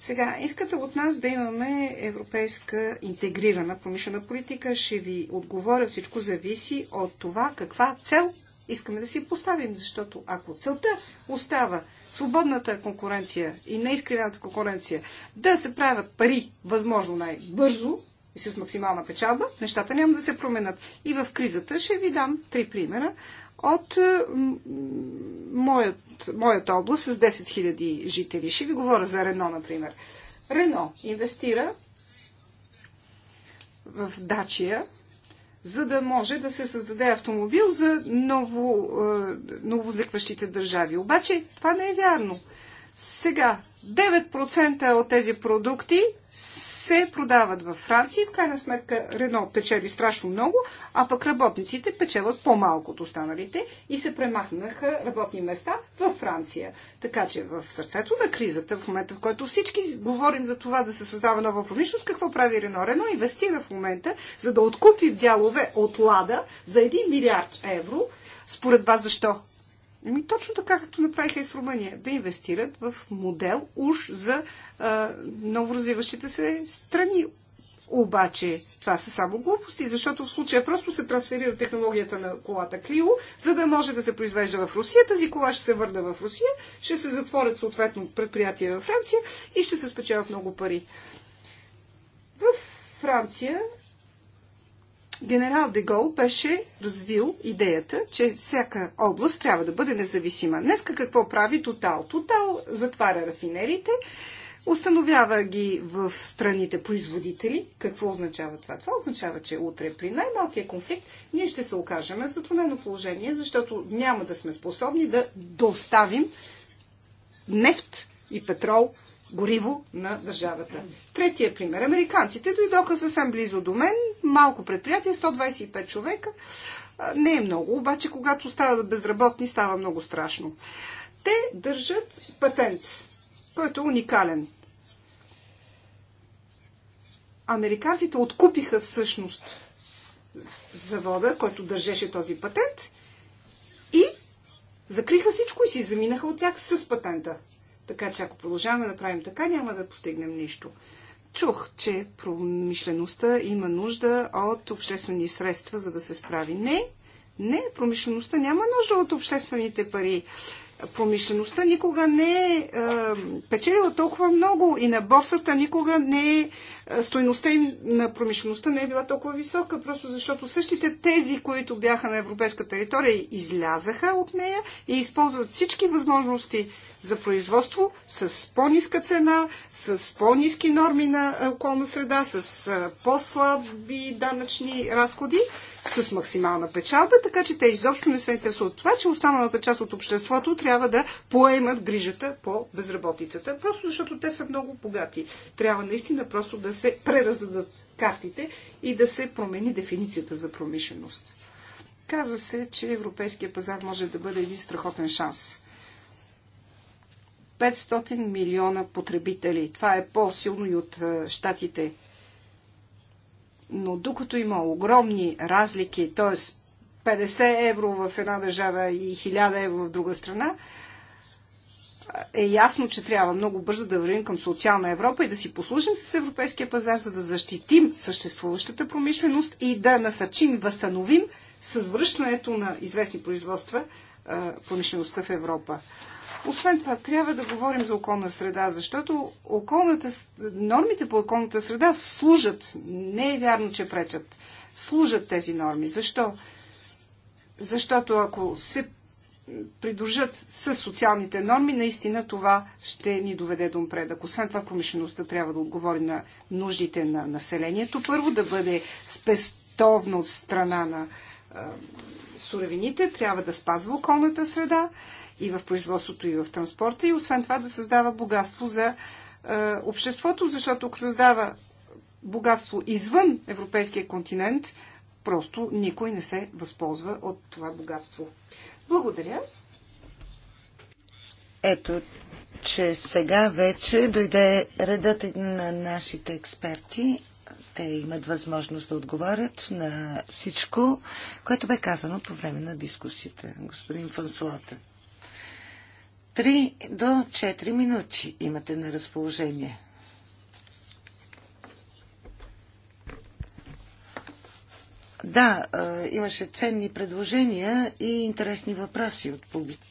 Сега, искате от нас да имаме европейска интегрирана промишлена политика. Ще ви отговоря, всичко зависи от това каква цел искаме да си поставим, защото ако целта остава свободната конкуренция и неискривената конкуренция да се правят пари възможно най-бързо и с максимална печалба, нещата няма да се променят. И в кризата ще ви дам три примера от моят, моята област с 10 000 жители. Ще ви говоря за Рено, например. Рено инвестира в Дачия, за да може да се създаде автомобил за ново, е, нововъзникващите държави. Обаче това не е вярно. Сега 9% от тези продукти се продават във Франция и в крайна сметка Рено печели страшно много, а пък работниците печелят по-малко от останалите и се премахнаха работни места във Франция. Така че в сърцето на кризата, в момента в който всички говорим за това да се създава нова промишленост, какво прави Рено? Рено инвестира в момента, за да откупи дялове от Лада за 1 милиард евро. Според вас защо? Ами точно така, както направиха и с Румъния. Да инвестират в модел уж за а, новоразвиващите се страни. Обаче това са само глупости, защото в случая просто се трансферира технологията на колата Клио, за да може да се произвежда в Русия. Тази кола ще се върне в Русия, ще се затворят съответно предприятия във Франция и ще се спечелят много пари. В Франция генерал Дегол беше развил идеята, че всяка област трябва да бъде независима. Днеска какво прави Тотал? Тотал затваря рафинерите, установява ги в страните производители. Какво означава това? Това означава, че утре при най-малкия конфликт ние ще се окажем в затруднено положение, защото няма да сме способни да доставим нефт и петрол гориво на държавата. Третия пример. Американците дойдоха съвсем близо до мен, малко предприятие, 125 човека. Не е много, обаче когато стават безработни, става много страшно. Те държат патент, който е уникален. Американците откупиха всъщност завода, който държеше този патент и закриха всичко и си заминаха от тях с патента. Така че ако продължаваме да правим така, няма да постигнем нищо. Чух, че промишлеността има нужда от обществени средства, за да се справи. Не, не, промишлеността няма нужда от обществените пари промишлеността никога не е, е печелила толкова много и на борсата никога не е, е стойността им на промишлеността не е била толкова висока, просто защото същите тези, които бяха на европейска територия, излязаха от нея и използват всички възможности за производство с по-ниска цена, с по-низки норми на е, околна среда, с по-слаби данъчни разходи с максимална печалба, така че те изобщо не се интересуват от това, че останалата част от обществото трябва да поемат грижата по безработицата. Просто защото те са много богати. Трябва наистина просто да се прераздадат картите и да се промени дефиницията за промишленост. Каза се, че европейския пазар може да бъде един страхотен шанс. 500 милиона потребители. Това е по-силно и от е, щатите. Но докато има огромни разлики, т.е. 50 евро в една държава и 1000 евро в друга страна, е ясно, че трябва много бързо да вървим към социална Европа и да си послужим с европейския пазар, за да защитим съществуващата промишленост и да насърчим, възстановим с връщането на известни производства промишлеността в Европа. Освен това, трябва да говорим за околна среда, защото околната, нормите по околната среда служат. Не е вярно, че пречат. Служат тези норми. Защо? Защото ако се придружат с социалните норми, наистина това ще ни доведе до напредък. Освен това, промишлеността трябва да отговори на нуждите на населението. Първо да бъде спестовно от страна на суровините, трябва да спазва околната среда и в производството, и в транспорта, и освен това да създава богатство за е, обществото, защото ако създава богатство извън европейския континент, просто никой не се възползва от това богатство. Благодаря. Ето, че сега вече дойде редът на нашите експерти. Те имат възможност да отговарят на всичко, което бе казано по време на дискусията. Господин Фансуата. 3 до 4 минути имате на разположение. Да, имаше ценни предложения и интересни въпроси от публика.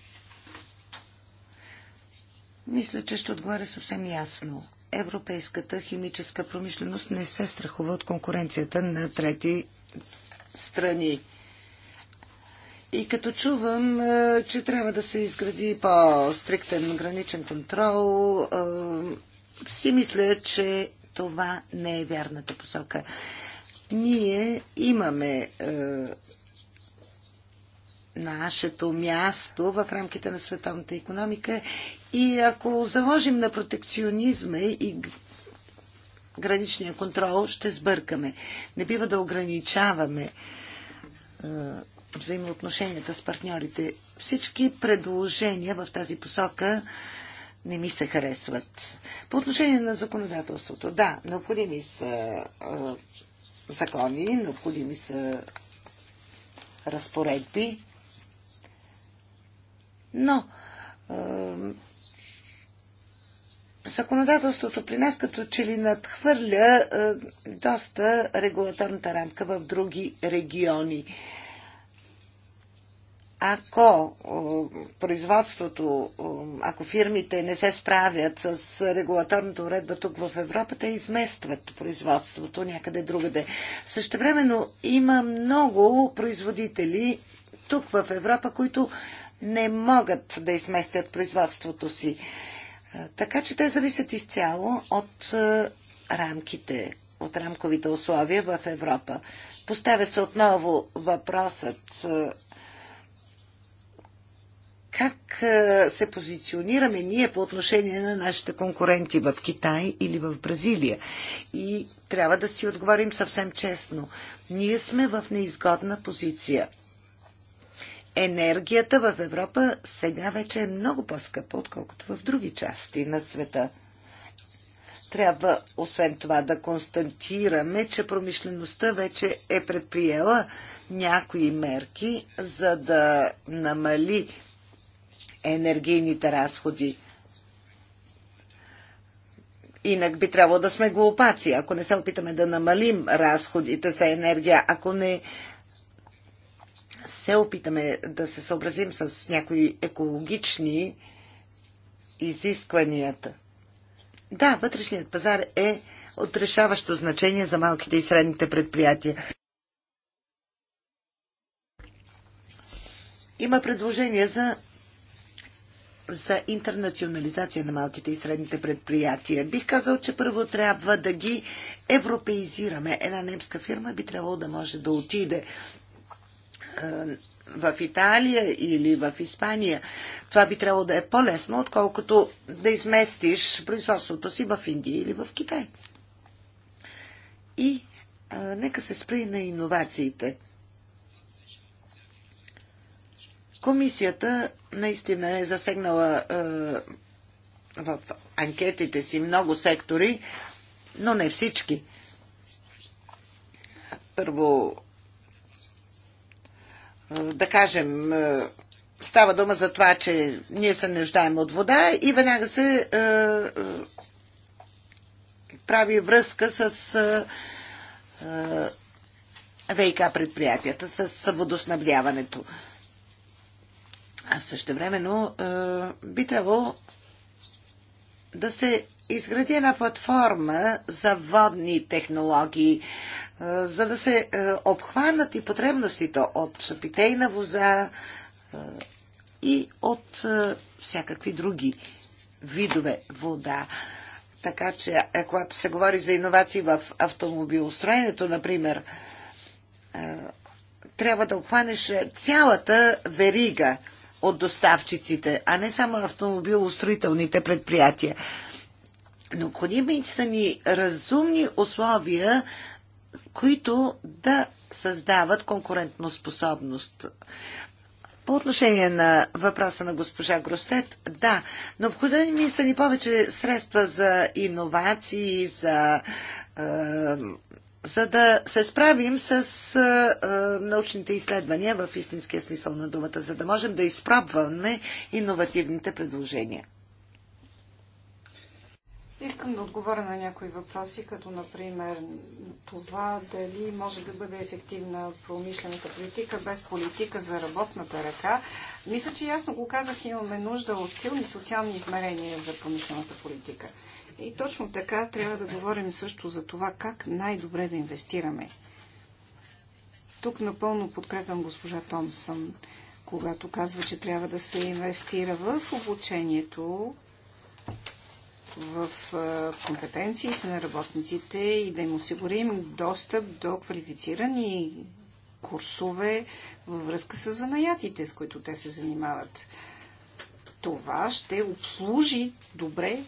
Мисля, че ще отговаря съвсем ясно. Европейската химическа промишленост не се страхува от конкуренцията на трети страни. И като чувам, е, че трябва да се изгради по-стриктен граничен контрол, е, си мисля, че това не е вярната посока. Ние имаме е, нашето място в рамките на световната економика и ако заложим на протекционизма и граничния контрол, ще сбъркаме. Не бива да ограничаваме взаимоотношенията с партньорите. Всички предложения в тази посока не ми се харесват. По отношение на законодателството, да, необходими са а, закони, необходими са разпоредби, но а, законодателството при нас като че ли надхвърля а, доста регулаторната рамка в други региони. А, ако производството, ако фирмите не се справят с регулаторната уредба тук в Европа, те изместват производството някъде другаде. времено има много производители тук в Европа, които не могат да изместят производството си. Е, така че те зависят изцяло от е, рамките, от рамковите условия в Европа. Поставя се отново въпросът е, как се позиционираме ние по отношение на нашите конкуренти в Китай или в Бразилия. И трябва да си отговорим съвсем честно. Ние сме в неизгодна позиция. Енергията в Европа сега вече е много по-скъпа, отколкото в други части на света. Трябва, освен това, да констатираме, че промишлеността вече е предприела някои мерки, за да намали енергийните разходи. Инак би трябвало да сме глупаци, ако не се опитаме да намалим разходите за енергия, ако не се опитаме да се съобразим с някои екологични изискванията. Да, вътрешният пазар е отрешаващо значение за малките и средните предприятия. Има предложение за за интернационализация на малките и средните предприятия. Бих казал, че първо трябва да ги европеизираме. Една немска фирма би трябвало да може да отиде е, в Италия или в Испания. Това би трябвало да е по-лесно, отколкото да изместиш производството си в Индия или в Китай. И а, е, нека се спре на иновациите. Комисията наистина е засегнала е, в анкетите си много сектори, но не всички. Първо, е, да кажем, е, става дума за това, че ние се нуждаем от вода и веднага се е, е, прави връзка с е, ВИК предприятията, с водоснабдяването. А също времено е, би трябвало да се изгради една платформа за водни технологии, е, за да се е, обхванат и потребностите от питейна воза и от всякакви други видове вода. Така че, когато се говори за иновации в автомобилостроенето, например, трябва да обхванеш цялата верига от доставчиците, а не само автомобилостроителните предприятия. Необходими са ни разумни условия, които да създават конкурентноспособност. По отношение на въпроса на госпожа Гростет, да, необходими са ни повече средства за иновации, за за да се справим с а, научните изследвания в истинския смисъл на думата, за да можем да изпробваме иновативните предложения. Искам да отговоря на някои въпроси, като например това дали може да бъде ефективна промишлената политика без политика за работната ръка. Мисля, че ясно го казах, имаме нужда от силни социални измерения за промишлената политика. И точно така трябва да говорим също за това как най-добре да инвестираме. Тук напълно подкрепям госпожа Томсън, когато казва, че трябва да се инвестира в обучението, в компетенциите на работниците и да им осигурим достъп до квалифицирани курсове във връзка с занаятите, с които те се занимават. Това ще обслужи добре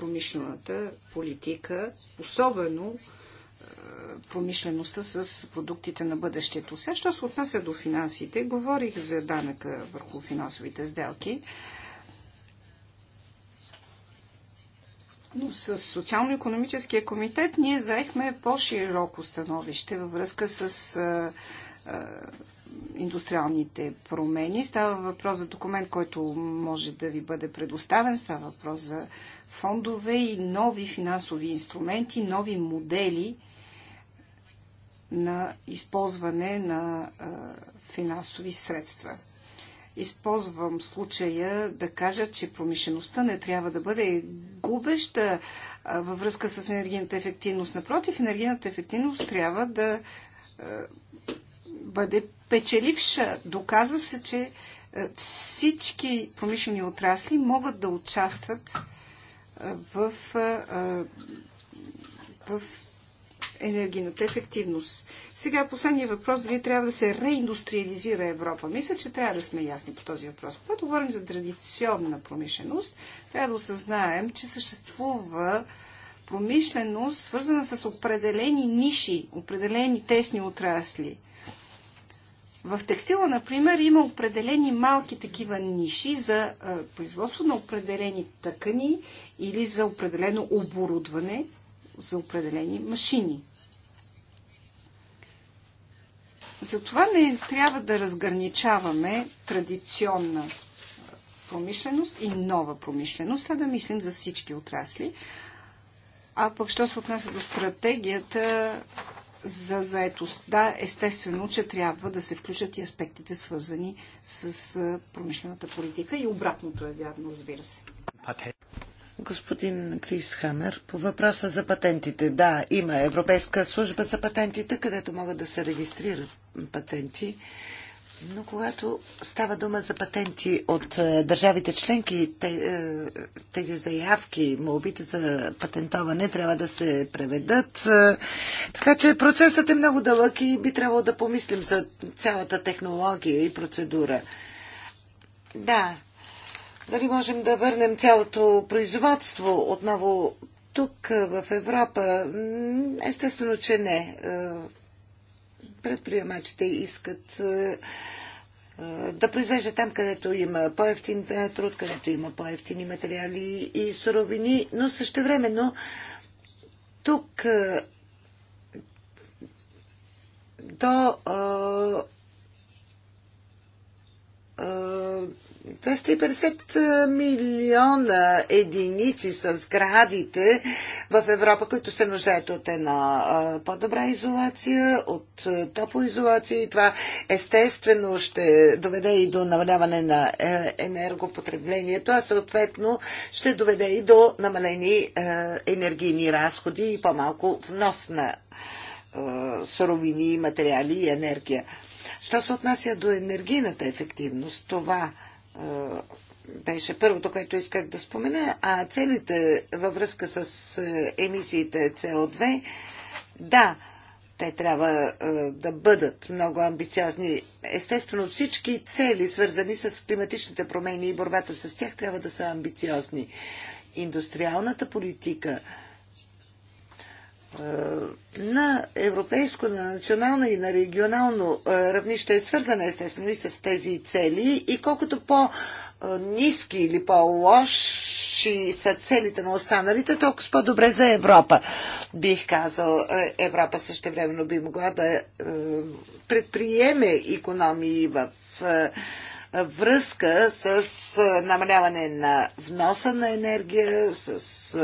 промишлената политика, особено промишлеността с продуктите на бъдещето. Сега, що се отнася до финансите, говорих за данъка върху финансовите сделки, но с Социално-економическия комитет ние заехме по-широко становище във връзка с а, а, индустриалните промени. Става въпрос за документ, който може да ви бъде предоставен. Става въпрос за фондове и нови финансови инструменти, нови модели на използване на финансови средства. Използвам случая да кажа, че промишлеността не трябва да бъде губеща във връзка с енергийната ефективност. Напротив, енергийната ефективност трябва да бъде печеливша. Доказва се, че всички промишлени отрасли могат да участват в, в енергийната ефективност. Сега последния въпрос, дали трябва да се реиндустриализира Европа. Мисля, че трябва да сме ясни по този въпрос. Когато говорим за традиционна промишленост, трябва да осъзнаем, че съществува промишленост, свързана с определени ниши, определени тесни отрасли – в текстила, например, има определени малки такива ниши за производство на определени тъкани или за определено оборудване, за определени машини. Затова не трябва да разграничаваме традиционна промишленост и нова промишленост, а да мислим за всички отрасли. А пък, що се отнася до стратегията, за заетост. Да, естествено, че трябва да се включат и аспектите свързани с промишлената политика и обратното е вярно, разбира се. Господин Крис Хамер, по въпроса за патентите. Да, има Европейска служба за патентите, където могат да се регистрират патенти. Но когато става дума за патенти от е, държавите членки, е, тези заявки, молбите за патентоване трябва да се преведат. Е, така че процесът е много дълъг и би трябвало да помислим за цялата технология и процедура. Да, дали можем да върнем цялото производство отново тук в Европа? Естествено, че не предприемачите искат е, е, да произвеждат там, където има по-ефтин е, труд, където има по-ефтини материали и суровини, но също времено тук до 250 е, милиона единици са сградите в Европа, които се нуждаят от една е, по-добра изолация, от е, топлоизолация и това естествено ще доведе и до намаляване на енергопотреблението, а съответно ще доведе и до намалени енергийни разходи и по-малко внос на суровини, материали и енергия. Що се отнася до енергийната ефективност, това беше първото, което исках да спомена, а целите във връзка с емисиите CO2, да, те трябва да бъдат много амбициозни. Естествено, всички цели, свързани с климатичните промени и борбата с тях, трябва да са амбициозни. Индустриалната политика, е, на европейско, на национално и на регионално е, равнище е свързана естествено и с тези цели и колкото по-низки или по-лоши са целите на останалите, толкова по-добре за Европа. Бих казал, е, Европа също времено би могла да предприеме економии в връзка с намаляване на вноса на енергия, с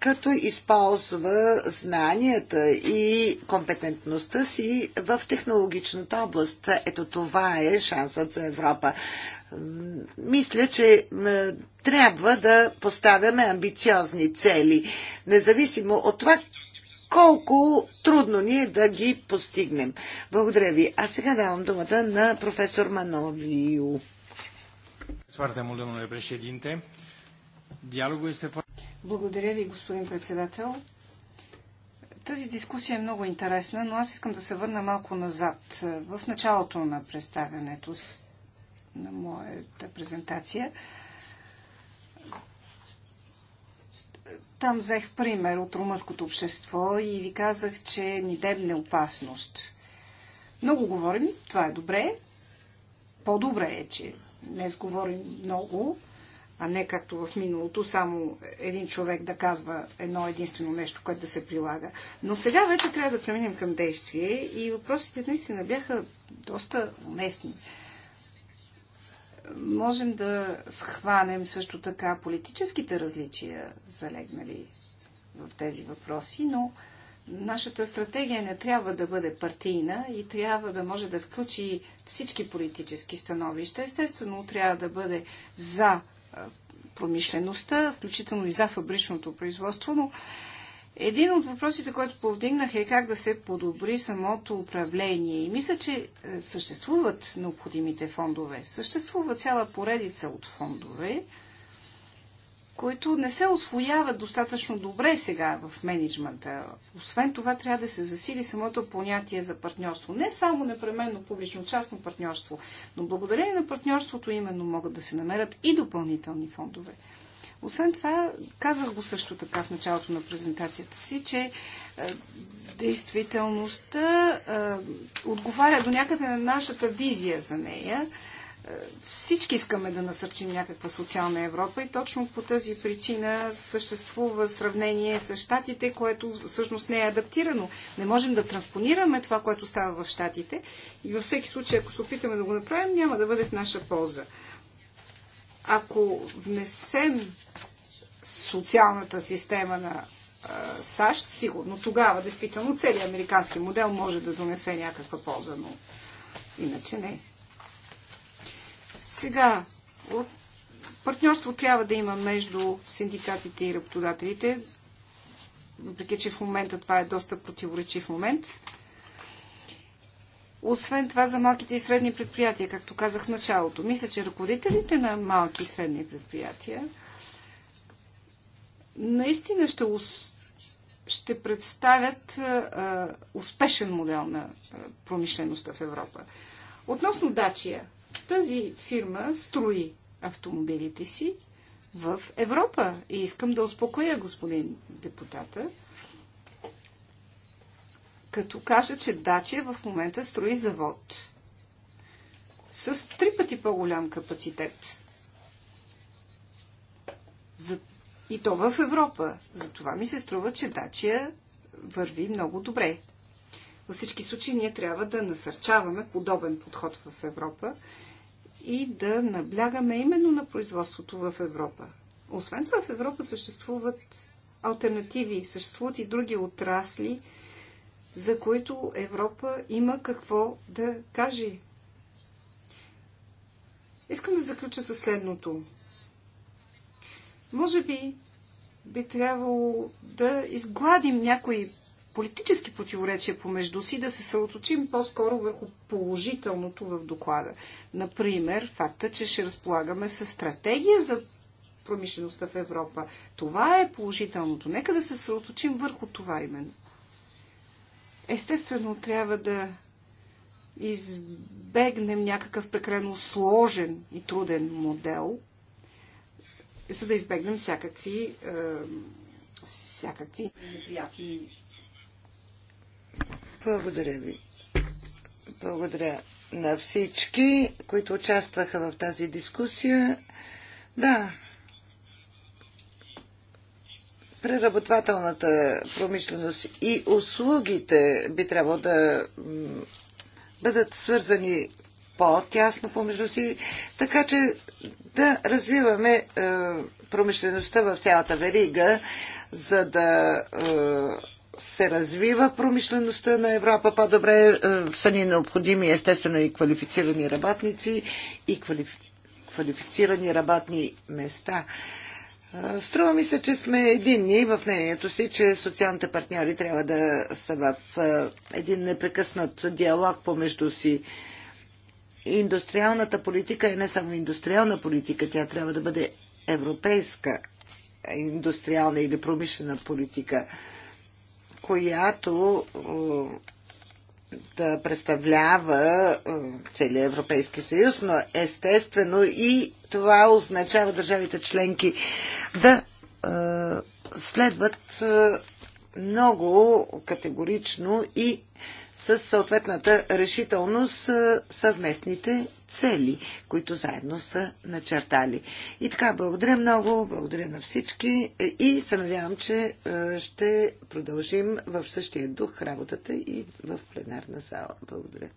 като използва знанията и компетентността си в технологичната област. Ето това е шансът за Европа. Мисля, че трябва да поставяме амбициозни цели, независимо от това колко трудно ни е да ги постигнем. Благодаря ви. А сега давам думата на професор Мановио. Благодаря ви, господин председател. Тази дискусия е много интересна, но аз искам да се върна малко назад. В началото на представянето на моята презентация, там взех пример от румънското общество и ви казах, че ни дебне опасност. Много говорим, това е добре. По-добре е, че Днес говорим много, а не както в миналото, само един човек да казва едно единствено нещо, което да се прилага. Но сега вече трябва да преминем към действие и въпросите наистина бяха доста уместни. Можем да схванем също така политическите различия, залегнали в тези въпроси, но Нашата стратегия не трябва да бъде партийна и трябва да може да включи всички политически становища. Естествено, трябва да бъде за промишлеността, включително и за фабричното производство, но един от въпросите, който повдигнах е как да се подобри самото управление. И мисля, че е, съществуват необходимите фондове. Съществува цяла поредица от фондове, които не се освояват достатъчно добре сега в менеджмента. Освен това, трябва да се засили самото понятие за партньорство. Не само непременно публично-частно партньорство, но благодарение на партньорството именно могат да се намерят и допълнителни фондове. Освен това, казах го също така в началото на презентацията си, че е, действителността е, отговаря до някъде на нашата визия за нея. Всички искаме да насърчим някаква социална Европа и точно по тази причина съществува сравнение с щатите, което всъщност не е адаптирано. Не можем да транспонираме това, което става в щатите и във всеки случай, ако се опитаме да го направим, няма да бъде в наша полза. Ако внесем социалната система на САЩ, сигурно тогава действително целият американски модел може да донесе някаква полза, но иначе не. Сега, от партньорство трябва да има между синдикатите и работодателите, въпреки че в момента това е доста противоречив момент. Освен това за малките и средни предприятия, както казах в началото, мисля, че ръководителите на малки и средни предприятия наистина ще, ус... ще представят а, успешен модел на промишлеността в Европа. Относно Дачия, тази фирма строи автомобилите си в Европа. И искам да успокоя господин депутата, като кажа, че Дачия в момента строи завод с три пъти по-голям капацитет. За... И то в Европа. Затова ми се струва, че Дачия върви много добре. Във всички случаи ние трябва да насърчаваме подобен подход в Европа и да наблягаме именно на производството в Европа. Освен това в Европа съществуват альтернативи, съществуват и други отрасли, за които Европа има какво да каже. Искам да заключа със следното. Може би би трябвало да изгладим някои политически противоречия помежду си, да се съоточим по-скоро върху положителното в доклада. Например, факта, че ще разполагаме с стратегия за промишлеността в Европа. Това е положителното. Нека да се съоточим върху това именно. Естествено, трябва да избегнем някакъв прекалено сложен и труден модел, за да избегнем всякакви, е, всякакви неприятни благодаря ви. Благодаря на всички, които участваха в тази дискусия. Да, преработвателната промишленост и услугите би трябвало да бъдат свързани по-тясно помежду си, така че да развиваме е, промишлеността в цялата верига, за да е, се развива промишлеността на Европа по-добре, е, са ни необходими естествено и квалифицирани работници и квалиф... квалифицирани работни места. Е, струва ми се, че сме единни в мнението си, че социалните партньори трябва да са в е, един непрекъснат диалог помежду си. Индустриалната политика е не само индустриална политика, тя трябва да бъде европейска индустриална или промишлена политика която да представлява целият Европейски съюз, но естествено и това означава държавите членки да следват много категорично и с съответната решителност съвместните цели, които заедно са начертали. И така, благодаря много, благодаря на всички е, и се надявам, че ще продължим в същия дух работата и в пленарна зала. Благодаря.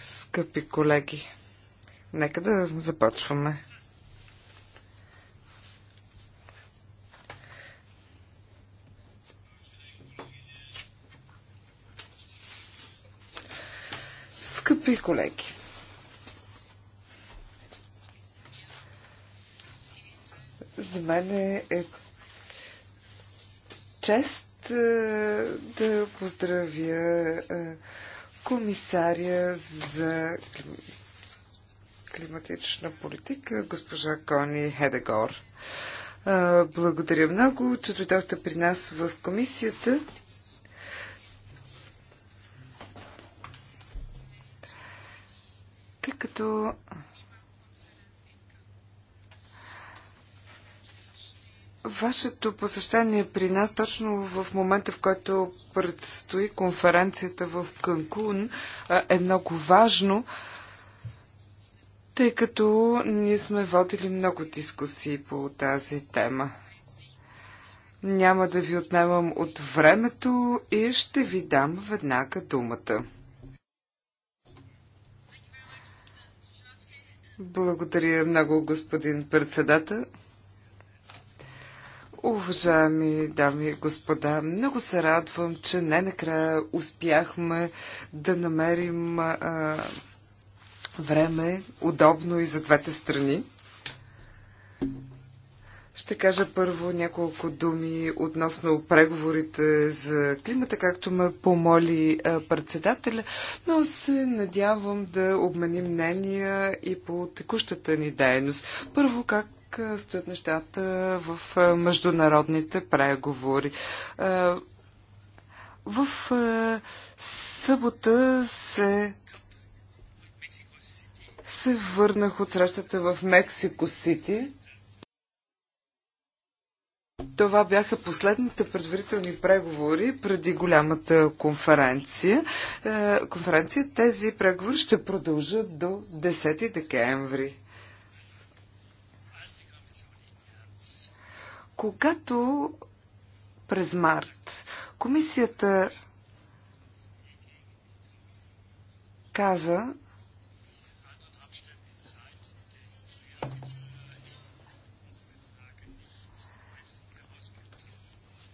Скъпи колеги, нека да започваме. Скъпи колеги, за мен е чест поздравя е, комисаря за климатична политика, госпожа Кони Хедегор. Е, благодаря много, че дойдохте при нас в комисията. вашето посещение при нас точно в момента, в който предстои конференцията в Канкун, е много важно, тъй като ние сме водили много дискусии по тази тема. Няма да ви отнемам от времето и ще ви дам веднага думата. Благодаря много, господин председател. Уважаеми дами и господа, много се радвам, че най-накрая успяхме да намерим а, време удобно и за двете страни. Ще кажа първо няколко думи относно преговорите за климата, както ме помоли председателя, но се надявам да обменим мнения и по текущата ни дейност. Първо, как как стоят нещата в международните преговори. В събота се се върнах от срещата в Мексико Сити. Това бяха последните предварителни преговори преди голямата конференция. Е, конференция тези преговори ще продължат до 10 декември. Когато през март комисията каза,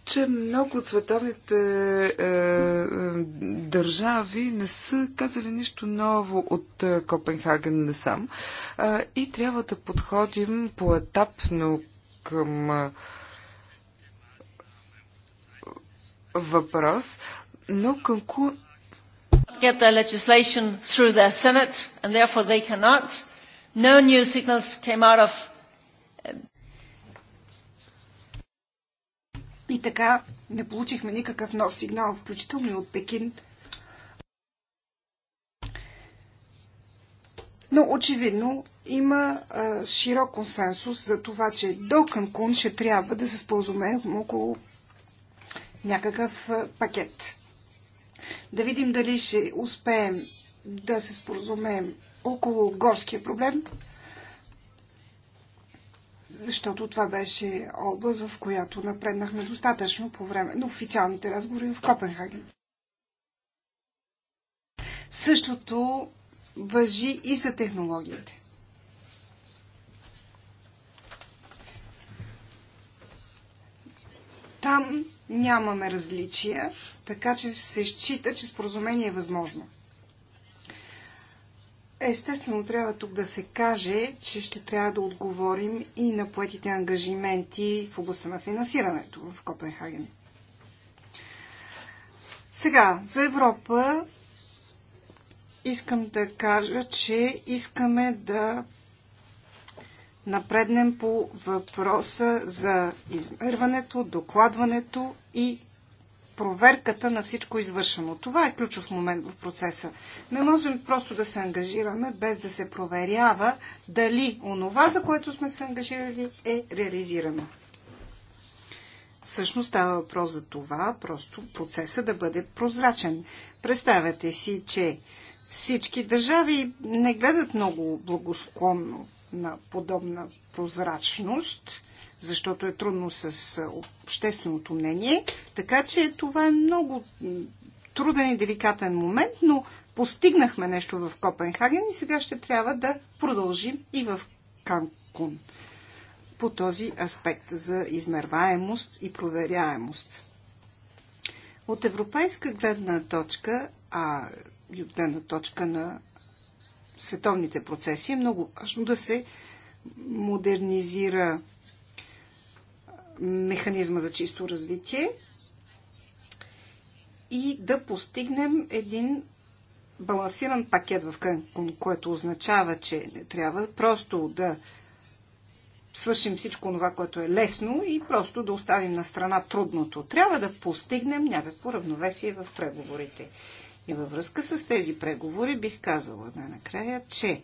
че много от световните е, е, държави не са казали нищо ново от е, Копенхаген насам е, и трябва да подходим поетапно към въпрос, но Канкун get their legislation through their Senate, and therefore they cannot. No new signals came out of. И така не получихме никакъв нов сигнал, включително и от Пекин. Но очевидно има а, широк консенсус за това, че до Канкун ще трябва да се споразумеем около някакъв а, пакет. Да видим дали ще успеем да се споразумеем около горския проблем, защото това беше област, в която напреднахме достатъчно по време на официалните разговори в Копенхаген. Същото въжи и за технологиите. Там нямаме различия, така че се счита, че споразумение е възможно. Естествено, трябва тук да се каже, че ще трябва да отговорим и на поетите ангажименти в областта на финансирането в Копенхаген. Сега, за Европа искам да кажа, че искаме да напреднем по въпроса за измерването, докладването и проверката на всичко извършено. Това е ключов момент в процеса. Не можем просто да се ангажираме без да се проверява дали онова, за което сме се ангажирали, е реализирано. Всъщност става въпрос за това, просто процеса да бъде прозрачен. Представете си, че всички държави не гледат много благосклонно на подобна прозрачност, защото е трудно с общественото мнение. Така че това е много труден и деликатен момент, но постигнахме нещо в Копенхаген и сега ще трябва да продължим и в Канкун по този аспект за измерваемост и проверяемост. От европейска гледна точка, а и от гледна точка на световните процеси, е много важно да се модернизира механизма за чисто развитие и да постигнем един балансиран пакет в Канкун, което означава, че не трябва просто да свършим всичко това, което е лесно и просто да оставим на страна трудното. Трябва да постигнем някакво равновесие в преговорите. И във връзка с тези преговори бих казала накрая, че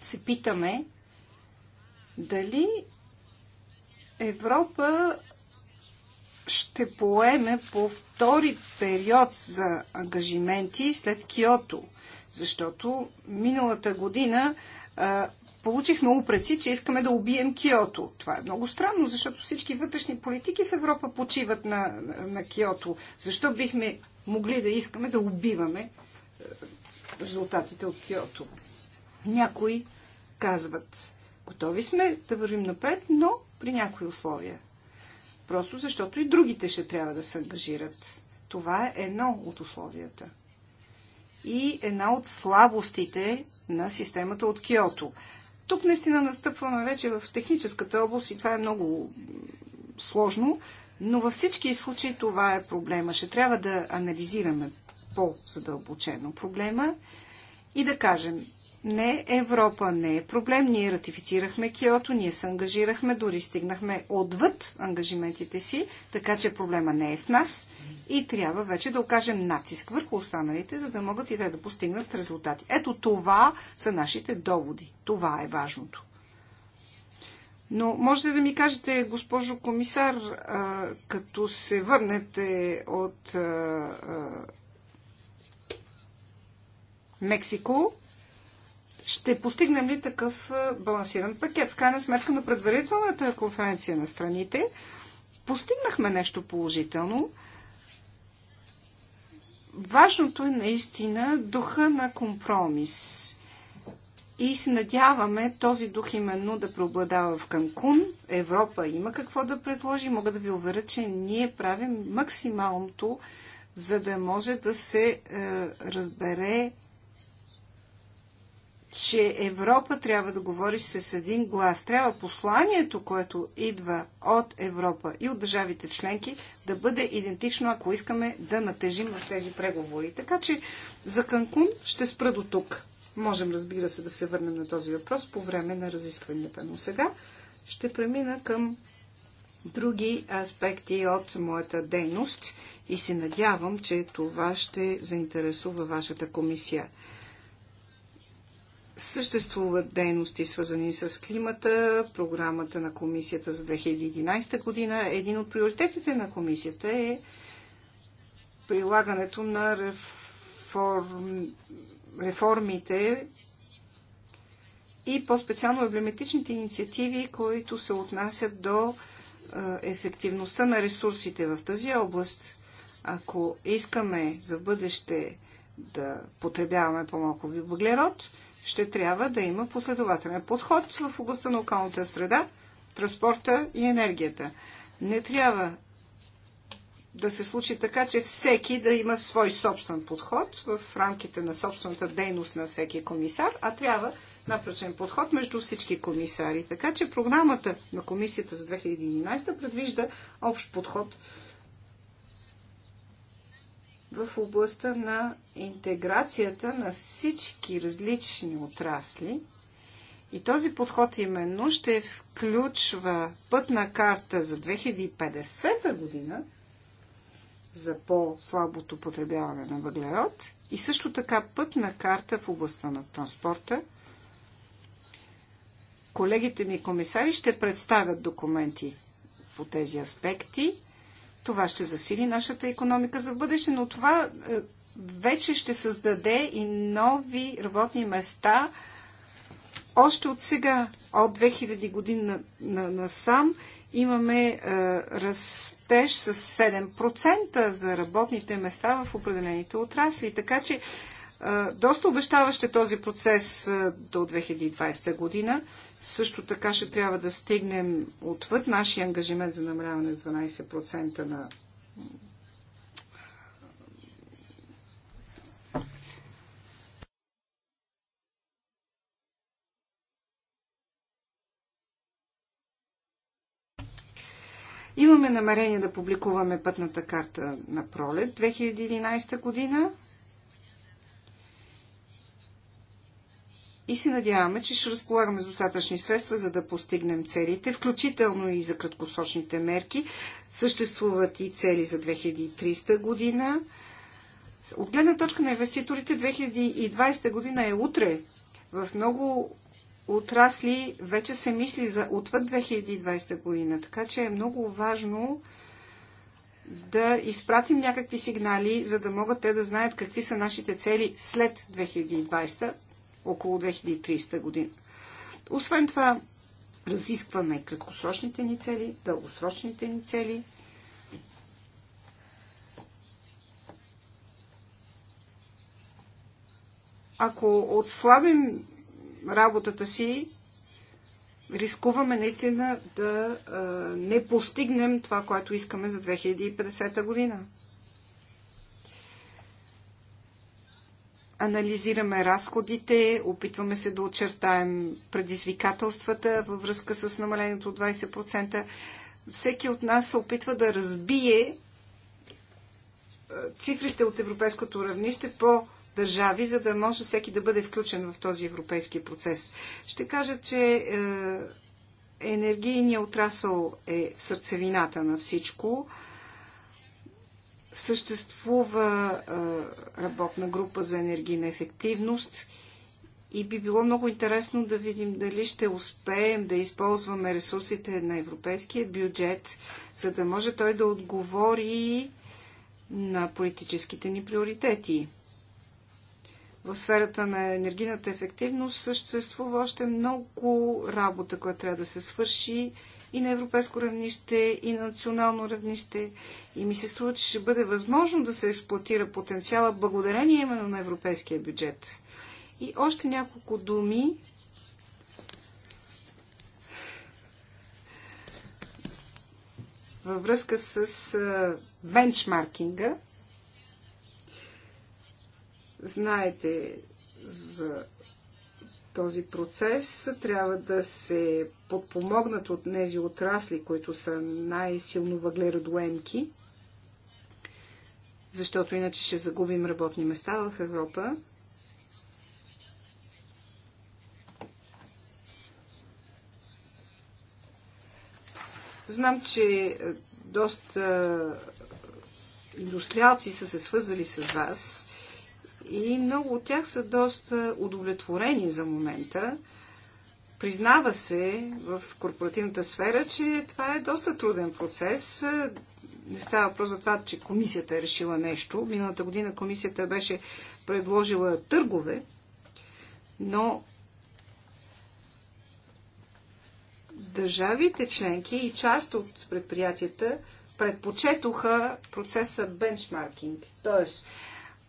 се питаме дали Европа ще поеме по втори период за ангажименти след Киото, защото миналата година а, получихме упреци, че искаме да убием Киото. Това е много странно, защото всички вътрешни политики в Европа почиват на, на, на Киото. Защо бихме могли да искаме да убиваме е, резултатите от Киото. Някои казват, готови сме да вървим напред, но при някои условия. Просто защото и другите ще трябва да се ангажират. Това е едно от условията. И една от слабостите на системата от Киото. Тук наистина настъпваме вече в техническата област и това е много сложно, но във всички случаи това е проблема. Ще трябва да анализираме по-задълбочено проблема и да кажем, не, е Европа не е проблем. Ние ратифицирахме Киото, ние се ангажирахме, дори стигнахме отвъд ангажиментите си, така че проблема не е в нас и трябва вече да окажем натиск върху останалите, за да могат и те да постигнат резултати. Ето това са нашите доводи. Това е важното. Но можете да ми кажете, госпожо комисар, като се върнете от Мексико, ще постигнем ли такъв балансиран пакет? В крайна сметка на предварителната конференция на страните постигнахме нещо положително. Важното е наистина духа на компромис и се надяваме този дух именно да преобладава в Канкун. Европа има какво да предложи. Мога да ви уверя, че ние правим максималното, за да може да се е, разбере, че Европа трябва да говори с един глас. Трябва посланието, което идва от Европа и от държавите членки, да бъде идентично, ако искаме да натежим в тези преговори. Така че за Канкун ще спра до тук. Можем, разбира се, да се върнем на този въпрос по време на разискванията. Но сега ще премина към други аспекти от моята дейност и се надявам, че това ще заинтересува вашата комисия. Съществуват дейности, свързани с климата, програмата на комисията за 2011 година. Един от приоритетите на комисията е прилагането на реформ реформите и по-специално емблематичните инициативи, които се отнасят до ефективността на ресурсите в тази област. Ако искаме за бъдеще да потребяваме по-малко въглерод, ще трябва да има последователен подход в областта на околната среда, транспорта и енергията. Не трябва да се случи така, че всеки да има свой собствен подход в рамките на собствената дейност на всеки комисар, а трябва напречен подход между всички комисари. Така че програмата на комисията за 2011 предвижда общ подход в областта на интеграцията на всички различни отрасли. И този подход именно ще включва пътна карта за 2050 година – за по-слабото потребяване на въглерод и също така пътна карта в областта на транспорта. Колегите ми комисари ще представят документи по тези аспекти. Това ще засили нашата економика за бъдеще, но това е, вече ще създаде и нови работни места още от сега, от 2000 години насам. На, на имаме е, растеж с 7% за работните места в определените отрасли. Така че е, доста обещаващ е този процес е, до 2020 година. Също така ще трябва да стигнем отвъд нашия ангажимент за намаляване с 12% на Имаме намерение да публикуваме пътната карта на пролет 2011 година. И се надяваме, че ще разполагаме с достатъчни средства, за да постигнем целите, включително и за краткосрочните мерки. Съществуват и цели за 2300 година. От гледна точка на инвеститорите 2020 година е утре. В много отрасли вече се мисли за отвъд 2020 година. Така че е много важно да изпратим някакви сигнали, за да могат те да знаят какви са нашите цели след 2020, около 2030 година. Освен това, разискваме краткосрочните ни цели, дългосрочните ни цели. Ако отслабим работата си, рискуваме наистина да а, не постигнем това, което искаме за 2050 година. Анализираме разходите, опитваме се да очертаем предизвикателствата във връзка с намалението от 20%. Всеки от нас се опитва да разбие цифрите от европейското равнище по държави, за да може всеки да бъде включен в този европейски процес. Ще кажа, че е, енергийният отрасъл е в сърцевината на всичко. Съществува е, работна група за енергийна ефективност и би било много интересно да видим дали ще успеем да използваме ресурсите на европейския бюджет, за да може той да отговори на политическите ни приоритети в сферата на енергийната ефективност съществува още много работа, която трябва да се свърши и на европейско равнище, и на национално равнище. И ми се струва, че ще бъде възможно да се експлуатира потенциала благодарение именно на европейския бюджет. И още няколко думи във връзка с бенчмаркинга – Знаете за този процес. Трябва да се подпомогнат от тези отрасли, които са най-силно въглеродоемки, защото иначе ще загубим работни места в Европа. Знам, че е, доста е, индустриалци са се свързали с вас и много от тях са доста удовлетворени за момента. Признава се в корпоративната сфера, че това е доста труден процес. Не става въпрос за това, че комисията е решила нещо. Миналата година комисията беше предложила търгове, но държавите членки и част от предприятията предпочетоха процеса бенчмаркинг. Тоест,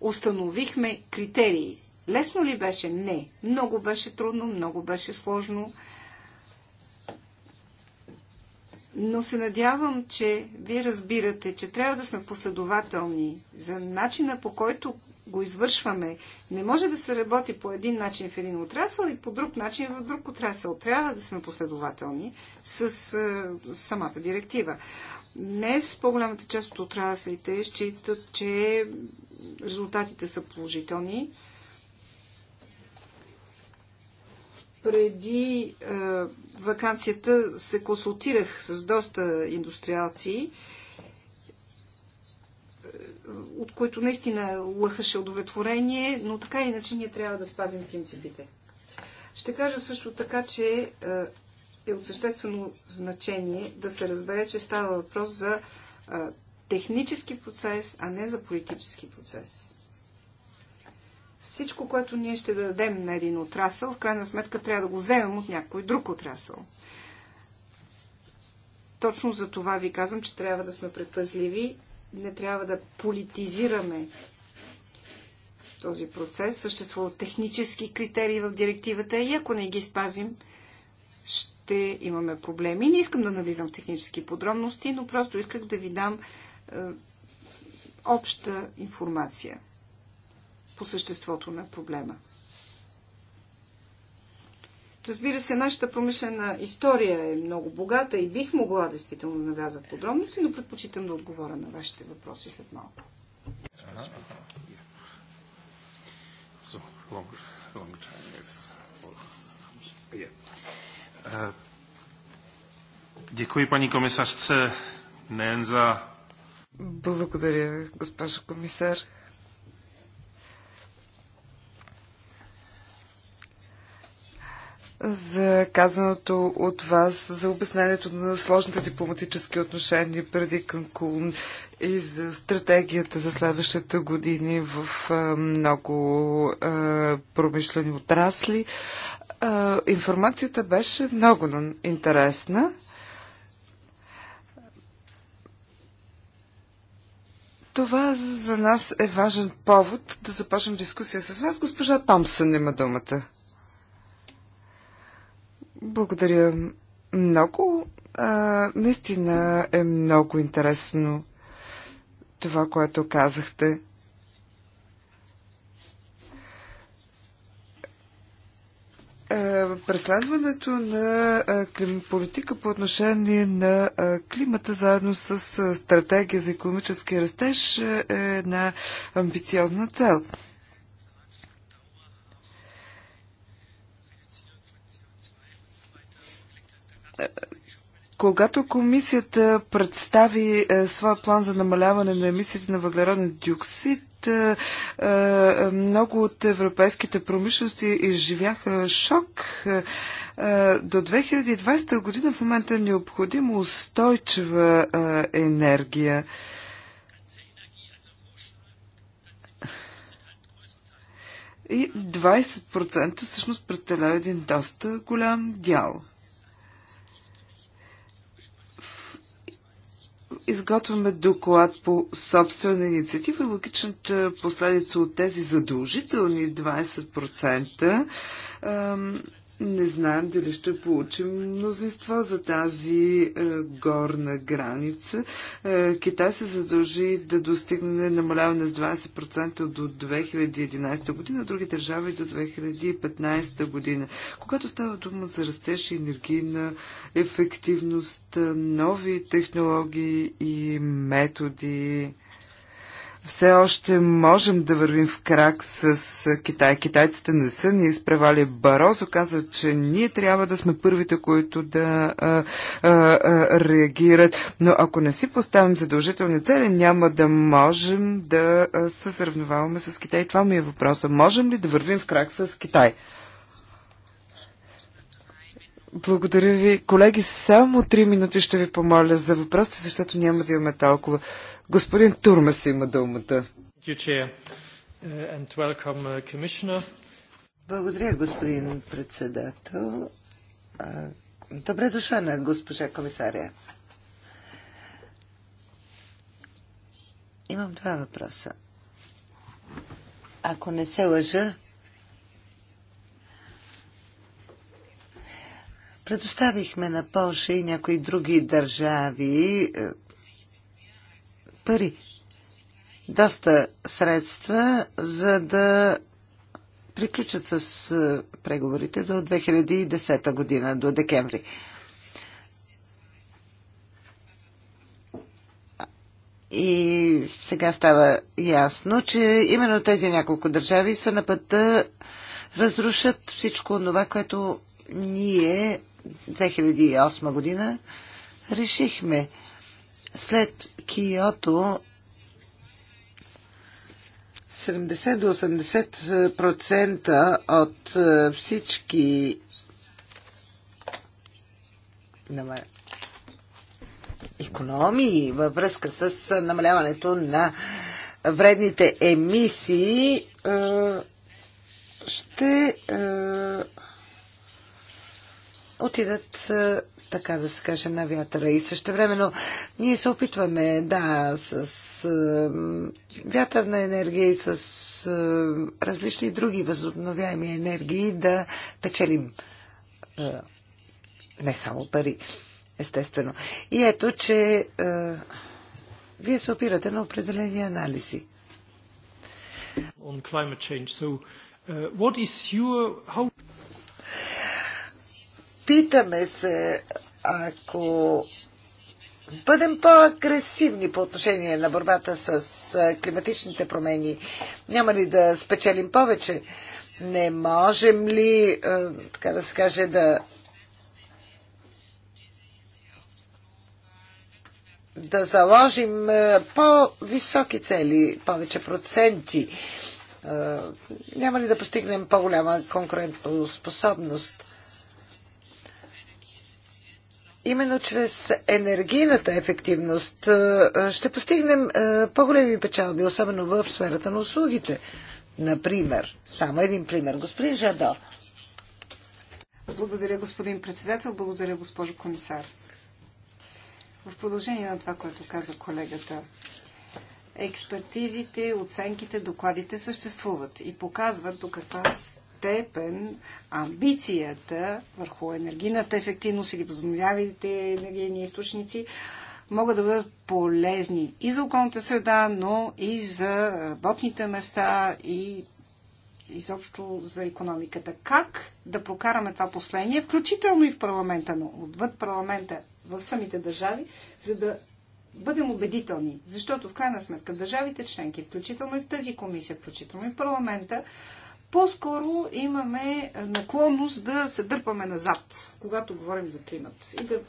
установихме критерии. Лесно ли беше? Не. Много беше трудно, много беше сложно. Но се надявам, че вие разбирате, че трябва да сме последователни за начина по който го извършваме. Не може да се работи по един начин в един отрасъл и по друг начин в друг отрасъл. Трябва да сме последователни с, с е, самата директива. Днес по-голямата част от отраслите считат, че резултатите са положителни. Преди е, вакансията се консултирах с доста индустриалци, е, от които наистина лъхаше удовлетворение, но така и иначе ние трябва да спазим принципите. Ще кажа също така, че е, е от съществено значение да се разбере, че става въпрос за е, технически процес, а не за политически процес. Всичко, което ние ще дадем на един отрасъл, в крайна сметка трябва да го вземем от някой друг отрасъл. Точно за това ви казвам, че трябва да сме предпазливи, не трябва да политизираме този процес. Съществуват технически критерии в директивата и ако не ги спазим, ще имаме проблеми. Не искам да навлизам в технически подробности, но просто исках да ви дам е, обща информация по съществото на проблема. Разбира се, нашата промишлена история е много богата и бих могла действително да навляза подробности, но предпочитам да отговоря на вашите въпроси след малко. Uh, děkuji paní komisařce nejen za благодаря, госпожо комисар. за казаното от вас, за обяснението на сложните дипломатически отношения преди Канкун и за стратегията за следващите години в много промишлени отрасли. Информацията беше много интересна. Това за нас е важен повод да започнем дискусия с вас. Госпожа Томсън има думата. Благодаря много. А, наистина е много интересно това, което казахте. Е, преследването на е, политика по отношение на е, климата заедно с стратегия за економически растеж е една амбициозна цел. Когато комисията представи своя план за намаляване на емисиите на въглероден диоксид, е, е, много от европейските промишлости изживяха шок. Е, до 2020 година в момента е необходимо устойчива енергия. И 20% всъщност представлява един доста голям дял. изготвяме доклад по собствена инициатива. Логичната последица от тези задължителни 20% не знаем дали ще получим мнозинство за тази е, горна граница. Е, Китай се задължи да достигне намаляване с 20% до 2011 година, други държави до 2015 година. Когато става дума за растеж и енергийна ефективност, нови технологии и методи, все още можем да вървим в крак с Китай. Китайците не са ни изпревали. Барозо каза, че ние трябва да сме първите, които да а, а, а, реагират. Но ако не си поставим задължителни цели, няма да можем да се сравноваваме с Китай. Това ми е въпроса. Можем ли да вървим в крак с Китай? Благодаря ви. Колеги, само три минути ще ви помоля за въпросите, защото няма да имаме толкова. Господин Турмас, има думата. Uh, uh, Благодаря, господин председател. Добре дошла на госпожа комисаря. Имам два въпроса. Ако не се лъжа, предоставихме на Польша и някои други държави е, пари, доста средства, за да приключат с е, преговорите до 2010 година, до декември. И сега става ясно, че именно тези няколко държави са на път да разрушат всичко това, което ние 2008 година решихме. След Киото 70 до 80% от е, всички економии във връзка с е, намаляването на вредните емисии е, ще отидат така да се каже, на вятъра. И също времено ние се опитваме, да, с, с вятърна енергия и с е, различни други възобновяеми енергии да печелим е, не само пари, естествено. И ето, че е, вие се опирате на определени анализи. On climate change. So, uh, what is your, how... Питаме се, ако бъдем по-агресивни по отношение на борбата с климатичните промени, няма ли да спечелим повече? Не можем ли, така да се каже, да да заложим по-високи цели, повече проценти? Няма ли да постигнем по-голяма конкурентоспособност? именно чрез енергийната ефективност е, е, ще постигнем е, по-големи печалби, особено в сферата на услугите. Например, само един пример. Господин Жадо. Благодаря, господин председател. Благодаря, госпожо комисар. В продължение на това, което каза колегата, експертизите, оценките, докладите съществуват и показват до каква степен амбицията върху енергийната ефективност или възобновявите енергийни източници могат да бъдат полезни и за околната среда, но и за работните места и изобщо за економиката. Как да прокараме това последние, включително и в парламента, но отвъд парламента, в самите държави, за да бъдем убедителни. Защото в крайна сметка държавите членки, включително и в тази комисия, включително и в парламента, по-скоро имаме наклонност да се дърпаме назад, когато говорим за климат и да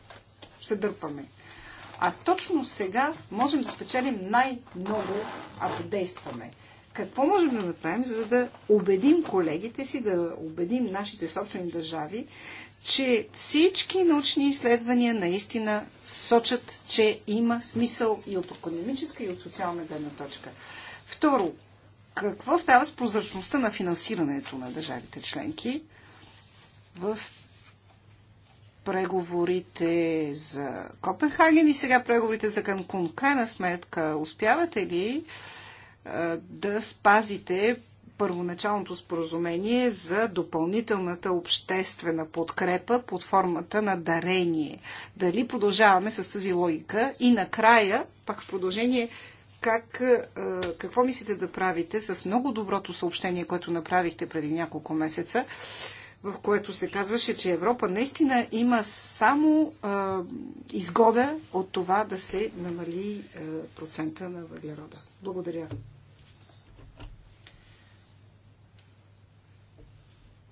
се дърпаме. А точно сега можем да спечелим най-много, ако действаме. Какво можем да направим, за да убедим колегите си, да убедим нашите собствени държави, че всички научни изследвания наистина сочат, че има смисъл и от економическа, и от социална гледна точка. Второ, какво става с прозрачността на финансирането на държавите членки в преговорите за Копенхаген и сега преговорите за Канкун? Крайна сметка, успявате ли да спазите първоначалното споразумение за допълнителната обществена подкрепа под формата на дарение. Дали продължаваме с тази логика и накрая, пак в продължение как, е, какво мислите да правите с много доброто съобщение, което направихте преди няколко месеца, в което се казваше, че Европа наистина има само а, е, изгода от това да се намали а, е, процента на въглерода. Благодаря.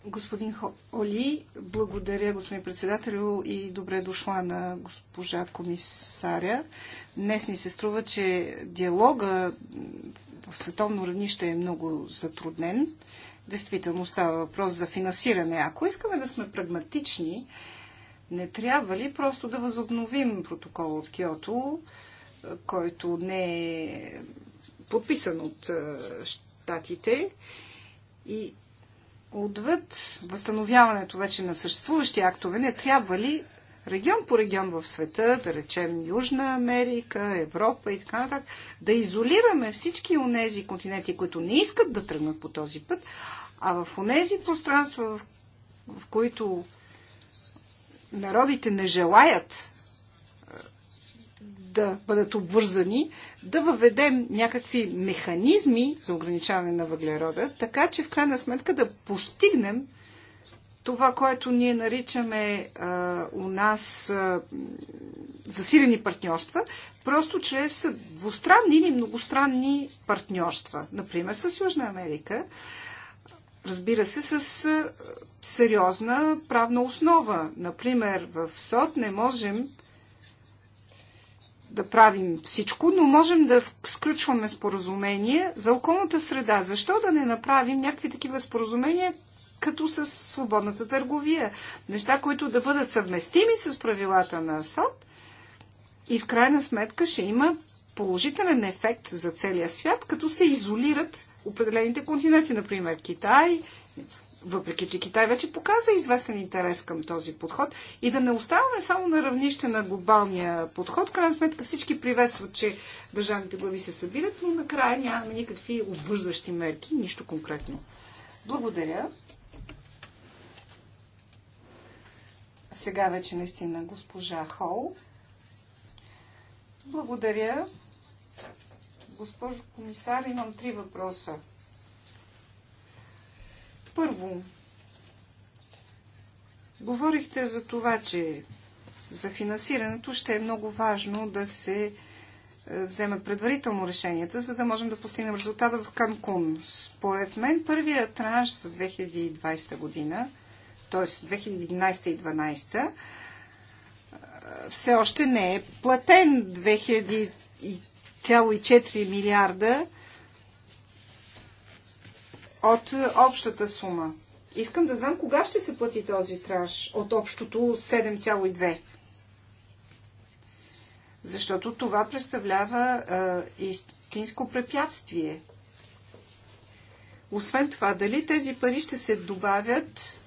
Господин Оли, благодаря господин председателю и добре дошла на госпожа комисаря. Днес ни се струва, че диалога в световно равнище е много затруднен. Действително става въпрос за финансиране. Ако искаме да сме прагматични, не трябва ли просто да възобновим протокол от Киото, който не е подписан от щатите и отвъд възстановяването вече на съществуващи актове, не трябва ли регион по регион в света, да речем Южна Америка, Европа и така нататък, да изолираме всички онези континенти, които не искат да тръгнат по този път, а в онези пространства, в, в които народите не желаят да бъдат обвързани, да въведем някакви механизми за ограничаване на въглерода, така че в крайна сметка да постигнем това, което ние наричаме а, у нас а, засилени партньорства, просто чрез двустранни или многостранни партньорства. Например, с Южна Америка, разбира се, с а, сериозна правна основа. Например, в СОД не можем да правим всичко, но можем да сключваме споразумение за околната среда. Защо да не направим някакви такива споразумения, като с свободната търговия? Неща, които да бъдат съвместими с правилата на СОД и в крайна сметка ще има положителен ефект за целия свят, като се изолират определените континенти, например Китай, въпреки че Китай вече показа известен интерес към този подход и да не оставаме само на равнище на глобалния подход. В крайна сметка всички приветстват, че държавните глави се събират, но накрая нямаме никакви обвързващи мерки, нищо конкретно. Благодаря. Сега вече наистина госпожа Хол. Благодаря. Госпожо комисар, имам три въпроса. Първо, говорихте за това, че за финансирането ще е много важно да се е, вземат предварително решенията, за да можем да постигнем резултата в Канкун. Според мен първия транш за 2020 година, т.е. 2011 и 2012, е, все още не е платен 200,4 милиарда от е, общата сума. Искам да знам кога ще се плати този траж от общото 7,2. Защото това представлява а, е, истинско препятствие. Освен това, дали тези пари ще се добавят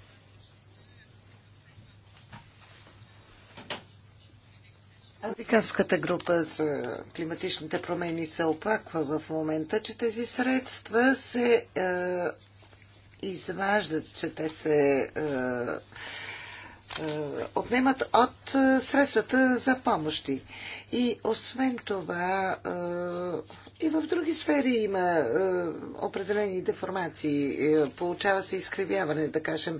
Африканската група за климатичните промени се оплаква в момента, че тези средства се е, изваждат, че те се е, е, отнемат от е, средствата за помощи. И освен това, е, и в други сфери има е, определени деформации. Е, получава се изкривяване, да кажем,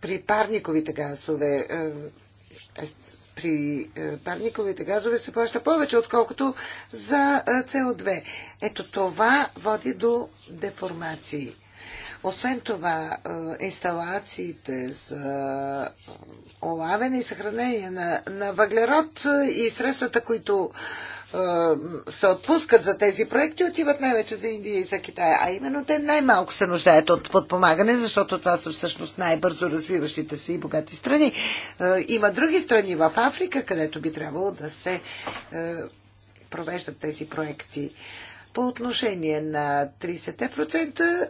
при парниковите газове. Е, е при е, парниковите газове се плаща повече, отколкото за CO2. Е, Ето това води до деформации. Освен това, е, инсталациите за олавяне и съхранение на, на въглерод и средствата, които се отпускат за тези проекти, отиват най-вече за Индия и за Китай. А именно те най-малко се нуждаят от подпомагане, защото това са всъщност най-бързо развиващите се и богати страни. Има други страни в Африка, където би трябвало да се провеждат тези проекти. По отношение на 30%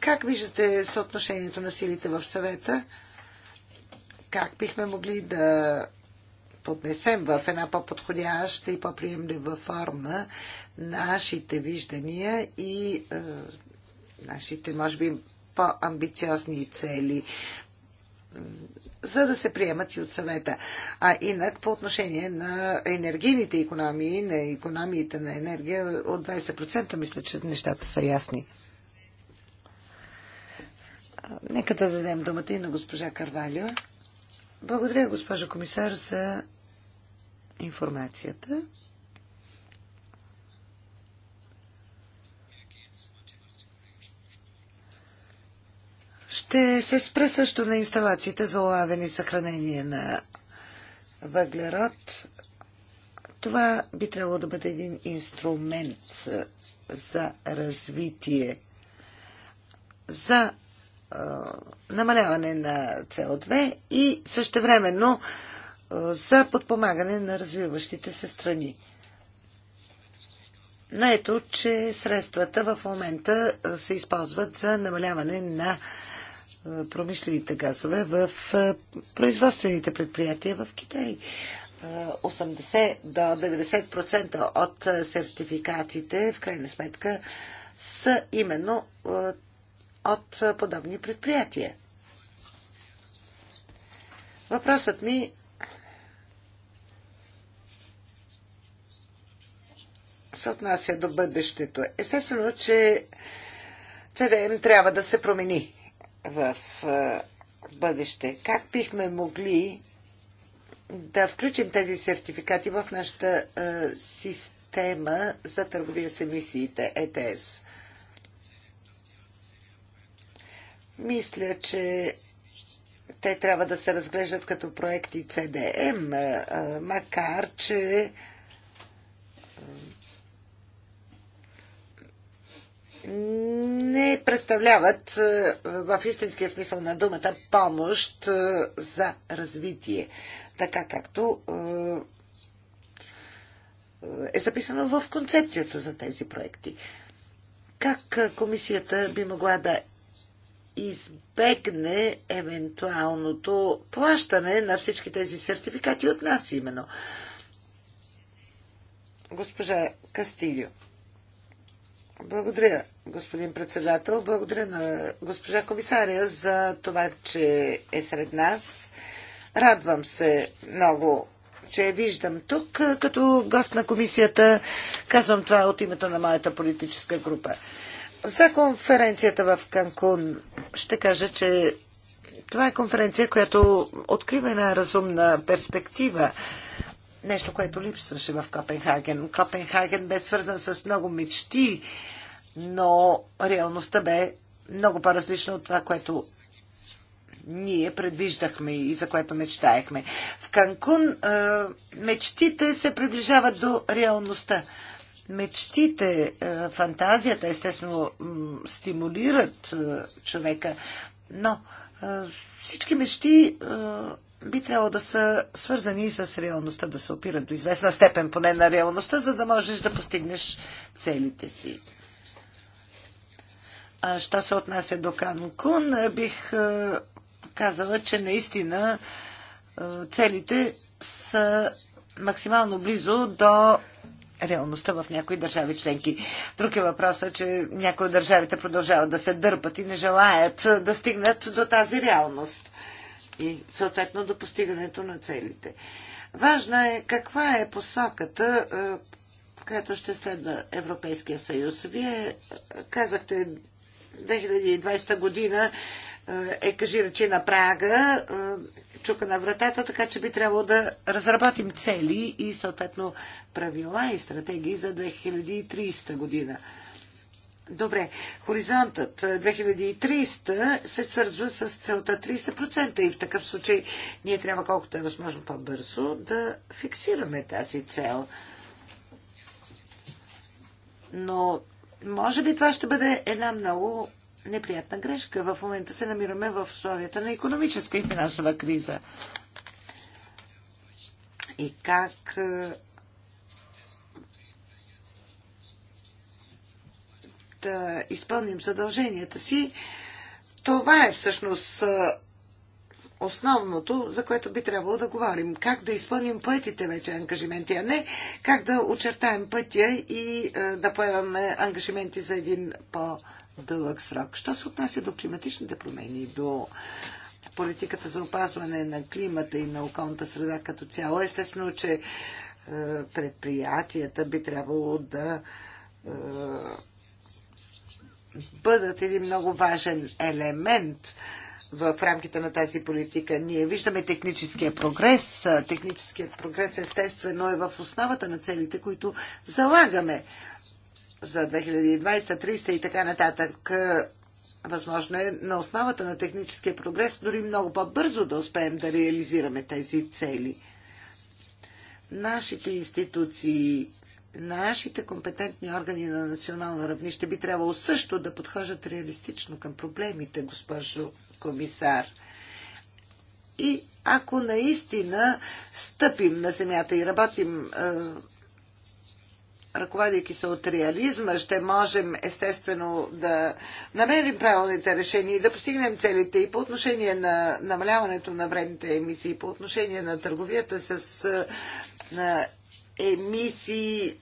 как виждате съотношението на силите в съвета? Как бихме могли да поднесем в една по-подходяща и по-приемлива форма нашите виждания и е, нашите, може би, по-амбициозни цели, за да се приемат и от съвета. А инак по отношение на енергийните економии, на економиите на енергия от 20%, мисля, че нещата са ясни. Нека да дадем думата и на госпожа Карвалио. Благодаря, госпожа комисар, за информацията. Ще се спра също на инсталациите за улавяне и съхранение на въглерод. Това би трябвало да бъде един инструмент за развитие, за намаляване на CO2 и същевременно времено за подпомагане на развиващите се страни. Наето, ето, че средствата в момента се използват за намаляване на промишлените газове в производствените предприятия в Китай. 80 до 90% от сертификатите в крайна сметка са именно от подобни предприятия. Въпросът ми се отнася до бъдещето. Естествено, че ЦДМ трябва да се промени в бъдеще. Как бихме могли да включим тези сертификати в нашата система за търговия с емисиите ЕТС? Мисля, че те трябва да се разглеждат като проекти CDM, макар че не представляват е, в истинския смисъл на думата помощ е, за развитие, така както е, е записано в концепцията за тези проекти. Как комисията би могла да избегне евентуалното плащане на всички тези сертификати от нас именно? Госпожа Кастилио. Благодаря, господин председател. Благодаря на госпожа комисаря за това, че е сред нас. Радвам се много, че я виждам тук като гост на комисията. Казвам това от името на моята политическа група. За конференцията в Канкун ще кажа, че това е конференция, която открива една разумна перспектива Нещо, което липсваше в Копенхаген. Копенхаген бе свързан с много мечти, но реалността бе много по-различна от това, което ние предвиждахме и за което мечтаехме. В Канкун е, мечтите се приближават до реалността. Мечтите, е, фантазията, естествено, стимулират е, човека, но всички мечти би трябвало да са свързани и с реалността, да се опират до известна степен поне на реалността, за да можеш да постигнеш целите си. А що се отнася до Канкун, бих казала, че наистина целите са максимално близо до реалността в някои държави членки. Друг е въпросът, че някои от държавите продължават да се дърпат и не желаят да стигнат до тази реалност и съответно до постигането на целите. Важна е каква е посоката, в е, която ще следва Европейския съюз. Вие е, казахте 2020 година е, е, кажи речи на прага, чука на вратата, така че би трябвало да разработим цели и съответно правила и стратегии за 2030 година. Добре, хоризонтът 2300 е, се свързва с целта 30% и в такъв случай ние трябва колкото е възможно по-бързо да фиксираме тази цел. Но може би това ще бъде една много неприятна грешка. В момента се намираме в условията на економическа и финансова криза. И как е, да изпълним задълженията си, това е всъщност основното, за което би трябвало да говорим. Как да изпълним поетите вече ангажименти, а не как да очертаем пътя и да поемаме ангажименти за един по-дълъг срок. Що се отнася до климатичните промени, до политиката за опазване на климата и на околната среда като цяло, естествено, че предприятията би трябвало да бъдат един много важен елемент в рамките на тази политика. Ние виждаме техническия прогрес. Техническият прогрес естествено е в основата на целите, които залагаме за 2020, 2030 и така нататък. Възможно е на основата на техническия прогрес дори много по-бързо да успеем да реализираме тези цели. Нашите институции нашите компетентни органи на национално равнище би трябвало също да подхожат реалистично към проблемите, госпожо комисар. И ако наистина стъпим на земята и работим е, ръководейки се от реализма, ще можем естествено да намерим правилните решения и да постигнем целите и по отношение на намаляването на вредните емисии, и по отношение на търговията с е, на емисии,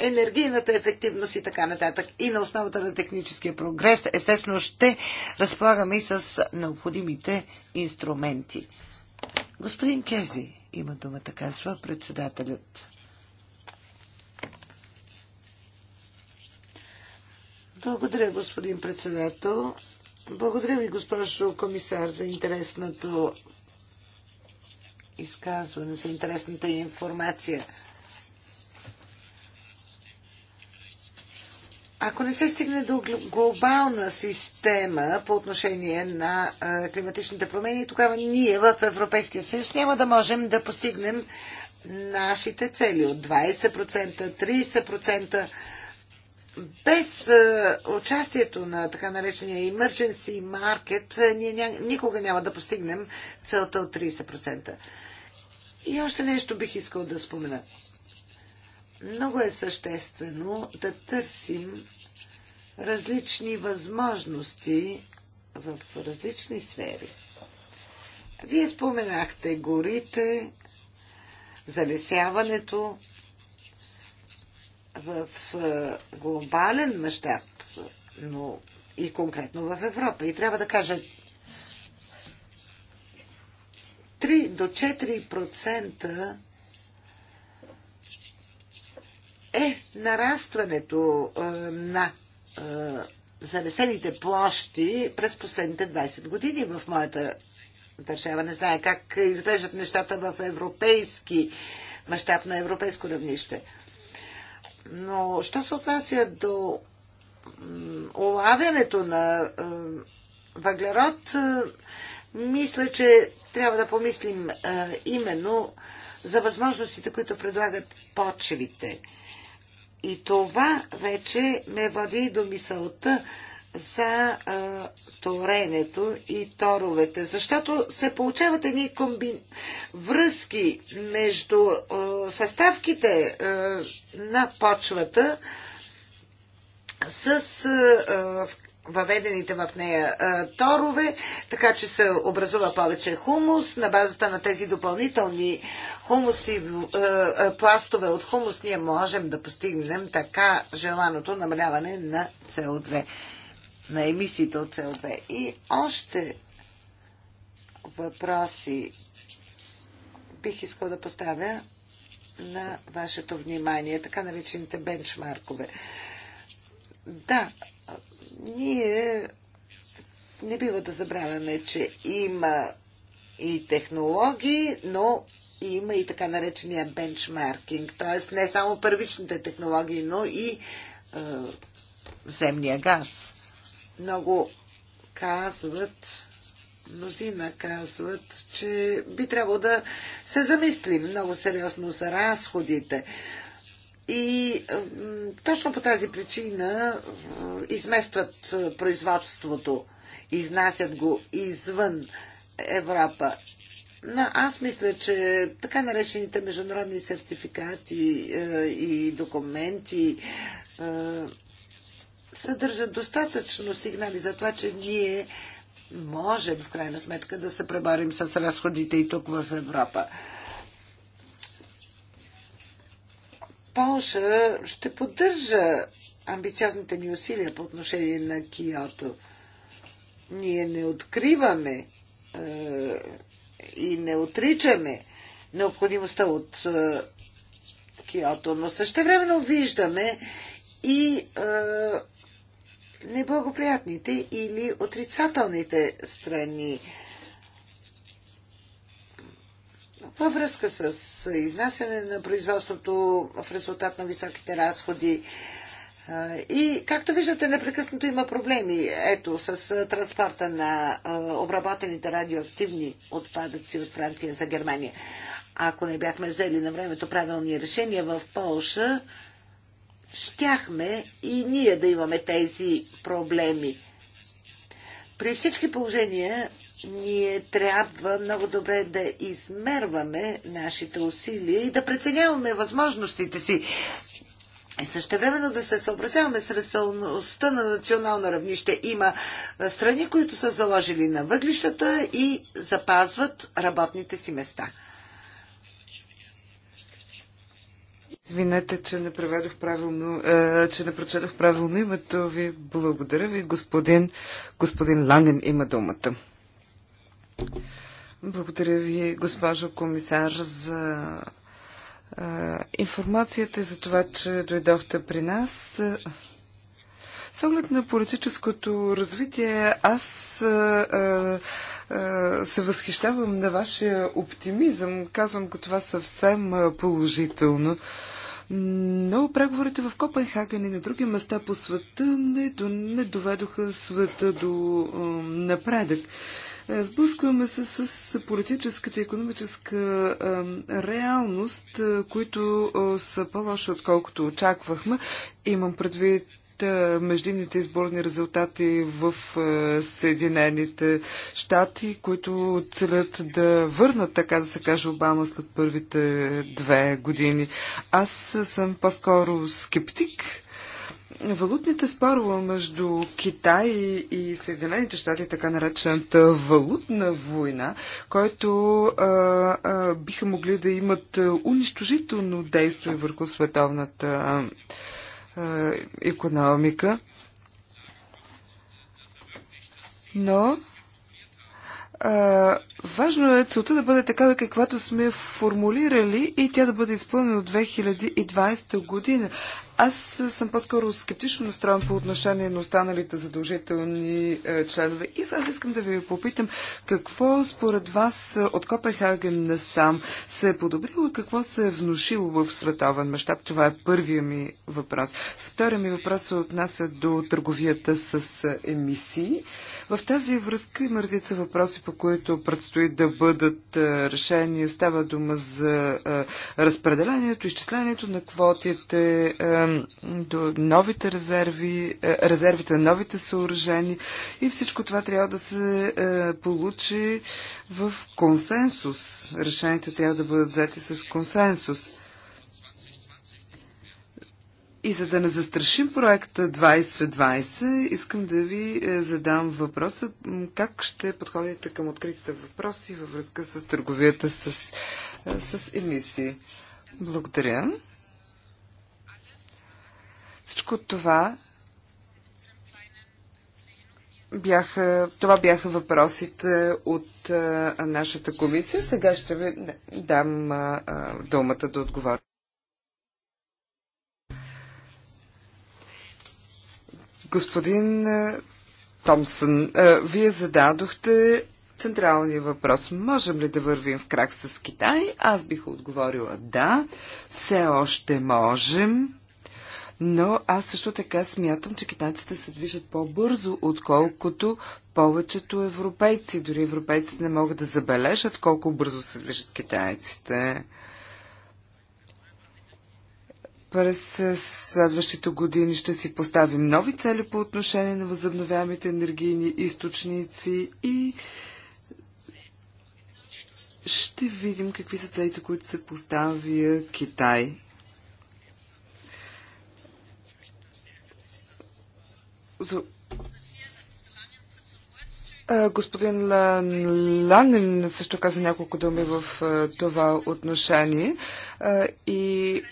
енергийната ефективност и така нататък. И на основата на техническия прогрес, естествено, ще разполагаме и с необходимите инструменти. Господин Кези има думата, казва председателят. Благодаря, господин председател. Благодаря ви, госпожо комисар, за интересното изказване, за интересната информация. Ако не се стигне до глобална система по отношение на климатичните промени, тогава ние в Европейския съюз няма да можем да постигнем нашите цели от 20%, 30% без е, участието на така наречения emergency market е, ние никога няма да постигнем целта от 30%. И още нещо бих искал да спомена. Много е съществено да търсим различни възможности в различни сфери. Вие споменахте горите, залесяването, в глобален мащаб, но и конкретно в Европа. И трябва да кажа, 3 до 4% е нарастването на занесените площи през последните 20 години в моята държава. Не знае как изглеждат нещата в европейски мащаб на европейско равнище. Но, що се отнася до улавянето на е, въглерод, е, мисля, че трябва да помислим е, именно за възможностите, които предлагат почвите. И това вече ме води до мисълта, за а, торенето и торовете, защото се получават едни комби... връзки между а, съставките а, на почвата с а, въведените в нея а, торове, така че се образува повече хумус. На базата на тези допълнителни хумуси, а, пластове от хумус ние можем да постигнем така желаното намаляване на СО2 на емисиите от СО2. И още въпроси бих искал да поставя на вашето внимание, така наречените бенчмаркове. Да, ние не бива да забравяме, че има и технологии, но има и така наречения бенчмаркинг, т.е. не само първичните технологии, но и е, земния газ. Много казват, мнозина казват, че би трябвало да се замислим много сериозно за разходите. И точно по тази причина изместват производството, изнасят го извън Европа. Но аз мисля, че така наречените международни сертификати и документи съдържат достатъчно сигнали за това, че ние можем в крайна сметка да се преборим с разходите и тук в Европа. Полша ще поддържа амбициозните ни усилия по отношение на Киото. Ние не откриваме е, и не отричаме необходимостта от е, Киото, но същевременно виждаме и е, неблагоприятните или отрицателните страни във връзка с изнасяне на производството в резултат на високите разходи. И, както виждате, непрекъснато има проблеми. Ето, с транспорта на обработените радиоактивни отпадъци от Франция за Германия. Ако не бяхме взели на времето правилни решения в Полша, щяхме и ние да имаме тези проблеми. При всички положения ние трябва много добре да измерваме нашите усилия и да преценяваме възможностите си. И времено да се съобразяваме с ресурсността на национално равнище. Има страни, които са заложили на въглищата и запазват работните си места. Извинете, че не проведох правилно, е, че не прочетох правилно името ви. Благодаря ви, господин, господин Ланген има думата. Благодаря ви, госпожо комисар, за е, информацията и за това, че дойдохте при нас. С оглед на политическото развитие, аз а, е, а, е, се възхищавам на вашия оптимизъм. Казвам го това съвсем е, положително. Но преговорите в Копенхаген и на други места по света не, до, не доведоха света до а, е, напредък. Сблъскваме се с политическата и економическа реалност, които са по-лоши, отколкото очаквахме. Имам предвид е, междинните изборни резултати в е, Съединените щати, които целят да върнат, така да се каже, Обама след първите две години. Аз съм по-скоро скептик Валутните спорове между Китай и Съединените щати, така наречената валутна война, който а, а, биха могли да имат унищожително действие върху световната е, економика. Но а, е, важно е целта да бъде такава, каквато сме формулирали и тя да бъде изпълнена от 2020 година. Аз съм по-скоро скептично настроен по отношение на останалите задължителни е, членове. И сега искам да ви попитам, какво според вас е, от Копенхаген насам се е подобрило и какво се е внушило в световен мащаб? Това е първия ми въпрос. Втория ми въпрос се отнася до търговията с е, емисии. В тази връзка има редица въпроси, по които предстои да бъдат е, решени. Става дума за е, разпределението, изчислението на квотите, е, до новите резерви, резервите на новите съоръжения и всичко това трябва да се получи в консенсус. Решенията трябва да бъдат взети с консенсус. И за да не застрашим проекта 2020, искам да ви е, задам въпроса как ще подходите към откритите въпроси във връзка с търговията с, е, с емисии. Благодаря. Всичко това бяха, това бяха въпросите от а, е, нашата комисия. Сега ще ви дам а, думата да отговоря. Господин е, Томсън, е, вие зададохте централния въпрос. Можем ли да вървим в крак с Китай? Аз бих отговорила да. Все още можем. Но аз също така смятам, че китайците се движат по-бързо, отколкото повечето европейци. Дори европейците не могат да забележат колко бързо се движат китайците. През следващите години ще си поставим нови цели по отношение на възобновяемите енергийни източници и ще видим какви са целите, които се поставя Китай. За... господин Ланен също каза няколко думи в това отношение и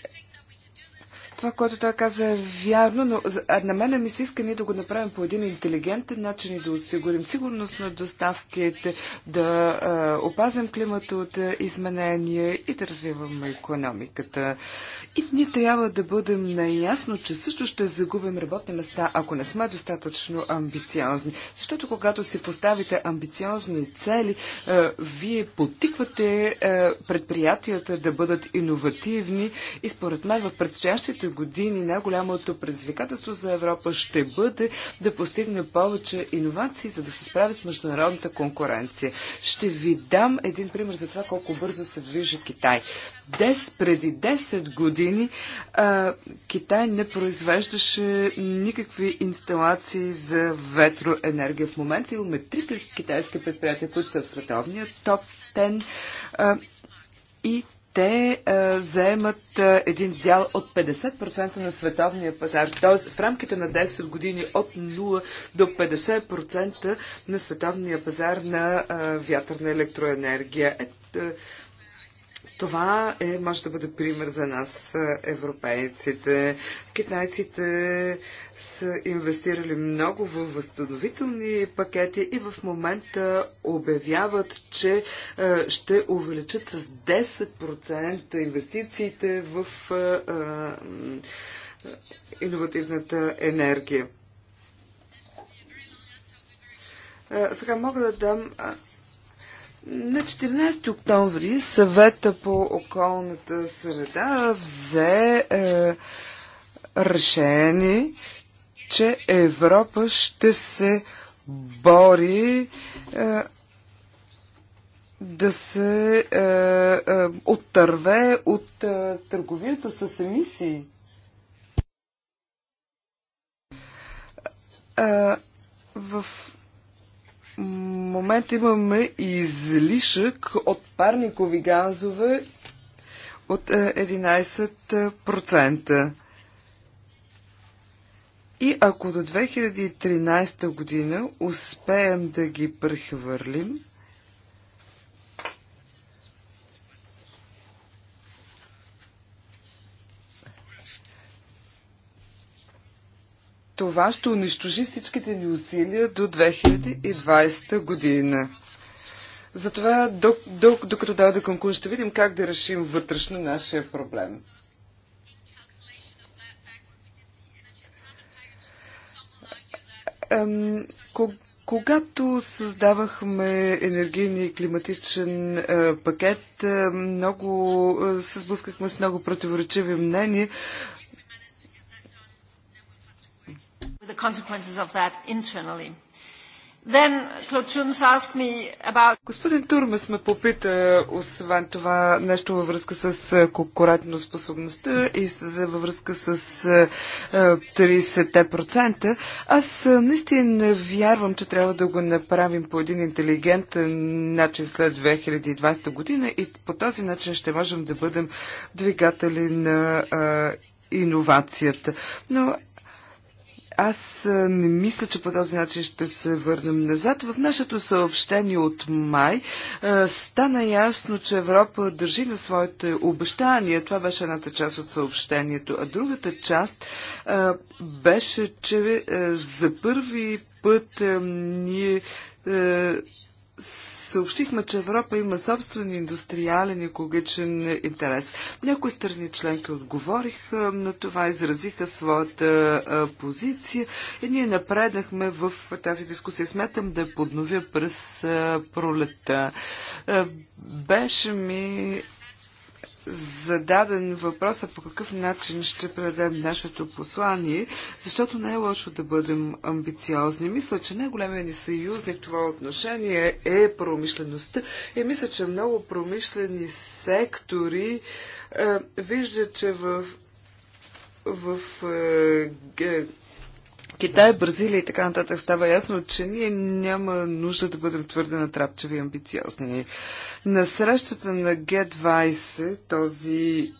това, което той каза е вярно, но на мен ми се иска ние да го направим по един интелигентен начин и да осигурим сигурност на доставките, да а, опазим климата от изменения и да развиваме економиката. И ние трябва да бъдем наясно, че също ще загубим работни места, ако не сме достатъчно амбициозни. Защото когато си поставите амбициозни цели, а, вие потиквате а, предприятията да бъдат иновативни и според мен в предстоящите години най-голямото предизвикателство за Европа ще бъде да постигне повече иновации, за да се справи с международната конкуренция. Ще ви дам един пример за това колко бързо се движи Китай. Дес, преди 10 години а, Китай не произвеждаше никакви инсталации за ветроенергия. В момента имаме три китайски предприятия, които са в световния топ 10 а, и те а, е, заемат а, е, един дял от 50% на световния пазар. Т.е. в рамките на 10 години от 0 до 50% на световния пазар на а, е, вятърна електроенергия. Ето, това е, може да бъде пример за нас, е, европейците. Китайците са инвестирали много в възстановителни пакети и в момента обявяват, че е, ще увеличат с 10% инвестициите в е, иновативната енергия. Сега мога да дам на 14 октомври съвета по околната среда взе е, решение, че Европа ще се бори е, да се е, е, оттърве от е, търговията с емисии. Е, в момент имаме излишък от парникови газове от 11%. Е, и ако до 2013 година успеем да ги прехвърлим, това ще унищожи всичките ни усилия до 2020 година. Затова, док, док, докато дойде конкурс, ще видим как да решим вътрешно нашия проблем. Когато създавахме енергийния и климатичен е, пакет, е, много е, се сблъскахме с много противоречиви мнения with the consequences of that internally. Then, me about... Господин Турмес ме попита, освен това, нещо във връзка с е, конкурентно способността и във връзка с 30%. Е, е, Аз наистина вярвам, че трябва да го направим по един интелигентен начин след 2020 година и по този начин ще можем да бъдем двигатели на иновацията. Но аз не мисля, че по този начин ще се върнем назад. В нашето съобщение от май стана ясно, че Европа държи на своите обещания. Това беше едната част от съобщението. А другата част беше, че за първи път ние съобщихме, че Европа има собствен индустриален и екологичен интерес. Някои страни членки отговориха на това, изразиха своята позиция и ние напреднахме в тази дискусия. Сметам да подновя през пролета. Беше ми зададен въпроса по какъв начин ще предадем нашето послание, защото не е лошо да бъдем амбициозни. Мисля, че най-големият ни съюзник това отношение е промишлеността и мисля, че много промишлени сектори е, виждат, че в в е, Китай, Бразилия и така нататък става ясно, че ние няма нужда да бъдем твърде натрапчеви и амбициозни. На срещата на g 20 този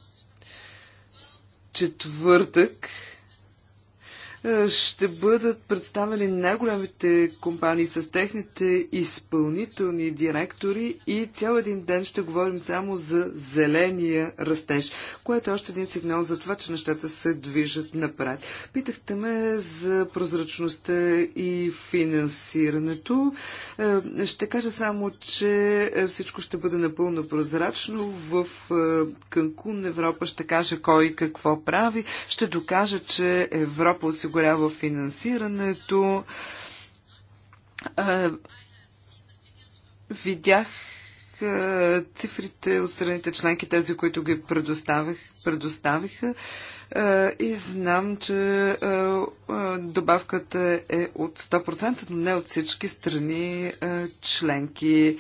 четвъртък е, ще бъдат представени най-големите компании с техните изпълнителни директори и цял един ден ще говорим само за зеления растеж, което е още един сигнал за това, че нещата се движат напред. Питахте ме за прозрачността и финансирането. Е, ще кажа само, че всичко ще бъде напълно прозрачно. В е, Канкун Европа ще каже кой какво прави. Ще докаже, че Европа осигурява осигурява финансирането. Видях цифрите от страните членки, тези, които ги предоставих, предоставиха и знам, че добавката е от 100%, но не от всички страни членки.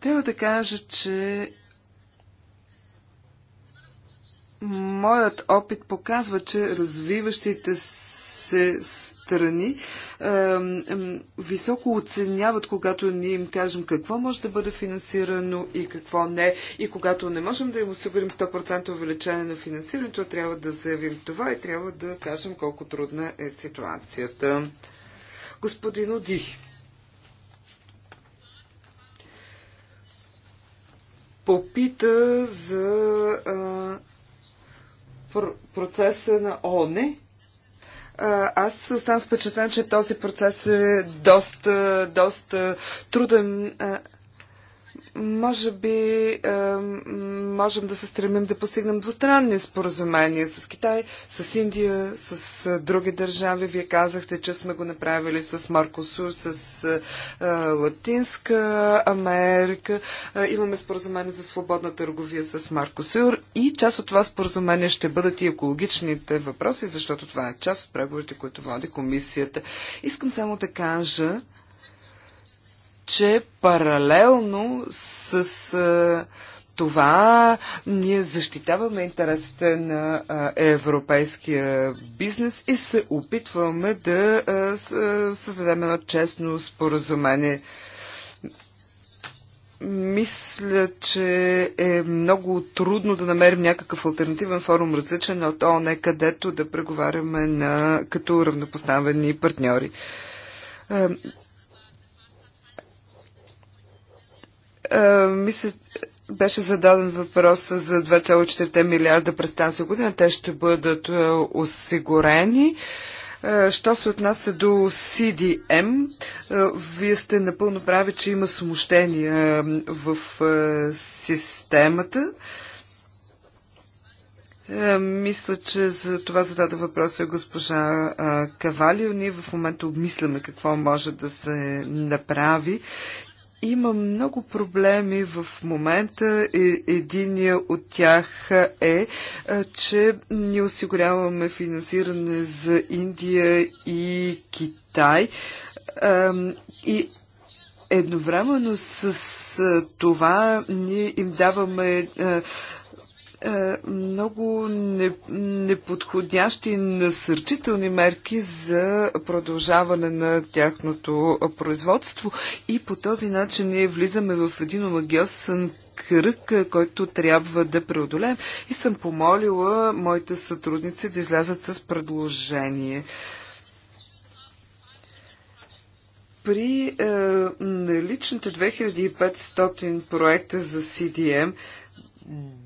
Трябва да кажа, че моят опит показва, че развиващите се се страни високо оценяват, когато ние им кажем какво може да бъде финансирано и какво не. И когато не можем да им осигурим 100% увеличение на финансирането, трябва да заявим това и трябва да кажем колко трудна е ситуацията. Господин Оди. Попита за а, процеса на ОНЕ аз оставам с впечатлен, че този процес е доста, доста труден. Може би е, можем да се стремим да постигнем двустранни споразумения с Китай, с Индия, с е, други държави. Вие казахте, че сме го направили с Маркосур, с е, е Латинска Америка. Е, имаме споразумение за свободна търговия с Маркосур и част от това споразумение ще бъдат и екологичните въпроси, защото това е част от преговорите, които води комисията. Искам само да кажа, че паралелно с а, това ние защитаваме интересите на а, европейския бизнес и се опитваме да а, създадем едно честно споразумение. Мисля, че е много трудно да намерим някакъв альтернативен форум, различен от ООН, където да преговаряме на, като равнопоставени партньори. Е, мисля, беше зададен въпрос за 2,4 милиарда през тази година. Те ще бъдат е, осигурени. Е, що се отнася до CDM, вие сте напълно прави, че има смущения в системата. Мисля, че за това зададе въпроса госпожа Кавалио. Ние в момента обмисляме какво може да се направи има много проблеми в момента. Единия от тях е, е, че ни осигуряваме финансиране за Индия и Китай. И едновременно с това ние им даваме е, е, много неподходящи насърчителни мерки за продължаване на тяхното производство и по този начин ние влизаме в един омагиосен кръг, е, който трябва да преодолеем и съм помолила моите сътрудници да излязат с предложение. При е, наличните 2500 проекта за CDM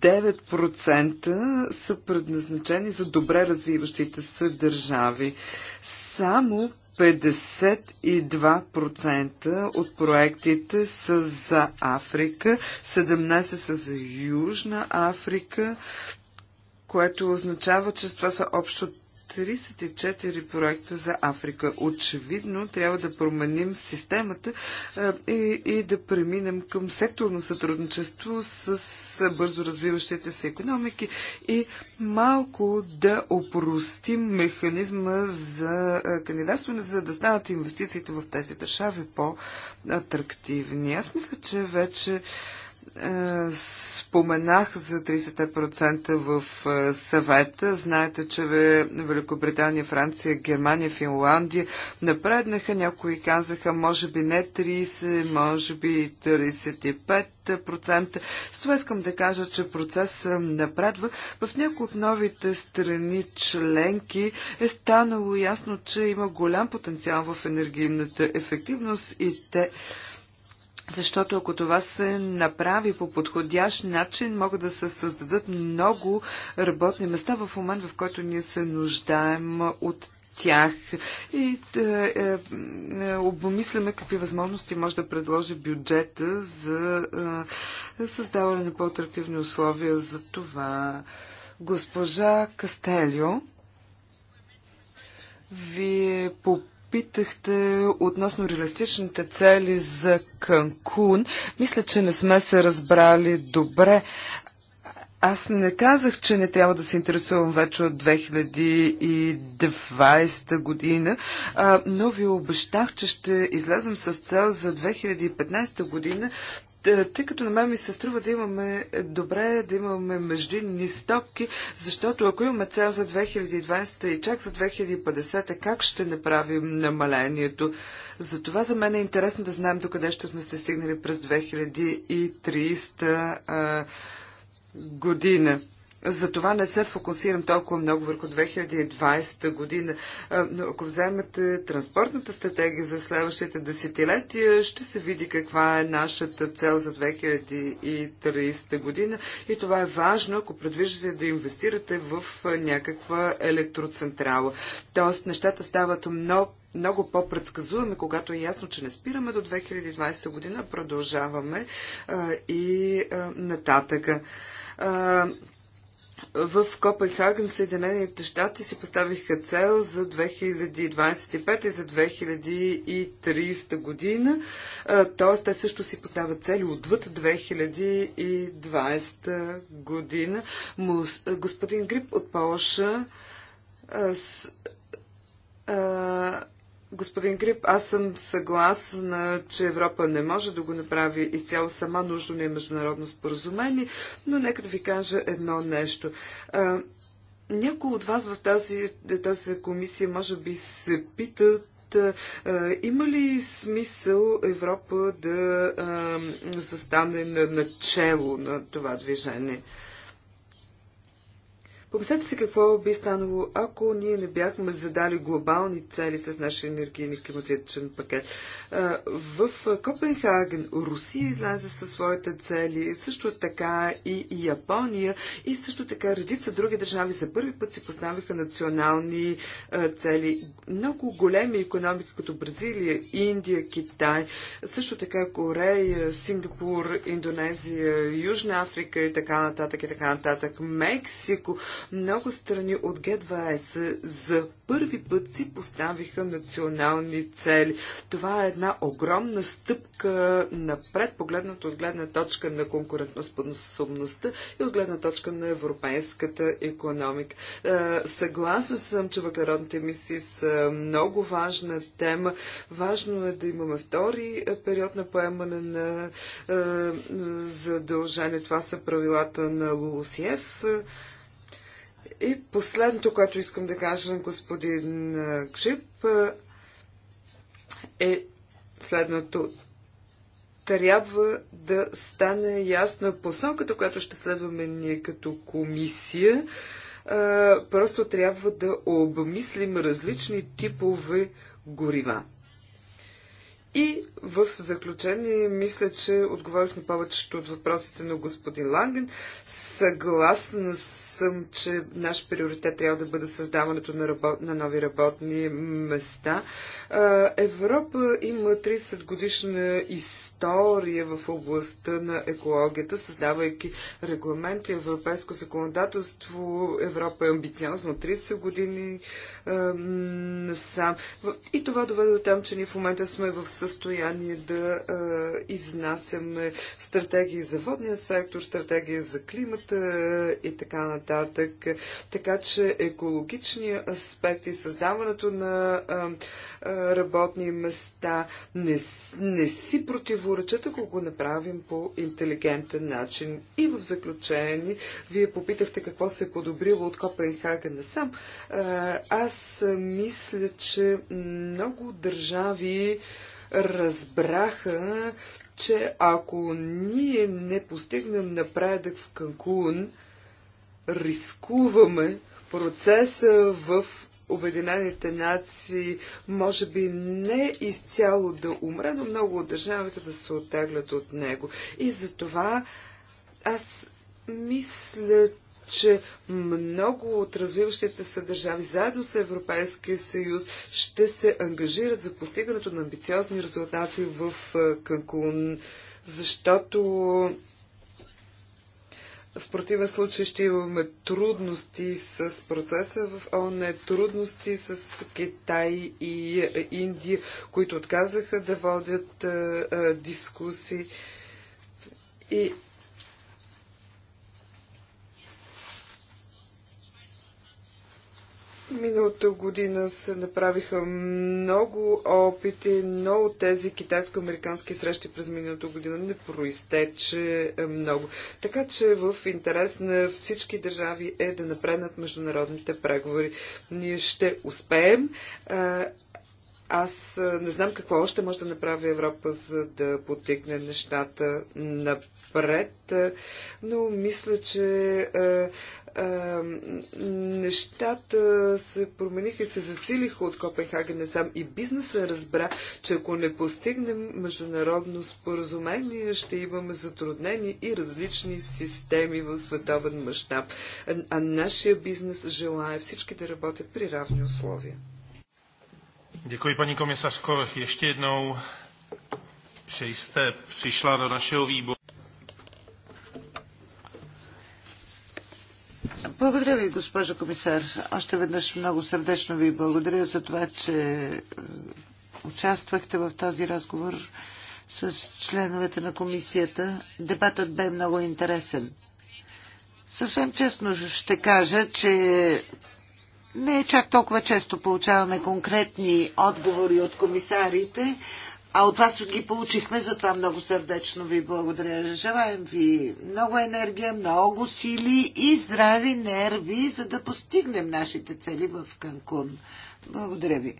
9% са предназначени за добре развиващите се държави. Само 52% от проектите са за Африка, 17% са за Южна Африка, което означава, че това са общо 34 проекта за Африка. Очевидно трябва да променим системата и, и да преминем към секторно сътрудничество с бързо развиващите се економики и малко да опростим механизма за кандидатстване, за да станат инвестициите в тези държави по-атрактивни. Аз мисля, че вече е, споменах за 30% в е, съвета. Знаете, че Великобритания, Франция, Германия, Финландия напреднаха. Някои казаха, може би не 30, може би 35%. С това искам да кажа, че процес напредва. В някои от новите страни членки е станало ясно, че има голям потенциал в енергийната ефективност и те защото ако това се направи по подходящ начин, могат да се създадат много работни места в момент, в който ние се нуждаем от тях и да е, е, е, обмисляме какви възможности може да предложи бюджета за е, създаване на по-атрактивни условия за това. Госпожа Кастелио, вие по Питахте относно реалистичните цели за Канкун. Мисля, че не сме се разбрали добре. Аз не казах, че не трябва да се интересувам вече от 2020 година, но ви обещах, че ще излезам с цел за 2015 година е, тъй като на мен ми се струва да имаме е, добре, да имаме междинни стопки, защото ако имаме цел за 2020 и чак за 2050, как ще направим намалението? Затова за мен е интересно да знаем докъде ще сме се стигнали през 2300 година. Затова не се фокусирам толкова много върху 2020 година. Но ако вземете транспортната стратегия за следващите десетилетия, ще се види каква е нашата цел за 2030 година. И това е важно, ако предвиждате да инвестирате в някаква електроцентрала. Тоест, нещата стават много много по-предсказуеми, когато е ясно, че не спираме до 2020 година, продължаваме а, и а, нататъка. А, в Копенхаген Съединените щати си поставиха цел за 2025 и за 2030 година, т.е. те също си поставят цели отвъд 2020 година. Господин Грип от Полша с, а, Господин Грип, аз съм съгласна, че Европа не може да го направи изцяло сама, нужно не е международно споразумение, но нека да ви кажа едно нещо. Някои от вас в тази, тази комисия може би се питат има ли смисъл Европа да застане на начало на това движение? Помислете си какво би станало, ако ние не бяхме задали глобални цели с нашия енергийни климатичен пакет. В Копенхаген Русия излезе със своите цели, също така и Япония и също така редица други държави за първи път си поставиха национални цели. Много големи економики, като Бразилия, Индия, Китай, също така Корея, Сингапур, Индонезия, Южна Африка и така нататък и така нататък, Мексико много страни от Г20 за първи път си поставиха национални цели. Това е една огромна стъпка напред, погледнато от гледна точка на конкурентоспособността и от гледна точка на европейската економика. Е, Съгласен съм, че въглеродните емисии са много важна тема. Важно е да имаме втори е, период на поемане на е, задължение. Това са правилата на Лулусиев. И последното, което искам да кажа на господин Кшип е следното. Трябва да стане ясна посоката, която ще следваме ние като комисия. Просто трябва да обмислим различни типове горива. И в заключение, мисля, че отговорих на повечето от въпросите на господин Ланген. Съгласна с съм, че наш приоритет трябва да бъде създаването на, работ... на нови работни места. Европа има 30 годишна история в областта на екологията, създавайки регламенти, европейско законодателство. Европа е амбициозно 30 години насам. И това доведе до там, че ние в момента сме в състояние да изнасяме стратегии за водния сектор, стратегии за климата и така нататък нататък. Така че екологичният аспект и създаването на работни места не, не си противоречат, ако го направим по интелигентен начин. И в заключение, вие попитахте какво се е подобрило от Копенхаген сам. Аз мисля, че много държави разбраха, че ако ние не постигнем напредък в Канкун, рискуваме процеса в Обединените нации може би не изцяло да умре, но много от държавите да се оттеглят от него. И за това аз мисля, че много от развиващите се държави, заедно с Европейския съюз, ще се ангажират за постигането на амбициозни резултати в е, Канкун, защото в противен случай ще имаме трудности с процеса в ООН, е трудности с Китай и Индия, които отказаха да водят дискусии. И Миналата година се направиха много опити, но от тези китайско-американски срещи през миналата година не проистече много. Така че в интерес на всички държави е да напреднат международните преговори. Ние ще успеем. Аз не знам какво още може да направи Европа, за да потикне нещата напред, но мисля, че нещата се промениха и се засилиха от Копенхаген сам, и бизнеса разбра, че ако не постигнем международно споразумение, ще имаме затруднени и различни системи в световен мащаб. А нашия бизнес желая всички да работят при равни условия. Děkuji, paní komisařko. Ještě jednou, že jste přišla do našeho výboru. Благодаря ви, госпожо комисар. Още веднъж много сърдечно ви благодаря за това, че е, участвахте в този разговор с членовете на комисията. Дебатът бе много интересен. Съвсем честно ще кажа, че не е чак толкова често получаваме конкретни отговори от комисарите, а от вас ги получихме, затова много сърдечно ви благодаря. Желаем ви много енергия, много сили и здрави нерви, за да постигнем нашите цели в Канкун. Благодаря ви.